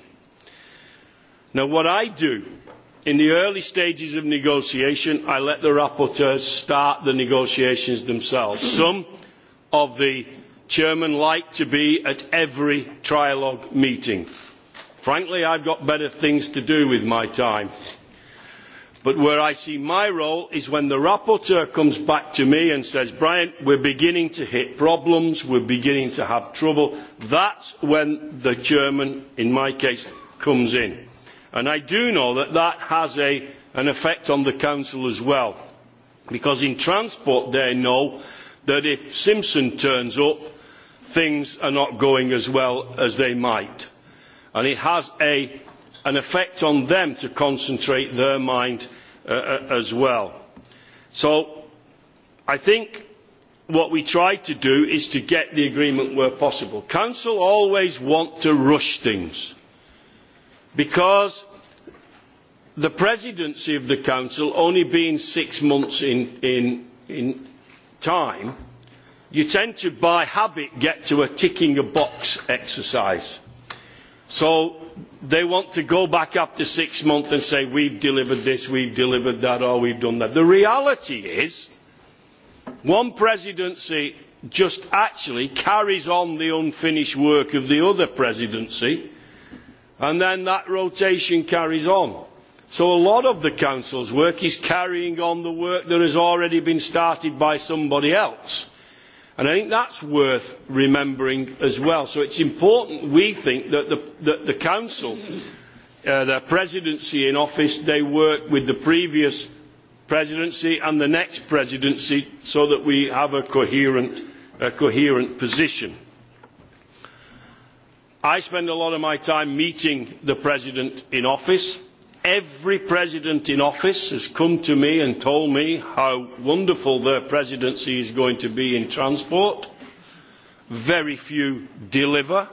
Now, what I do in the early stages of negotiation, I let the rapporteurs start the negotiations themselves. Some of the chairmen like to be at every trialogue meeting. Frankly, I have got better things to do with my time but where i see my role is when the rapporteur comes back to me and says brian we are beginning to hit problems we are beginning to have trouble that is when the chairman in my case comes in and i do know that that has an effect on the council as well because in transport they know that if simpson turns up things are not going as well as they might and it has a an effect on them to concentrate their mind as well. So I think what we try to do is to get the agreement where possible. Council always want to rush things because the presidency of the council only being six months in, time, you tend to by habit get to a ticking a box exercise So they want to go back after six months and say, we've delivered this, we've delivered that, or we've done that. The reality is, one presidency just actually carries on the unfinished work of the other presidency, and then that rotation carries on. So a lot of the Council's work is carrying on the work that has already been started by somebody else i think that is worth remembering as well. so it is important we think that the council the presidency in office work with the previous presidency and the next presidency so that we have a coherent position. i spend a lot of my time meeting the president in office Every president in office has come to me and told me how wonderful their presidency is going to be in transport. Very few deliver.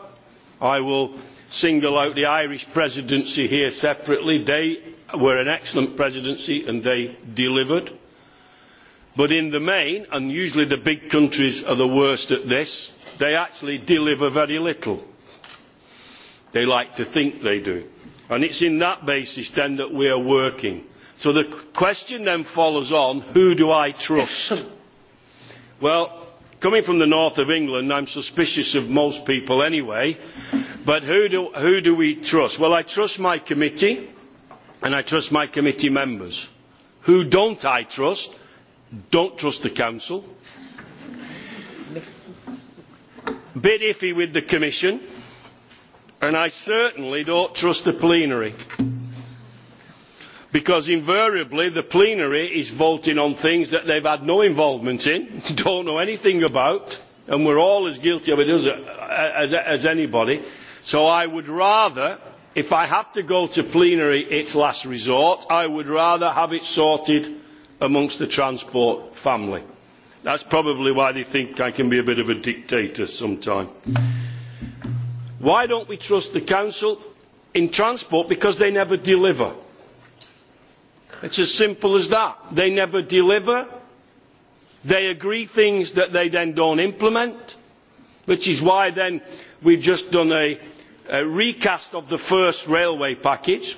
I will single out the Irish presidency here separately. They were an excellent presidency and they delivered. But in the main, and usually the big countries are the worst at this, they actually deliver very little. They like to think they do and it is on that basis then that we are working. so the question then follows on who do i trust? well coming from the north of england i am suspicious of most people anyway but who do we trust? well i trust my committee and i trust my committee members. who do not i trust? do not trust the council. a bit iffy with the commission And I certainly don't trust the plenary. Because invariably the plenary is voting on things that they've had no involvement in, don't know anything about, and we're all as guilty of it as, as, as anybody. So I would rather, if I have to go to plenary its last resort, I would rather have it sorted amongst the transport family. That is probably why they think I can be a bit of a dictator sometimes why do we not trust the council in transport? because they never deliver. it is as simple as that. they never deliver. they agree things that they then do not implement, which is why then we have just done a, a recast of the first railway package.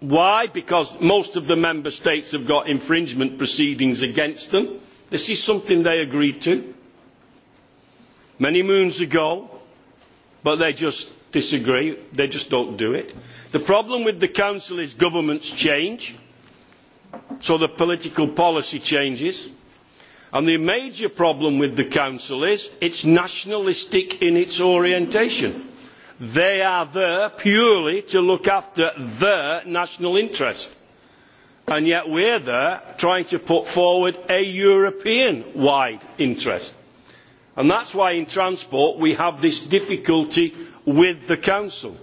why? because most of the member states have got infringement proceedings against them. this is something they agreed to many moons ago but they just disagree. They just don't do it. The problem with the Council is governments change, so the political policy changes. And the major problem with the Council is it's nationalistic in its orientation. They are there purely to look after their national interest. And yet we're there trying to put forward a European-wide interest that is why in transport we have this difficulty with the council.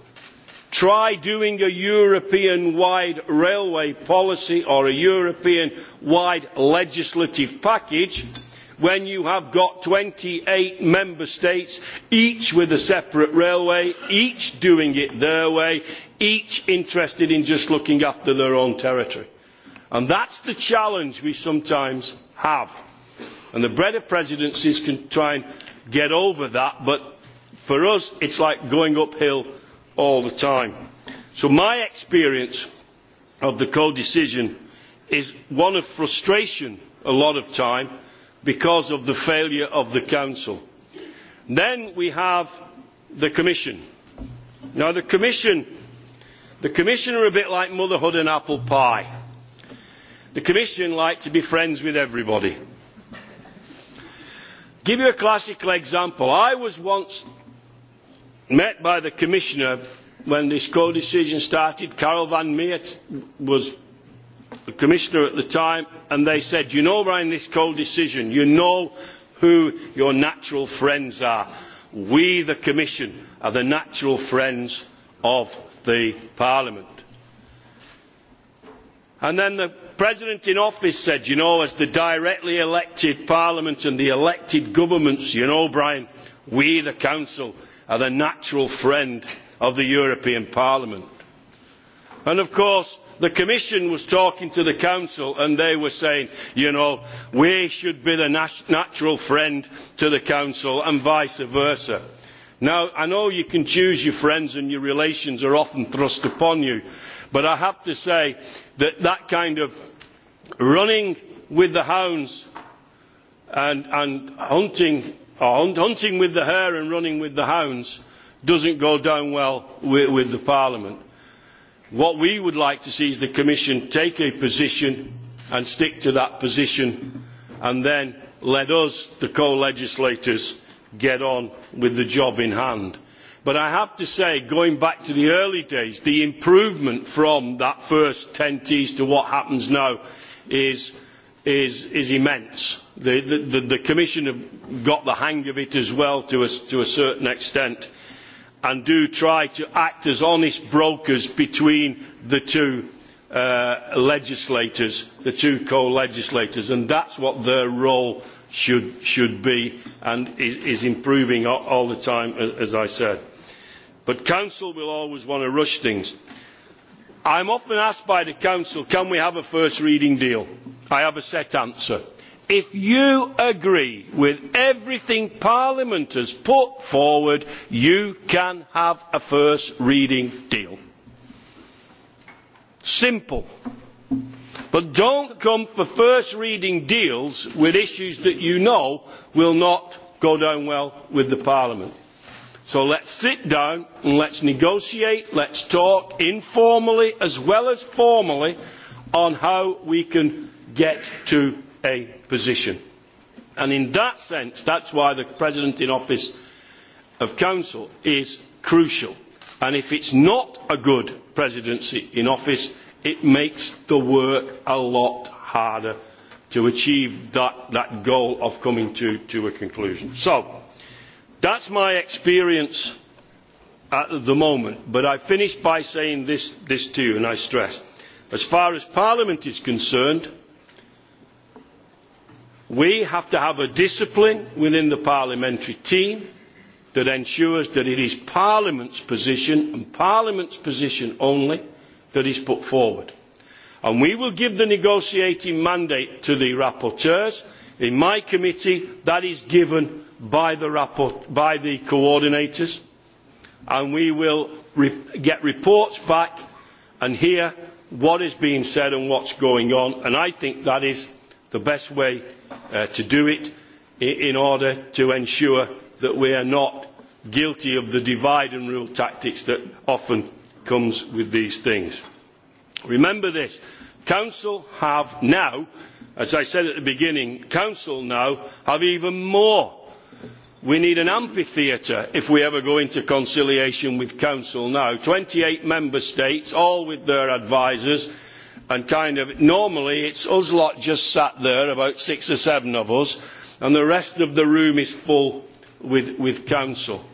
try doing a european wide railway policy or a european wide legislative package when you have got twenty eight member states each with a separate railway each doing it their way each interested in just looking after their own territory. that is the challenge we sometimes have And the bread of presidencies can try and get over that, but for us it is like going uphill all the time. So my experience of the codecision is one of frustration a lot of time because of the failure of the Council. Then we have the Commission. Now the Commission, the Commission are a bit like motherhood and apple pie. The Commission like to be friends with everybody give you a classical example. I was once met by the Commissioner when this co-decision started. Carol Van Meert was the Commissioner at the time, and they said, you know, Ryan, this co-decision, you know who your natural friends are. We, the Commission, are the natural friends of the Parliament. And then the president in office said you know as the directly elected parliament and the elected governments you know brian we the council are the natural friend of the european parliament. and of course the commission was talking to the council and they were saying you know we should be the natural friend to the council and vice versa. now i know you can choose your friends and your relations are often thrust upon you but i have to say that that kind of running with the hounds and, hunting, with the hare and running with the hounds does not go down well with, with the Parliament. What we would like to see is the Commission take a position and stick to that position and then let us, the co-legislators, get on with the job in hand. But I have to say, going back to the early days, the improvement from that first ten Ts to what happens now is is, is immense. The, the, the Commission have got the hang of it as well to a, to a certain extent and do try to act as honest brokers between the two legislators, the two co-legislators, and that is what their role should, should be and is, is improving all the time, as, as I said. But Council will always want to rush things i am often asked by the council can we have a first reading deal? i have a set answer if you agree with everything parliament has put forward you can have a first reading deal. simple. but do not come for first reading deals with issues that you know will not go down well with parliament. So let us sit down and let us negotiate, let us talk informally as well as formally on how we can get to a position. And in that sense, that is why the President in Office of Council is crucial. And if it is not a good presidency in office, it makes the work a lot harder to achieve that, goal of coming to, a conclusion. So, that is my experience at the moment but i finish by saying this to you and i stress as far as parliament is concerned we have to have a discipline within the parliamentary team that ensures that it is parliament's position and parliament's position only that is put forward and we will give the negotiating mandate to the rapporteurs in my committee that is given by the, by the coordinators and we will get reports back and hear what is being said and what is going on and i think that is the best way to do it in order to ensure that we are not guilty of the divide and rule tactics that often come with these things. remember this council have now as i said at the beginning council now have even more we need an amphitheatre if we ever go into conciliation with council now twenty eight member states all with their advisers and kind of normally us lot just sat there about six or seven of us and the rest of the room is full with council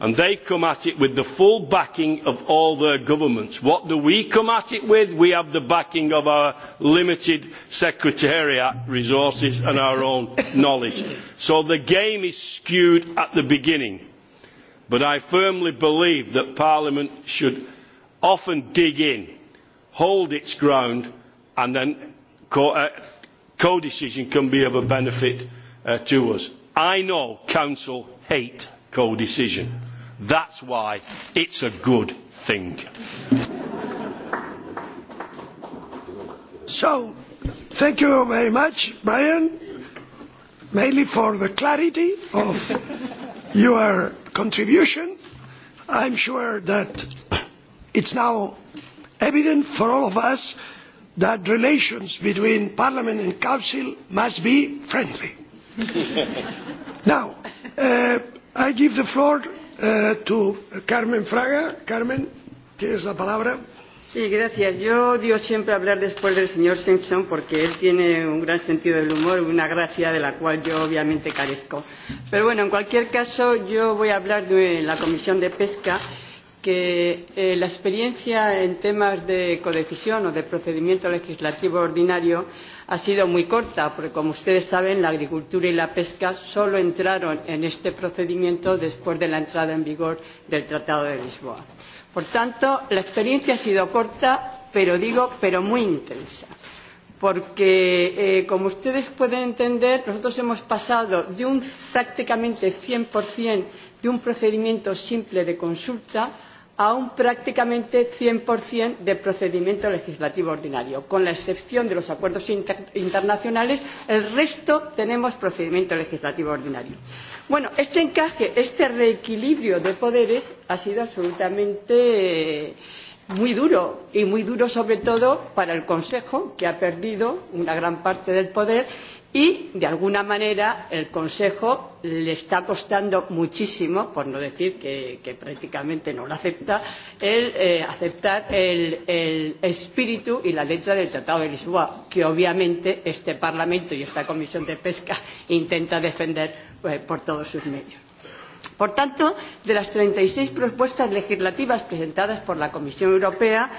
and they come at it with the full backing of all their governments. What do we come at it with? We have the backing of our limited secretariat resources and our own knowledge. So the game is skewed at the beginning. But I firmly believe that Parliament should often dig in, hold its ground, and then codecision can be of a benefit to us. I know Council hate codecision that is why it is a good thing. so thank you very much brian mainly for the clarity of your contribution. i am sure that it is now evident for all of us that relations between parliament and council must be friendly. now i give the floor to Carmen Fraga. Carmen, tienes la palabra. Sí, gracias. Yo odio siempre hablar después del señor Simpson porque él tiene un gran sentido del humor, y una gracia de la cual yo obviamente carezco. Pero bueno, en cualquier caso, yo voy a hablar de la Comisión de Pesca que eh, la experiencia en temas de codecisión o de procedimiento legislativo ordinario ha sido muy corta, porque como ustedes saben, la agricultura y la pesca solo entraron en este procedimiento después de la entrada en vigor del Tratado de Lisboa. Por tanto, la experiencia ha sido corta, pero digo, pero muy intensa. Porque, como ustedes pueden entender, nosotros hemos pasado de un prácticamente cien de un procedimiento simple de consulta a un prácticamente cien de procedimiento legislativo ordinario. Con la excepción de los acuerdos internacionales, el resto tenemos procedimiento legislativo ordinario. Bueno, este encaje, este reequilibrio de poderes ha sido absolutamente muy duro y muy duro sobre todo para el Consejo, que ha perdido una gran parte del poder y de alguna manera el Consejo le está costando muchísimo, por no decir que, prácticamente no lo acepta, el aceptar el, espíritu y la letra del Tratado de Lisboa, que obviamente este Parlamento y esta Comisión de Pesca intentan defender por todos sus medios. Por tanto, de las treinta y seis propuestas legislativas presentadas por la Comisión Europea,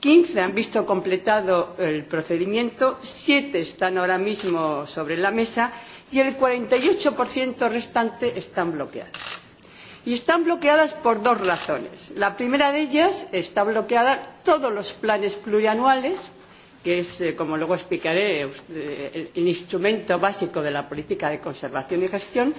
quince han visto completado el procedimiento siete están ahora mismo sobre la mesa y el cuarenta y ocho restante están bloqueadas. y están bloqueadas por dos razones la primera de ellas están bloqueados todos los planes plurianuales que es como luego explicaré el instrumento básico de la política de conservación y gestión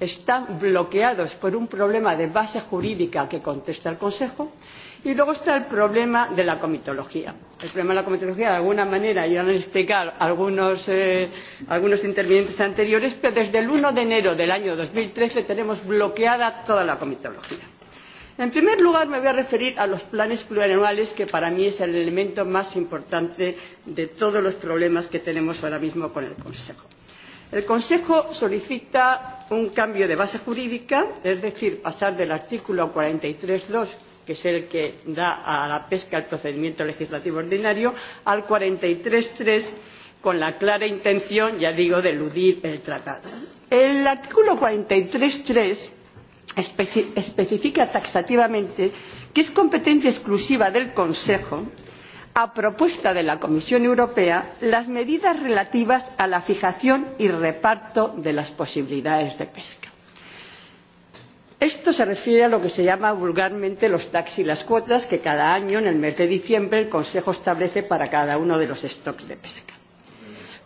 están bloqueados por un problema de base jurídica que contesta el consejo y Y luego está el problema de la comitología. El problema de la comitología, de alguna manera, ya lo han explicado algunos, intervinientes anteriores, pero desde el uno de enero del año dos mil trece tenemos bloqueada toda la comitología. En primer lugar, me voy a referir a los planes plurianuales, que para mí es el elemento más importante de todos los problemas que tenemos ahora mismo con el Consejo. El Consejo solicita un cambio de base jurídica, es decir, pasar del artículo cuarenta y tres dos que es el que da a la pesca el procedimiento legislativo ordinario, al cuarenta y tres apartado tres con la clara intención, ya digo, de eludir el tratado. El artículo cuarenta y tres apartado tres especifica taxativamente que es competencia exclusiva del Consejo a propuesta de la Comisión Europea las medidas relativas a la fijación y reparto de las posibilidades de pesca. Esto se refiere a lo que se llama vulgarmente los tax y las cuotas que cada año, en el mes de diciembre, el Consejo establece para cada uno de los stocks de pesca.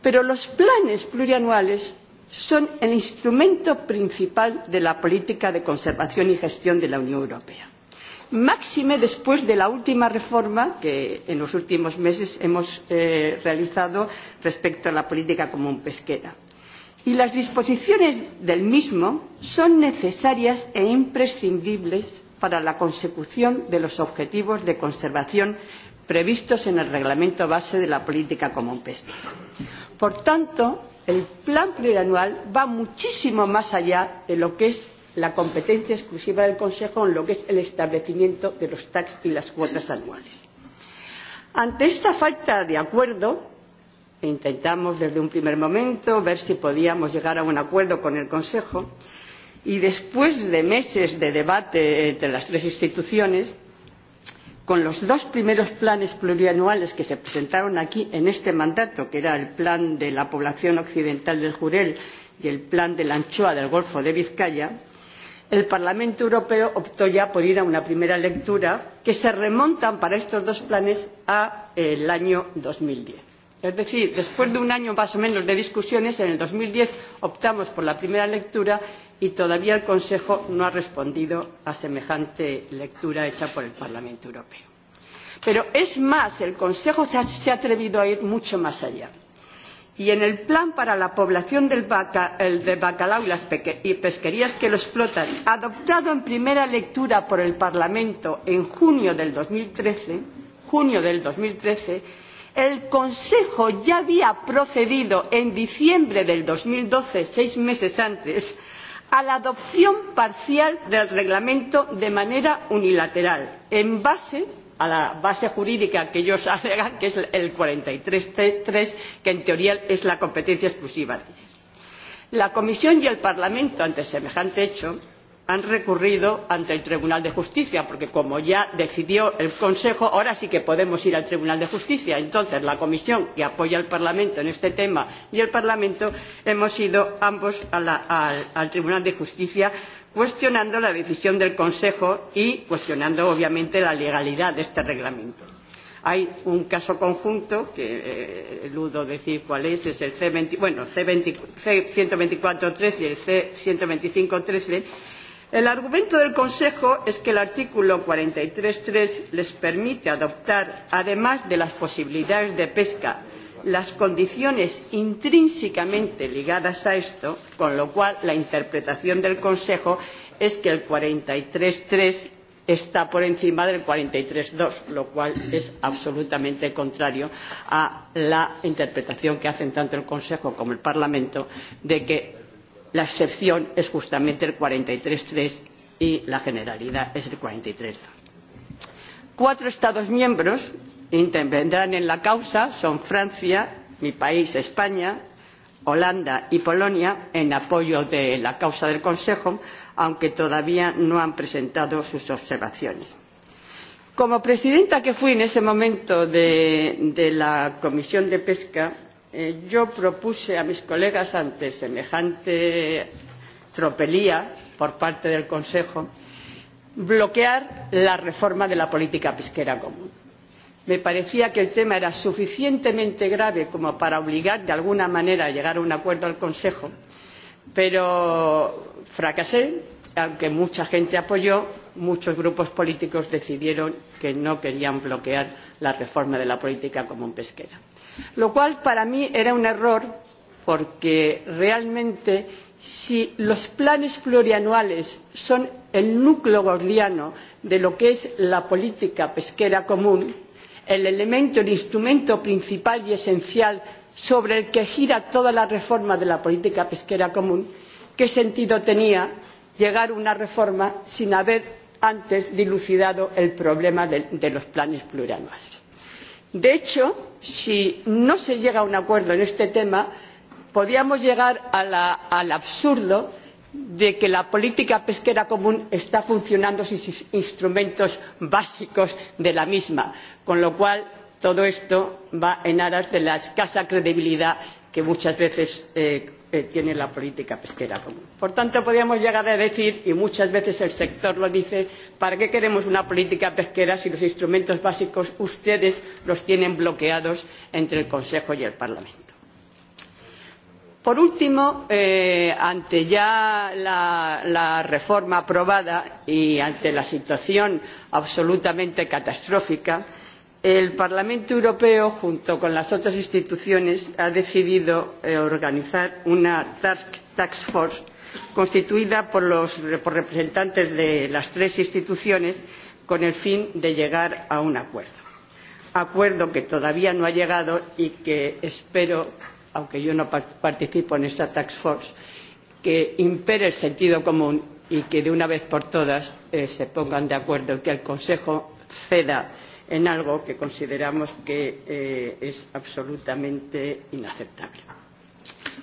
Pero los planes plurianuales son el instrumento principal de la política de conservación y gestión de la Unión Europea. Máxime después de la última reforma que en los últimos meses hemos realizado respecto a la política común pesquera y las disposiciones del mismo son necesarias e imprescindibles para la consecución de los objetivos de conservación previstos en el reglamento base de la política común pesquera. Por tanto, el plan plurianual va muchísimo más allá de lo que es la competencia exclusiva del Consejo en lo que es el establecimiento de los tac y las cuotas anuales. Ante esta falta de acuerdo, intentamos desde un primer momento ver si podíamos llegar a un acuerdo con el Consejo y después de meses de debate entre las tres instituciones, con los dos primeros planes plurianuales que se presentaron aquí en este mandato, que era el plan de la población occidental del Jurel y el plan de la anchoa del Golfo de Vizcaya, el Parlamento Europeo optó ya por ir a una primera lectura que se remonta para estos dos planes al año dos mil diez Es decir, después de un año más o menos de discusiones, en dos mil diez optamos por la primera lectura y todavía el Consejo no ha respondido a semejante lectura hecha por el Parlamento Europeo. Pero es más, el Consejo se ha, atrevido a ir mucho más allá. Y en el plan para la población del de bacalao y las pesquerías que lo explotan, adoptado en primera lectura por el Parlamento en junio del 2013, junio del 2013, el consejo ya había procedido en diciembre de dos mil doce seis meses antes a la adopción parcial del reglamento de manera unilateral en base a la base jurídica que ellos alegan que es el cuarenta y tres apartado tres que en teoría es la competencia exclusiva de ellos. la comisión y el parlamento ante semejante hecho han recurrido ante el Tribunal de Justicia, porque como ya decidió el Consejo, ahora sí que podemos ir al Tribunal de Justicia. Entonces, la Comisión, que apoya al Parlamento en este tema, y el Parlamento hemos ido ambos al Tribunal de Justicia cuestionando la decisión del Consejo y cuestionando, obviamente, la legalidad de este reglamento. Hay un caso conjunto, que eludo decir cuál es, es el c trece y el c trece el argumento del consejo es que el artículo cuarenta y tres apartado tres les permite adoptar además de las posibilidades de pesca las condiciones intrínsecamente ligadas a esto con lo cual la interpretación del consejo es que el cuarenta y tres apartado tres está por encima del cuarenta y tres apartado dos lo cual es absolutamente contrario a la interpretación que hacen tanto el consejo como el parlamento de que la excepción es justamente el cuarenta y tres apartado tres y la generalidad es el. cuarenta y tres cuatro estados miembros intervendrán en la causa son francia mi país españa holanda y polonia en apoyo de la causa del consejo aunque todavía no han presentado sus observaciones. como presidenta que fui en ese momento de la comisión de pesca yo propuse a mis colegas ante semejante tropelía por parte del Consejo bloquear la reforma de la política pesquera común. Me parecía que el tema era suficientemente grave como para obligar de alguna manera a llegar a un acuerdo al Consejo, pero fracasé, aunque mucha gente apoyó, muchos grupos políticos decidieron que no querían bloquear la reforma de la política común pesquera lo cual para mí era un error porque realmente si los planes plurianuales son el núcleo gordiano de lo que es la política pesquera común el elemento el instrumento principal y esencial sobre el que gira toda la reforma de la política pesquera común qué sentido tenía llegar a una reforma sin haber antes dilucidado el problema de los planes plurianuales? de hecho si no se llega a un acuerdo en este tema podríamos llegar al absurdo de que la política pesquera común está funcionando sin sus instrumentos básicos de la misma con lo cual todo esto va en aras de la escasa credibilidad que muchas veces tiene la política pesquera común. Por tanto, podríamos llegar a decir, y muchas veces el sector lo dice, ¿para qué queremos una política pesquera si los instrumentos básicos ustedes los tienen bloqueados entre el Consejo y el Parlamento? Por último, ante ya la, reforma aprobada y ante la situación absolutamente catastrófica, el Parlamento Europeo, junto con las otras instituciones, ha decidido organizar una task, force constituida por, representantes de las tres instituciones con el fin de llegar a un acuerdo. Acuerdo que todavía no ha llegado y que espero, aunque yo no participo en esta task force, que impere el sentido común y que de una vez por todas se pongan de acuerdo y que el Consejo ceda en algo que consideramos que es absolutamente inaceptable.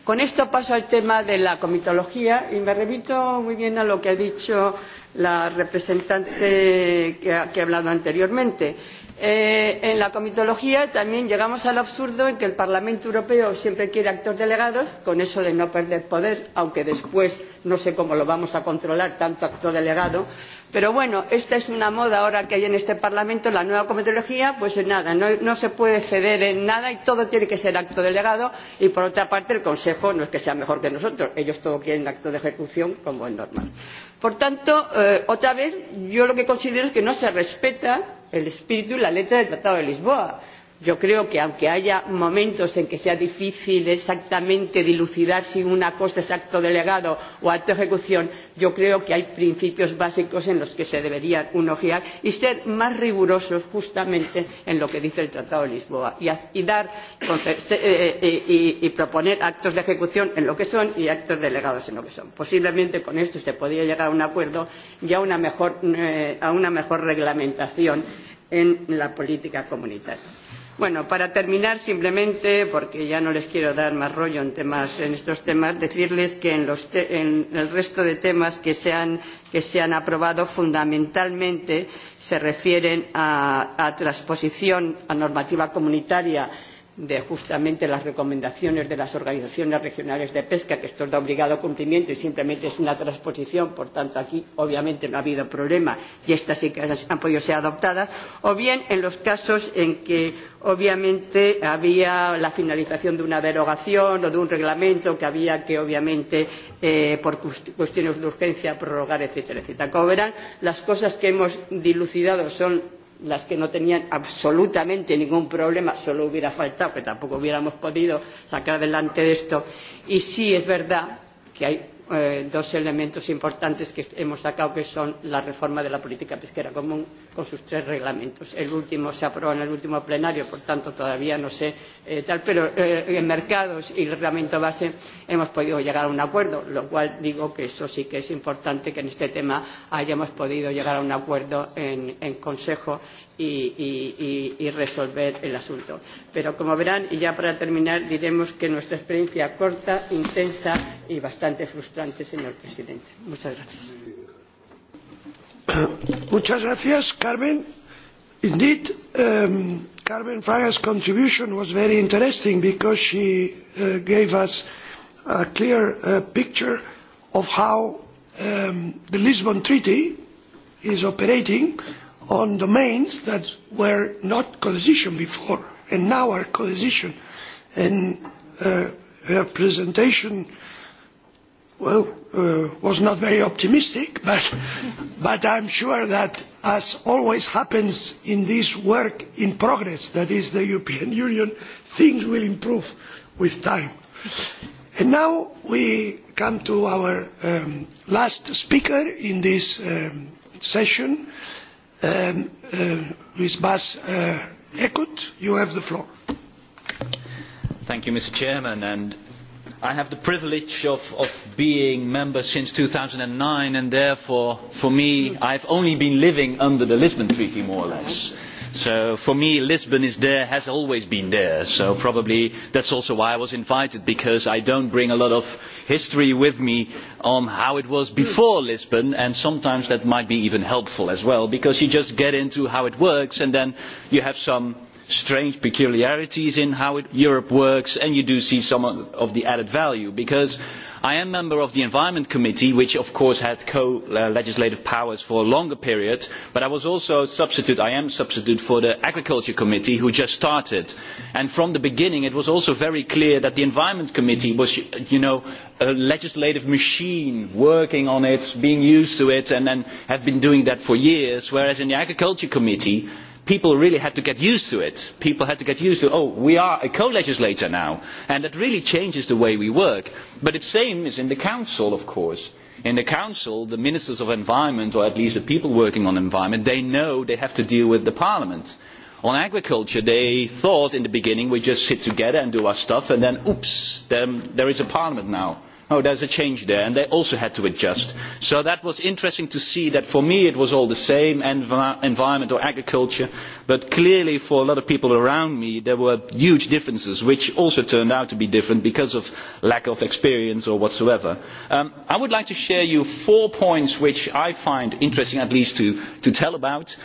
Con esto paso al tema de la comitología y me remito muy bien a lo que ha dicho la representante que ha, hablado anteriormente. en la comitología también llegamos al absurdo en que el Parlamento Europeo siempre quiere actos delegados, con eso de no perder poder, aunque después no sé cómo lo vamos a controlar tanto acto delegado, pero bueno esta es una moda ahora que hay en este parlamento la nueva comitología pues nada no se puede ceder en nada y todo tiene que ser acto delegado y por otra parte el consejo no es que sea mejor que nosotros ellos todo quieren acto de ejecución como es normal. por tanto otra vez yo lo que considero es que no se respeta el espíritu y la letra del tratado de lisboa yo creo que aunque haya momentos en que sea difícil exactamente dilucidar si una cosa es acto delegado o acto de ejecución yo creo que hay principios básicos en los que se debería uno fiar y ser más rigurosos justamente en lo que dice el tratado de lisboa y proponer actos de ejecución en lo que son y actos delegados en lo que son. posiblemente con esto se podría llegar a un acuerdo y a una mejor reglamentación en la política comunitaria Bueno, para terminar, simplemente, porque ya no les quiero dar más rollo en, temas, en estos temas, decirles que en, los en el resto de temas que se han, aprobado fundamentalmente se refieren a, a transposición a normativa comunitaria de justamente las recomendaciones de las organizaciones regionales de pesca, que esto es de obligado cumplimiento y simplemente es una transposición, por tanto aquí obviamente no ha habido problema y estas sí que han podido ser adoptadas, o bien en los casos en que obviamente había la finalización de una derogación o de un reglamento que había que obviamente por cuestiones de urgencia prorrogar, etcétera, etcétera. Como verán, las cosas que hemos dilucidado son las que no tenían absolutamente ningún problema, solo hubiera faltado que tampoco hubiéramos podido sacar adelante esto. Y sí es verdad que hay dos elementos importantes que hemos sacado, que son la reforma de la política pesquera común con sus tres reglamentos. El último se aprobó en el último plenario, por tanto todavía no sé eh, tal, pero eh, en mercados y reglamento base hemos podido llegar a un acuerdo, lo cual digo que eso sí que es importante que en este tema hayamos podido llegar a un acuerdo en, en Consejo y, resolver el asunto. Pero como verán, y ya para terminar, diremos que nuestra experiencia corta, intensa y bastante frustrante, señor presidente. Muchas gracias. Muchas gracias, Carmen. Indeed, um, Carmen Fraga's contribution was very interesting because she uh, gave us a clear uh, picture of how um, the Lisbon Treaty is operating on domains that were not coalition before and now are coalition. And her presentation, well, was not very optimistic, but, but am sure that, as always happens in this work in progress, that is the European Union, things will improve with time. And now we come to our last speaker in this session Bas Eckert, you have the floor. Mr. president And I have the privilege of, being being member since two thousand and therefore, for me, I have only been living under the Lisbon Treaty, more or less so for me lisbon is there has always been there so probably that is also why i was invited because i do not bring a lot of history with me on how it was before lisbon and sometimes that might be even helpful as well because you just get into how it works and then you have some strange peculiarities in how europe works and you do see some of the added value because i am a member of the environment committee which of course had co legislative powers for a longer period but i was also a substitute i am a substitute for the agriculture committee which just started and from the beginning it was also very clear that the environment committee was a legislative machine working on it being used to it and had been doing that for years whereas in the agriculture committee people really had to get used to it. People had to get used to, oh, we are a co-legislator now. And that really changes the way we work. But the same is in the Council, of course. In the Council, the ministers of environment, or at least the people working on environment, they know they have to deal with the Parliament. On agriculture, they thought in the beginning we just sit together and do our stuff, and then, oops, then there is a Parliament now oh there is a change there and they also had to adjust so that was interesting to see that for me it was all the same environment or agriculture but clearly for a lot of people around me there were huge differences which also turned out to be different because of lack of experience or whatsoever. I would like to share you four points which I find interesting at least to, to tell about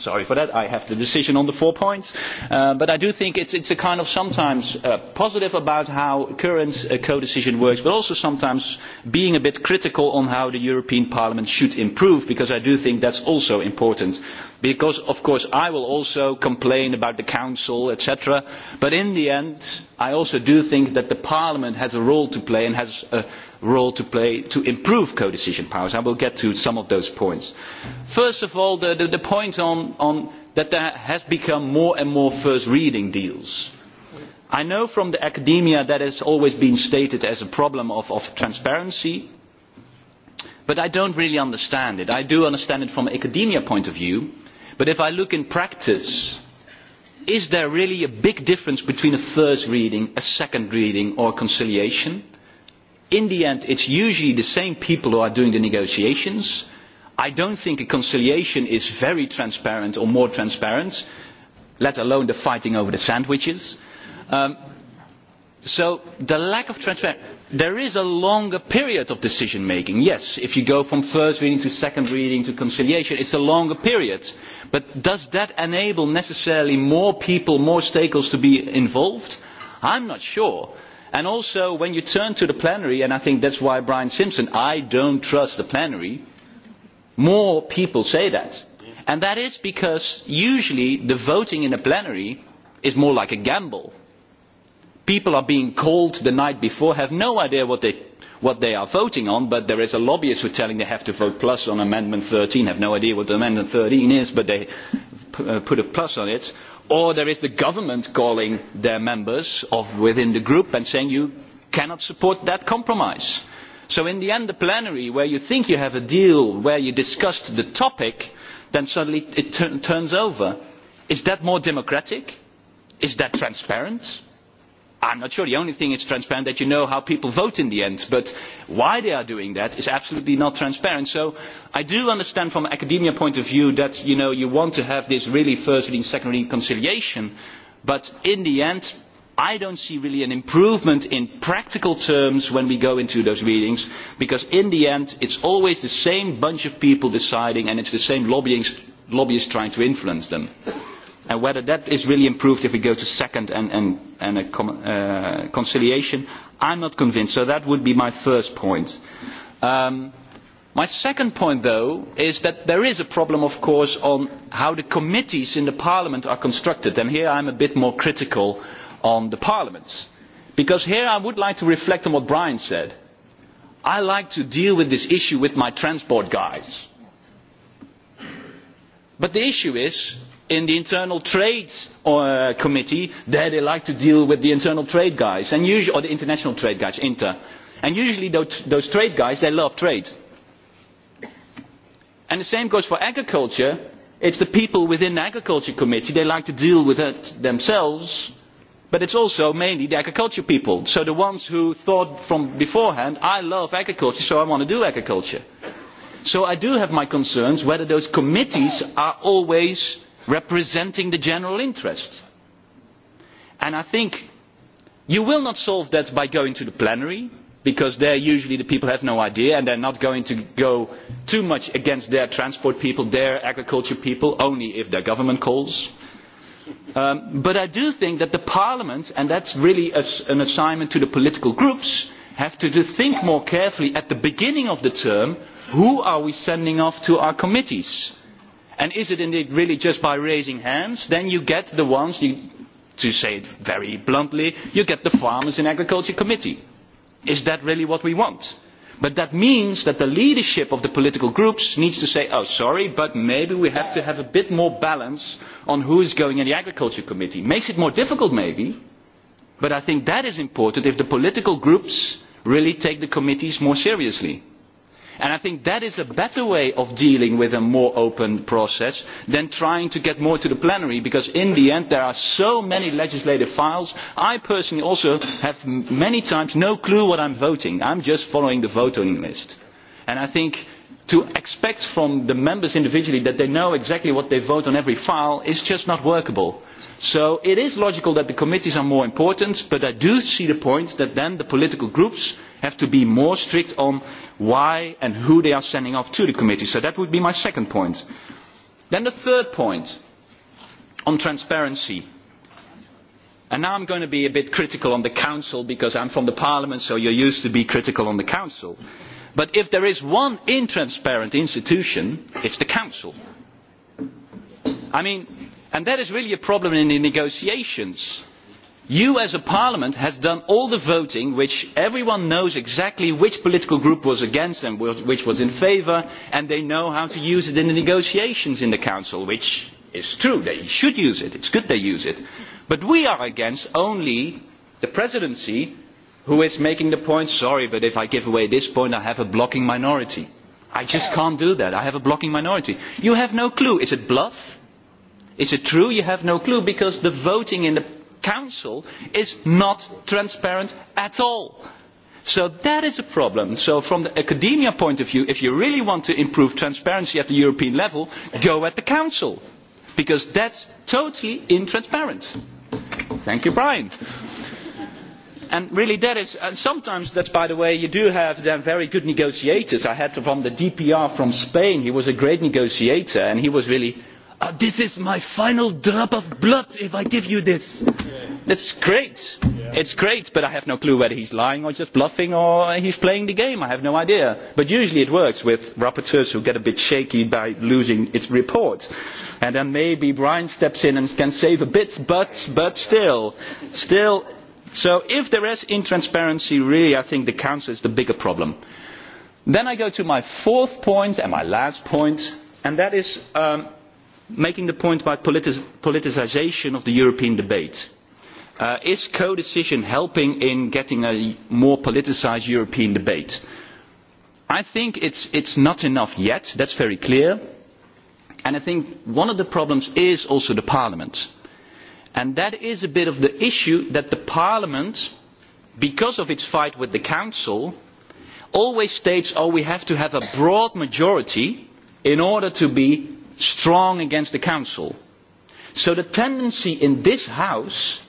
sorry for that, I have the decision on the four points. Uh, but I do think it's, it's a kind of sometimes uh, positive about how current uh, co-decision works, but also sometimes being a bit critical on how the European Parliament should improve, because I do think that's also important. Because, of course, I will also complain about the Council, etc. But in the end, I also do think that the Parliament has a role to play and has a role to play to improve codecision powers. I will get to some of those points. First of all, the, the, the point on, on that there has become more and more first reading deals. I know from the academia that has always been stated as a problem of, of transparency, but I don't really understand it. I do understand it from an academia point of view, but if I look in practice, is there really a big difference between a first reading, a second reading, or conciliation? in the end it's usually the same people who are doing the negotiations. i don't think a conciliation is very transparent or more transparent let alone the fighting over the sandwiches. so the lack of transparency there is a longer period of decision making yes if you go from first reading to second reading to conciliation it's a longer period but does that enable necessarily more people more stakeholders to be involved? I'm not sure and also when you turn to the plenary and i think that is why brian simpson i do not trust the plenary more people say that and that is because usually the voting in the plenary is more like a gamble people are being called the night before have no idea what they what they are voting on, but there is a lobbyist who is telling they have to vote plus on Amendment 13, have no idea what Amendment 13 is, but they put a plus on it or there is the government calling their members within the group and saying you cannot support that compromise. so in the end the plenary where you think you have a deal where you discussed the topic then suddenly it turns over. is that more democratic? is that transparent? I am not sure the only thing is transparent that you know how people vote in the end but why they are doing that is absolutely not transparent so i do understand from an academia point of view that you want to have this really first reading second reading conciliation but in the end i do not see really an improvement in practical terms when we go into those readings because in the end it is always the same bunch of people deciding and it is the same lobbyists trying to influence them and whether that is really improved if we go to second and, and, and a com uh, conciliation, I'm not convinced. So that would be my first point. Um, my second point, though, is that there is a problem, of course, on how the committees in the Parliament are constructed. And here I'm a bit more critical on the Parliament. Because here I would like to reflect on what Brian said. I like to deal with this issue with my transport guys. But the issue is, in the internal trade committee there they like to deal with the internal trade guys and usually, or the international trade guys inter and usually those, those trade guys they love trade and the same goes for agriculture it is the people within the agriculture committee they like to deal with it themselves but it is also mainly the agriculture people so the ones who thought from beforehand i love agriculture so i want to do agriculture so i do have my concerns whether those committees are always representing the general interest. And I think you will not solve that by going to the plenary, because there usually the people have no idea and they are not going to go too much against their transport people, their agriculture people, only if their government calls. but I do think that the parliament, and that's really an assignment to the political groups, have to think more carefully at the beginning of the term, who are we sending off to our committees? and is it indeed really just by raising hands? then you get the ones to say it very bluntly you get the farmers in agriculture committee. is that really what we want? but that means that the leadership of the political groups needs to say oh sorry but maybe we have to have a bit more balance on who is going in the agriculture committee. it makes it more difficult maybe but i think that is important if the political groups really take the committees more seriously and i think that is a better way of dealing with a more open process than trying to get more to the plenary because in the end there are so many legislative files i personally also have many times no clue what i am voting i am just following the voting list and i think to expect from the members individually that they know exactly what they vote on every file is just not workable so it is logical that the committees are more important but i do see the point that then the political groups have to be more strict on why and who they are sending off to the committee so that would be my second point. then the third point on transparency and now i am going to be a bit critical on the council because i am from parliament so you are used to being critical on the council but if there is one intransparent institution it is the council. i mean that is really a problem in the negotiations. you as a parliament have done all the voting which everyone knows exactly which political group was against and which was in favour and they know how to use it in the negotiations in the council which is true they should use it it is good they use it but we are against only the presidency who is making the point sorry but if i give away this point i have a blocking minority i just can't do that i have a blocking minority. you have no clue is it bluff? Is it true you have no clue? Because the voting in the Council is not transparent at all. So that is a problem. So from the academia point of view, if you really want to improve transparency at the European level, go at the Council. Because that's totally intransparent. Thank you, Brian and really that is and sometimes that's by the way you do have then very good negotiators i had from the dpr from spain he was a great negotiator and he was really this is my final drop of blood if I give you this. It's great. It's great, but I have no clue whether he's lying or just bluffing or he's playing the game. I have no idea. But usually it works with rapporteurs who get a bit shaky by losing its report. And then maybe Brian steps in and can save a bit, but, but still, still. So if there is intransparency, really, I think the council is the bigger problem. Then I go to my fourth point and my last point, and that is um, making the point about politic politicisation of the European debate. is codecision helping in getting a more politicised European debate? I think it's, it's not enough yet, that's very clear. And I think one of the problems is also the Parliament. And that is a bit of the issue that the Parliament, because of its fight with the Council, always states, oh, we have to have a broad majority in order to be strong against the Council. So the tendency in this House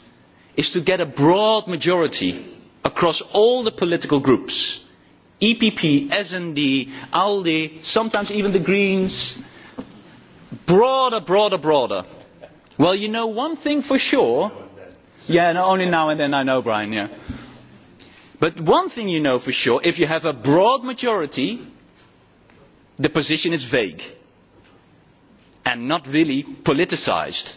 is to get a broad majority across all the political groups EPP, SND, ALDE, sometimes even the Greens. Broader, broader, broader. Well, you know one thing for sure. Yeah, no, only now and then I know, Brian, yeah. But one thing you know for sure, if you have a broad majority, the position is vague and not really politicised.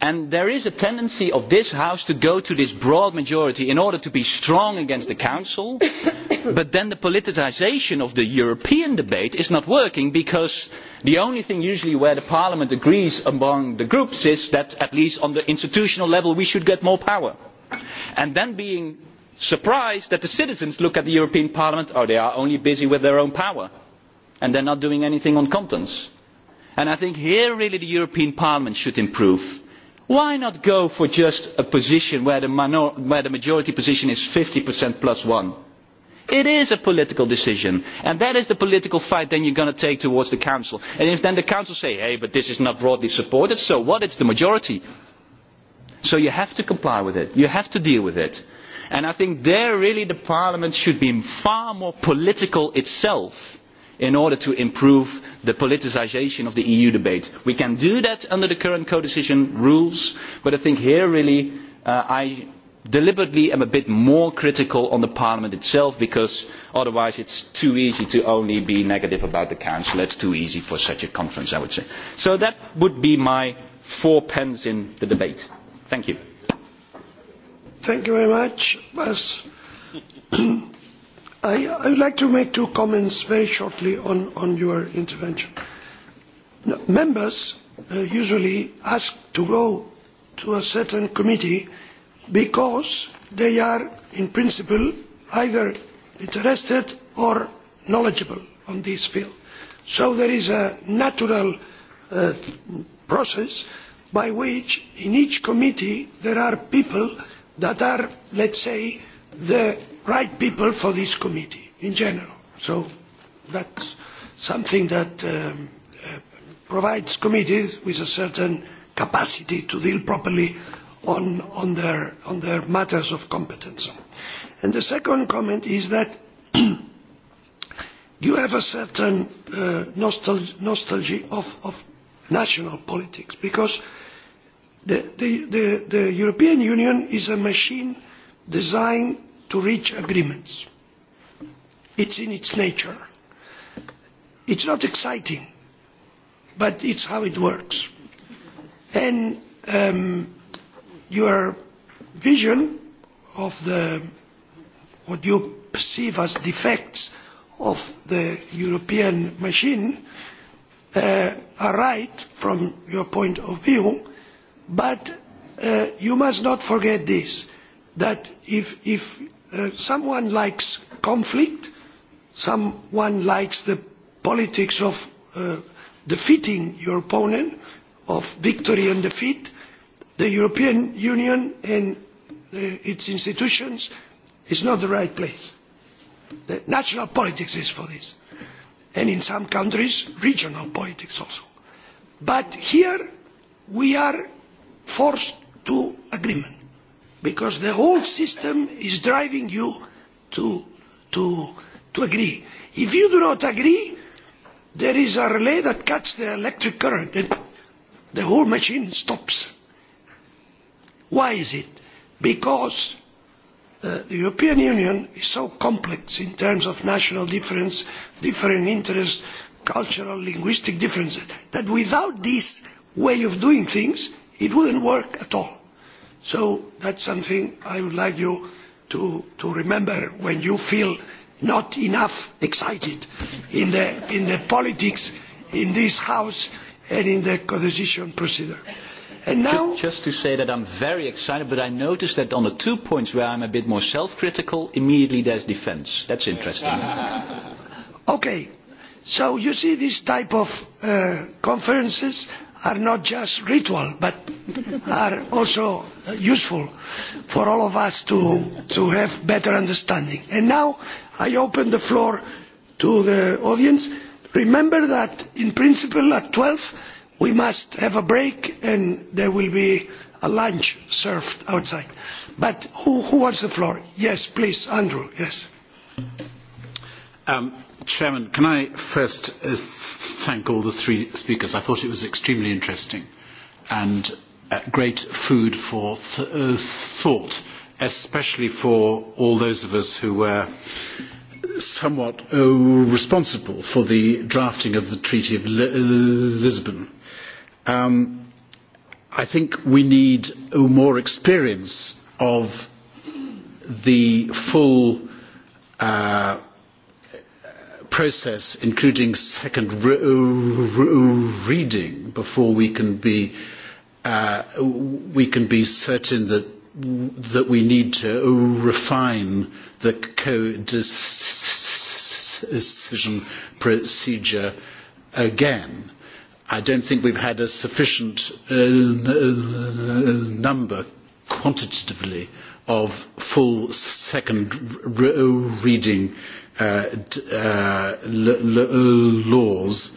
And there is a tendency of this House to go to this broad majority in order to be strong against the Council, but then the politicisation of the European debate is not working because the only thing usually where Parliament agrees among the groups is that at least on the institutional level we should get more power. And then being surprised that the citizens look at the European Parliament, oh they are only busy with their own power and they are not doing anything on contents And i think here really the european parliament should improve. why not go for just a position where the majority position is fifty plus one? it is a political decision and that is the political fight then you are going to take towards the council and if then the council says hey but this is not broadly supported so what it's the majority so you have to comply with it you have to deal with it and i think there really the parliament should be far more political itself in order to improve the politicisation of the eu debate. we can do that under the current codecision rules but i think here really i deliberately am a bit more critical on parliament itself because otherwise it is too easy to only be negative about the council. it is too easy for such a conference i would say. so that would be my four pence in the debate. thank you. thank you very much. I, I would like to make two comments very shortly on, on your intervention. members usually ask to go to a certain committee because they are in principle either interested or knowledgeable on this field. So there is a natural process by which in each committee there are people that are, let us say, the right people for this committee in general. So that's something that um, uh, provides committees with a certain capacity to deal properly on, on, their, on their matters of competence. And the second comment is that you have a certain uh, nostal- nostalgia of, of national politics because the, the, the, the European Union is a machine designed to reach agreements. It's in its nature. It's not exciting, but it's how it works. And um, your vision of the what you perceive as defects of the European machine uh, are right from your point of view, but uh, you must not forget this, that if, if someone likes conflict, someone likes the politics of defeating your opponent, of victory and defeat. The European Union and its institutions is not the right place. The national politics is for this, and in some countries, regional politics also. But here we are forced to agreement because the whole system is driving you to, to, to agree. If you do not agree, there is a relay that cuts the electric current and the whole machine stops. Why is it? Because uh, the European Union is so complex in terms of national difference, different interests, cultural, linguistic differences, that without this way of doing things, it wouldn't work at all So that's something I would like you to, to remember when you feel not enough excited in the, in the politics in this House and in the codecision procedure. And now, just to say that I'm very excited, but I noticed that on the two points where I'm a bit more self-critical, immediately there's defence. That's interesting. okay, so you see these type of uh, conferences are not just ritual but are also useful for all of us to, to have better understanding. And now I open the floor to the audience. Remember that in principle at 12 we must have a break and there will be a lunch served outside. But who, who wants the floor? Yes, please, Andrew, yes. Um, Chairman, can I first uh, thank all the three speakers? I thought it was extremely interesting and uh, great food for th- uh, thought, especially for all those of us who were somewhat uh, responsible for the drafting of the Treaty of Lisbon. Um, I think we need more experience of the full uh, process, including second reading, before we can be we can be certain that that we need to refine the co-decision procedure again. I don't think we've had a sufficient number quantitatively of full second reading laws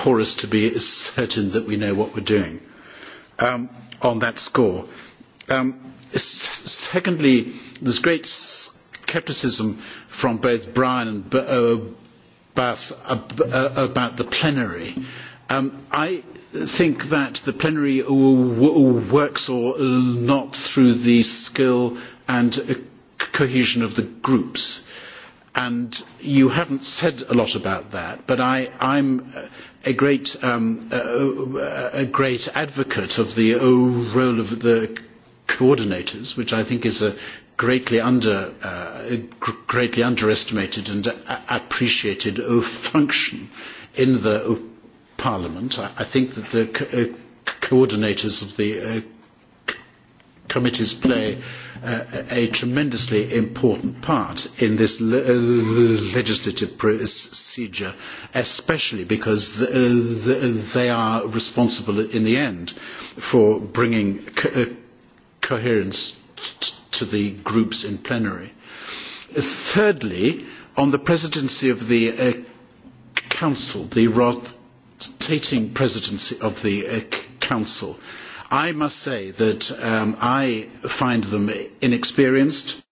for us to be certain that we know what we're doing on that score. secondly, there's great scepticism from both Brian and Bas about the plenary I think that the plenary works or not through the skill and cohesion of the groups. And you haven't said a lot about that, but I, I'm a great, um, a, a great advocate of the role of the coordinators, which I think is a greatly, under, uh, greatly underestimated and appreciated function in the Parliament. I, I think that the coordinators of the committees play a tremendously important part in this legislative procedure, especially because they are responsible in the end for bringing coherence to the groups in plenary. Thirdly, on the presidency of the Council, the rotating presidency of the Council. I must say that I find them inexperienced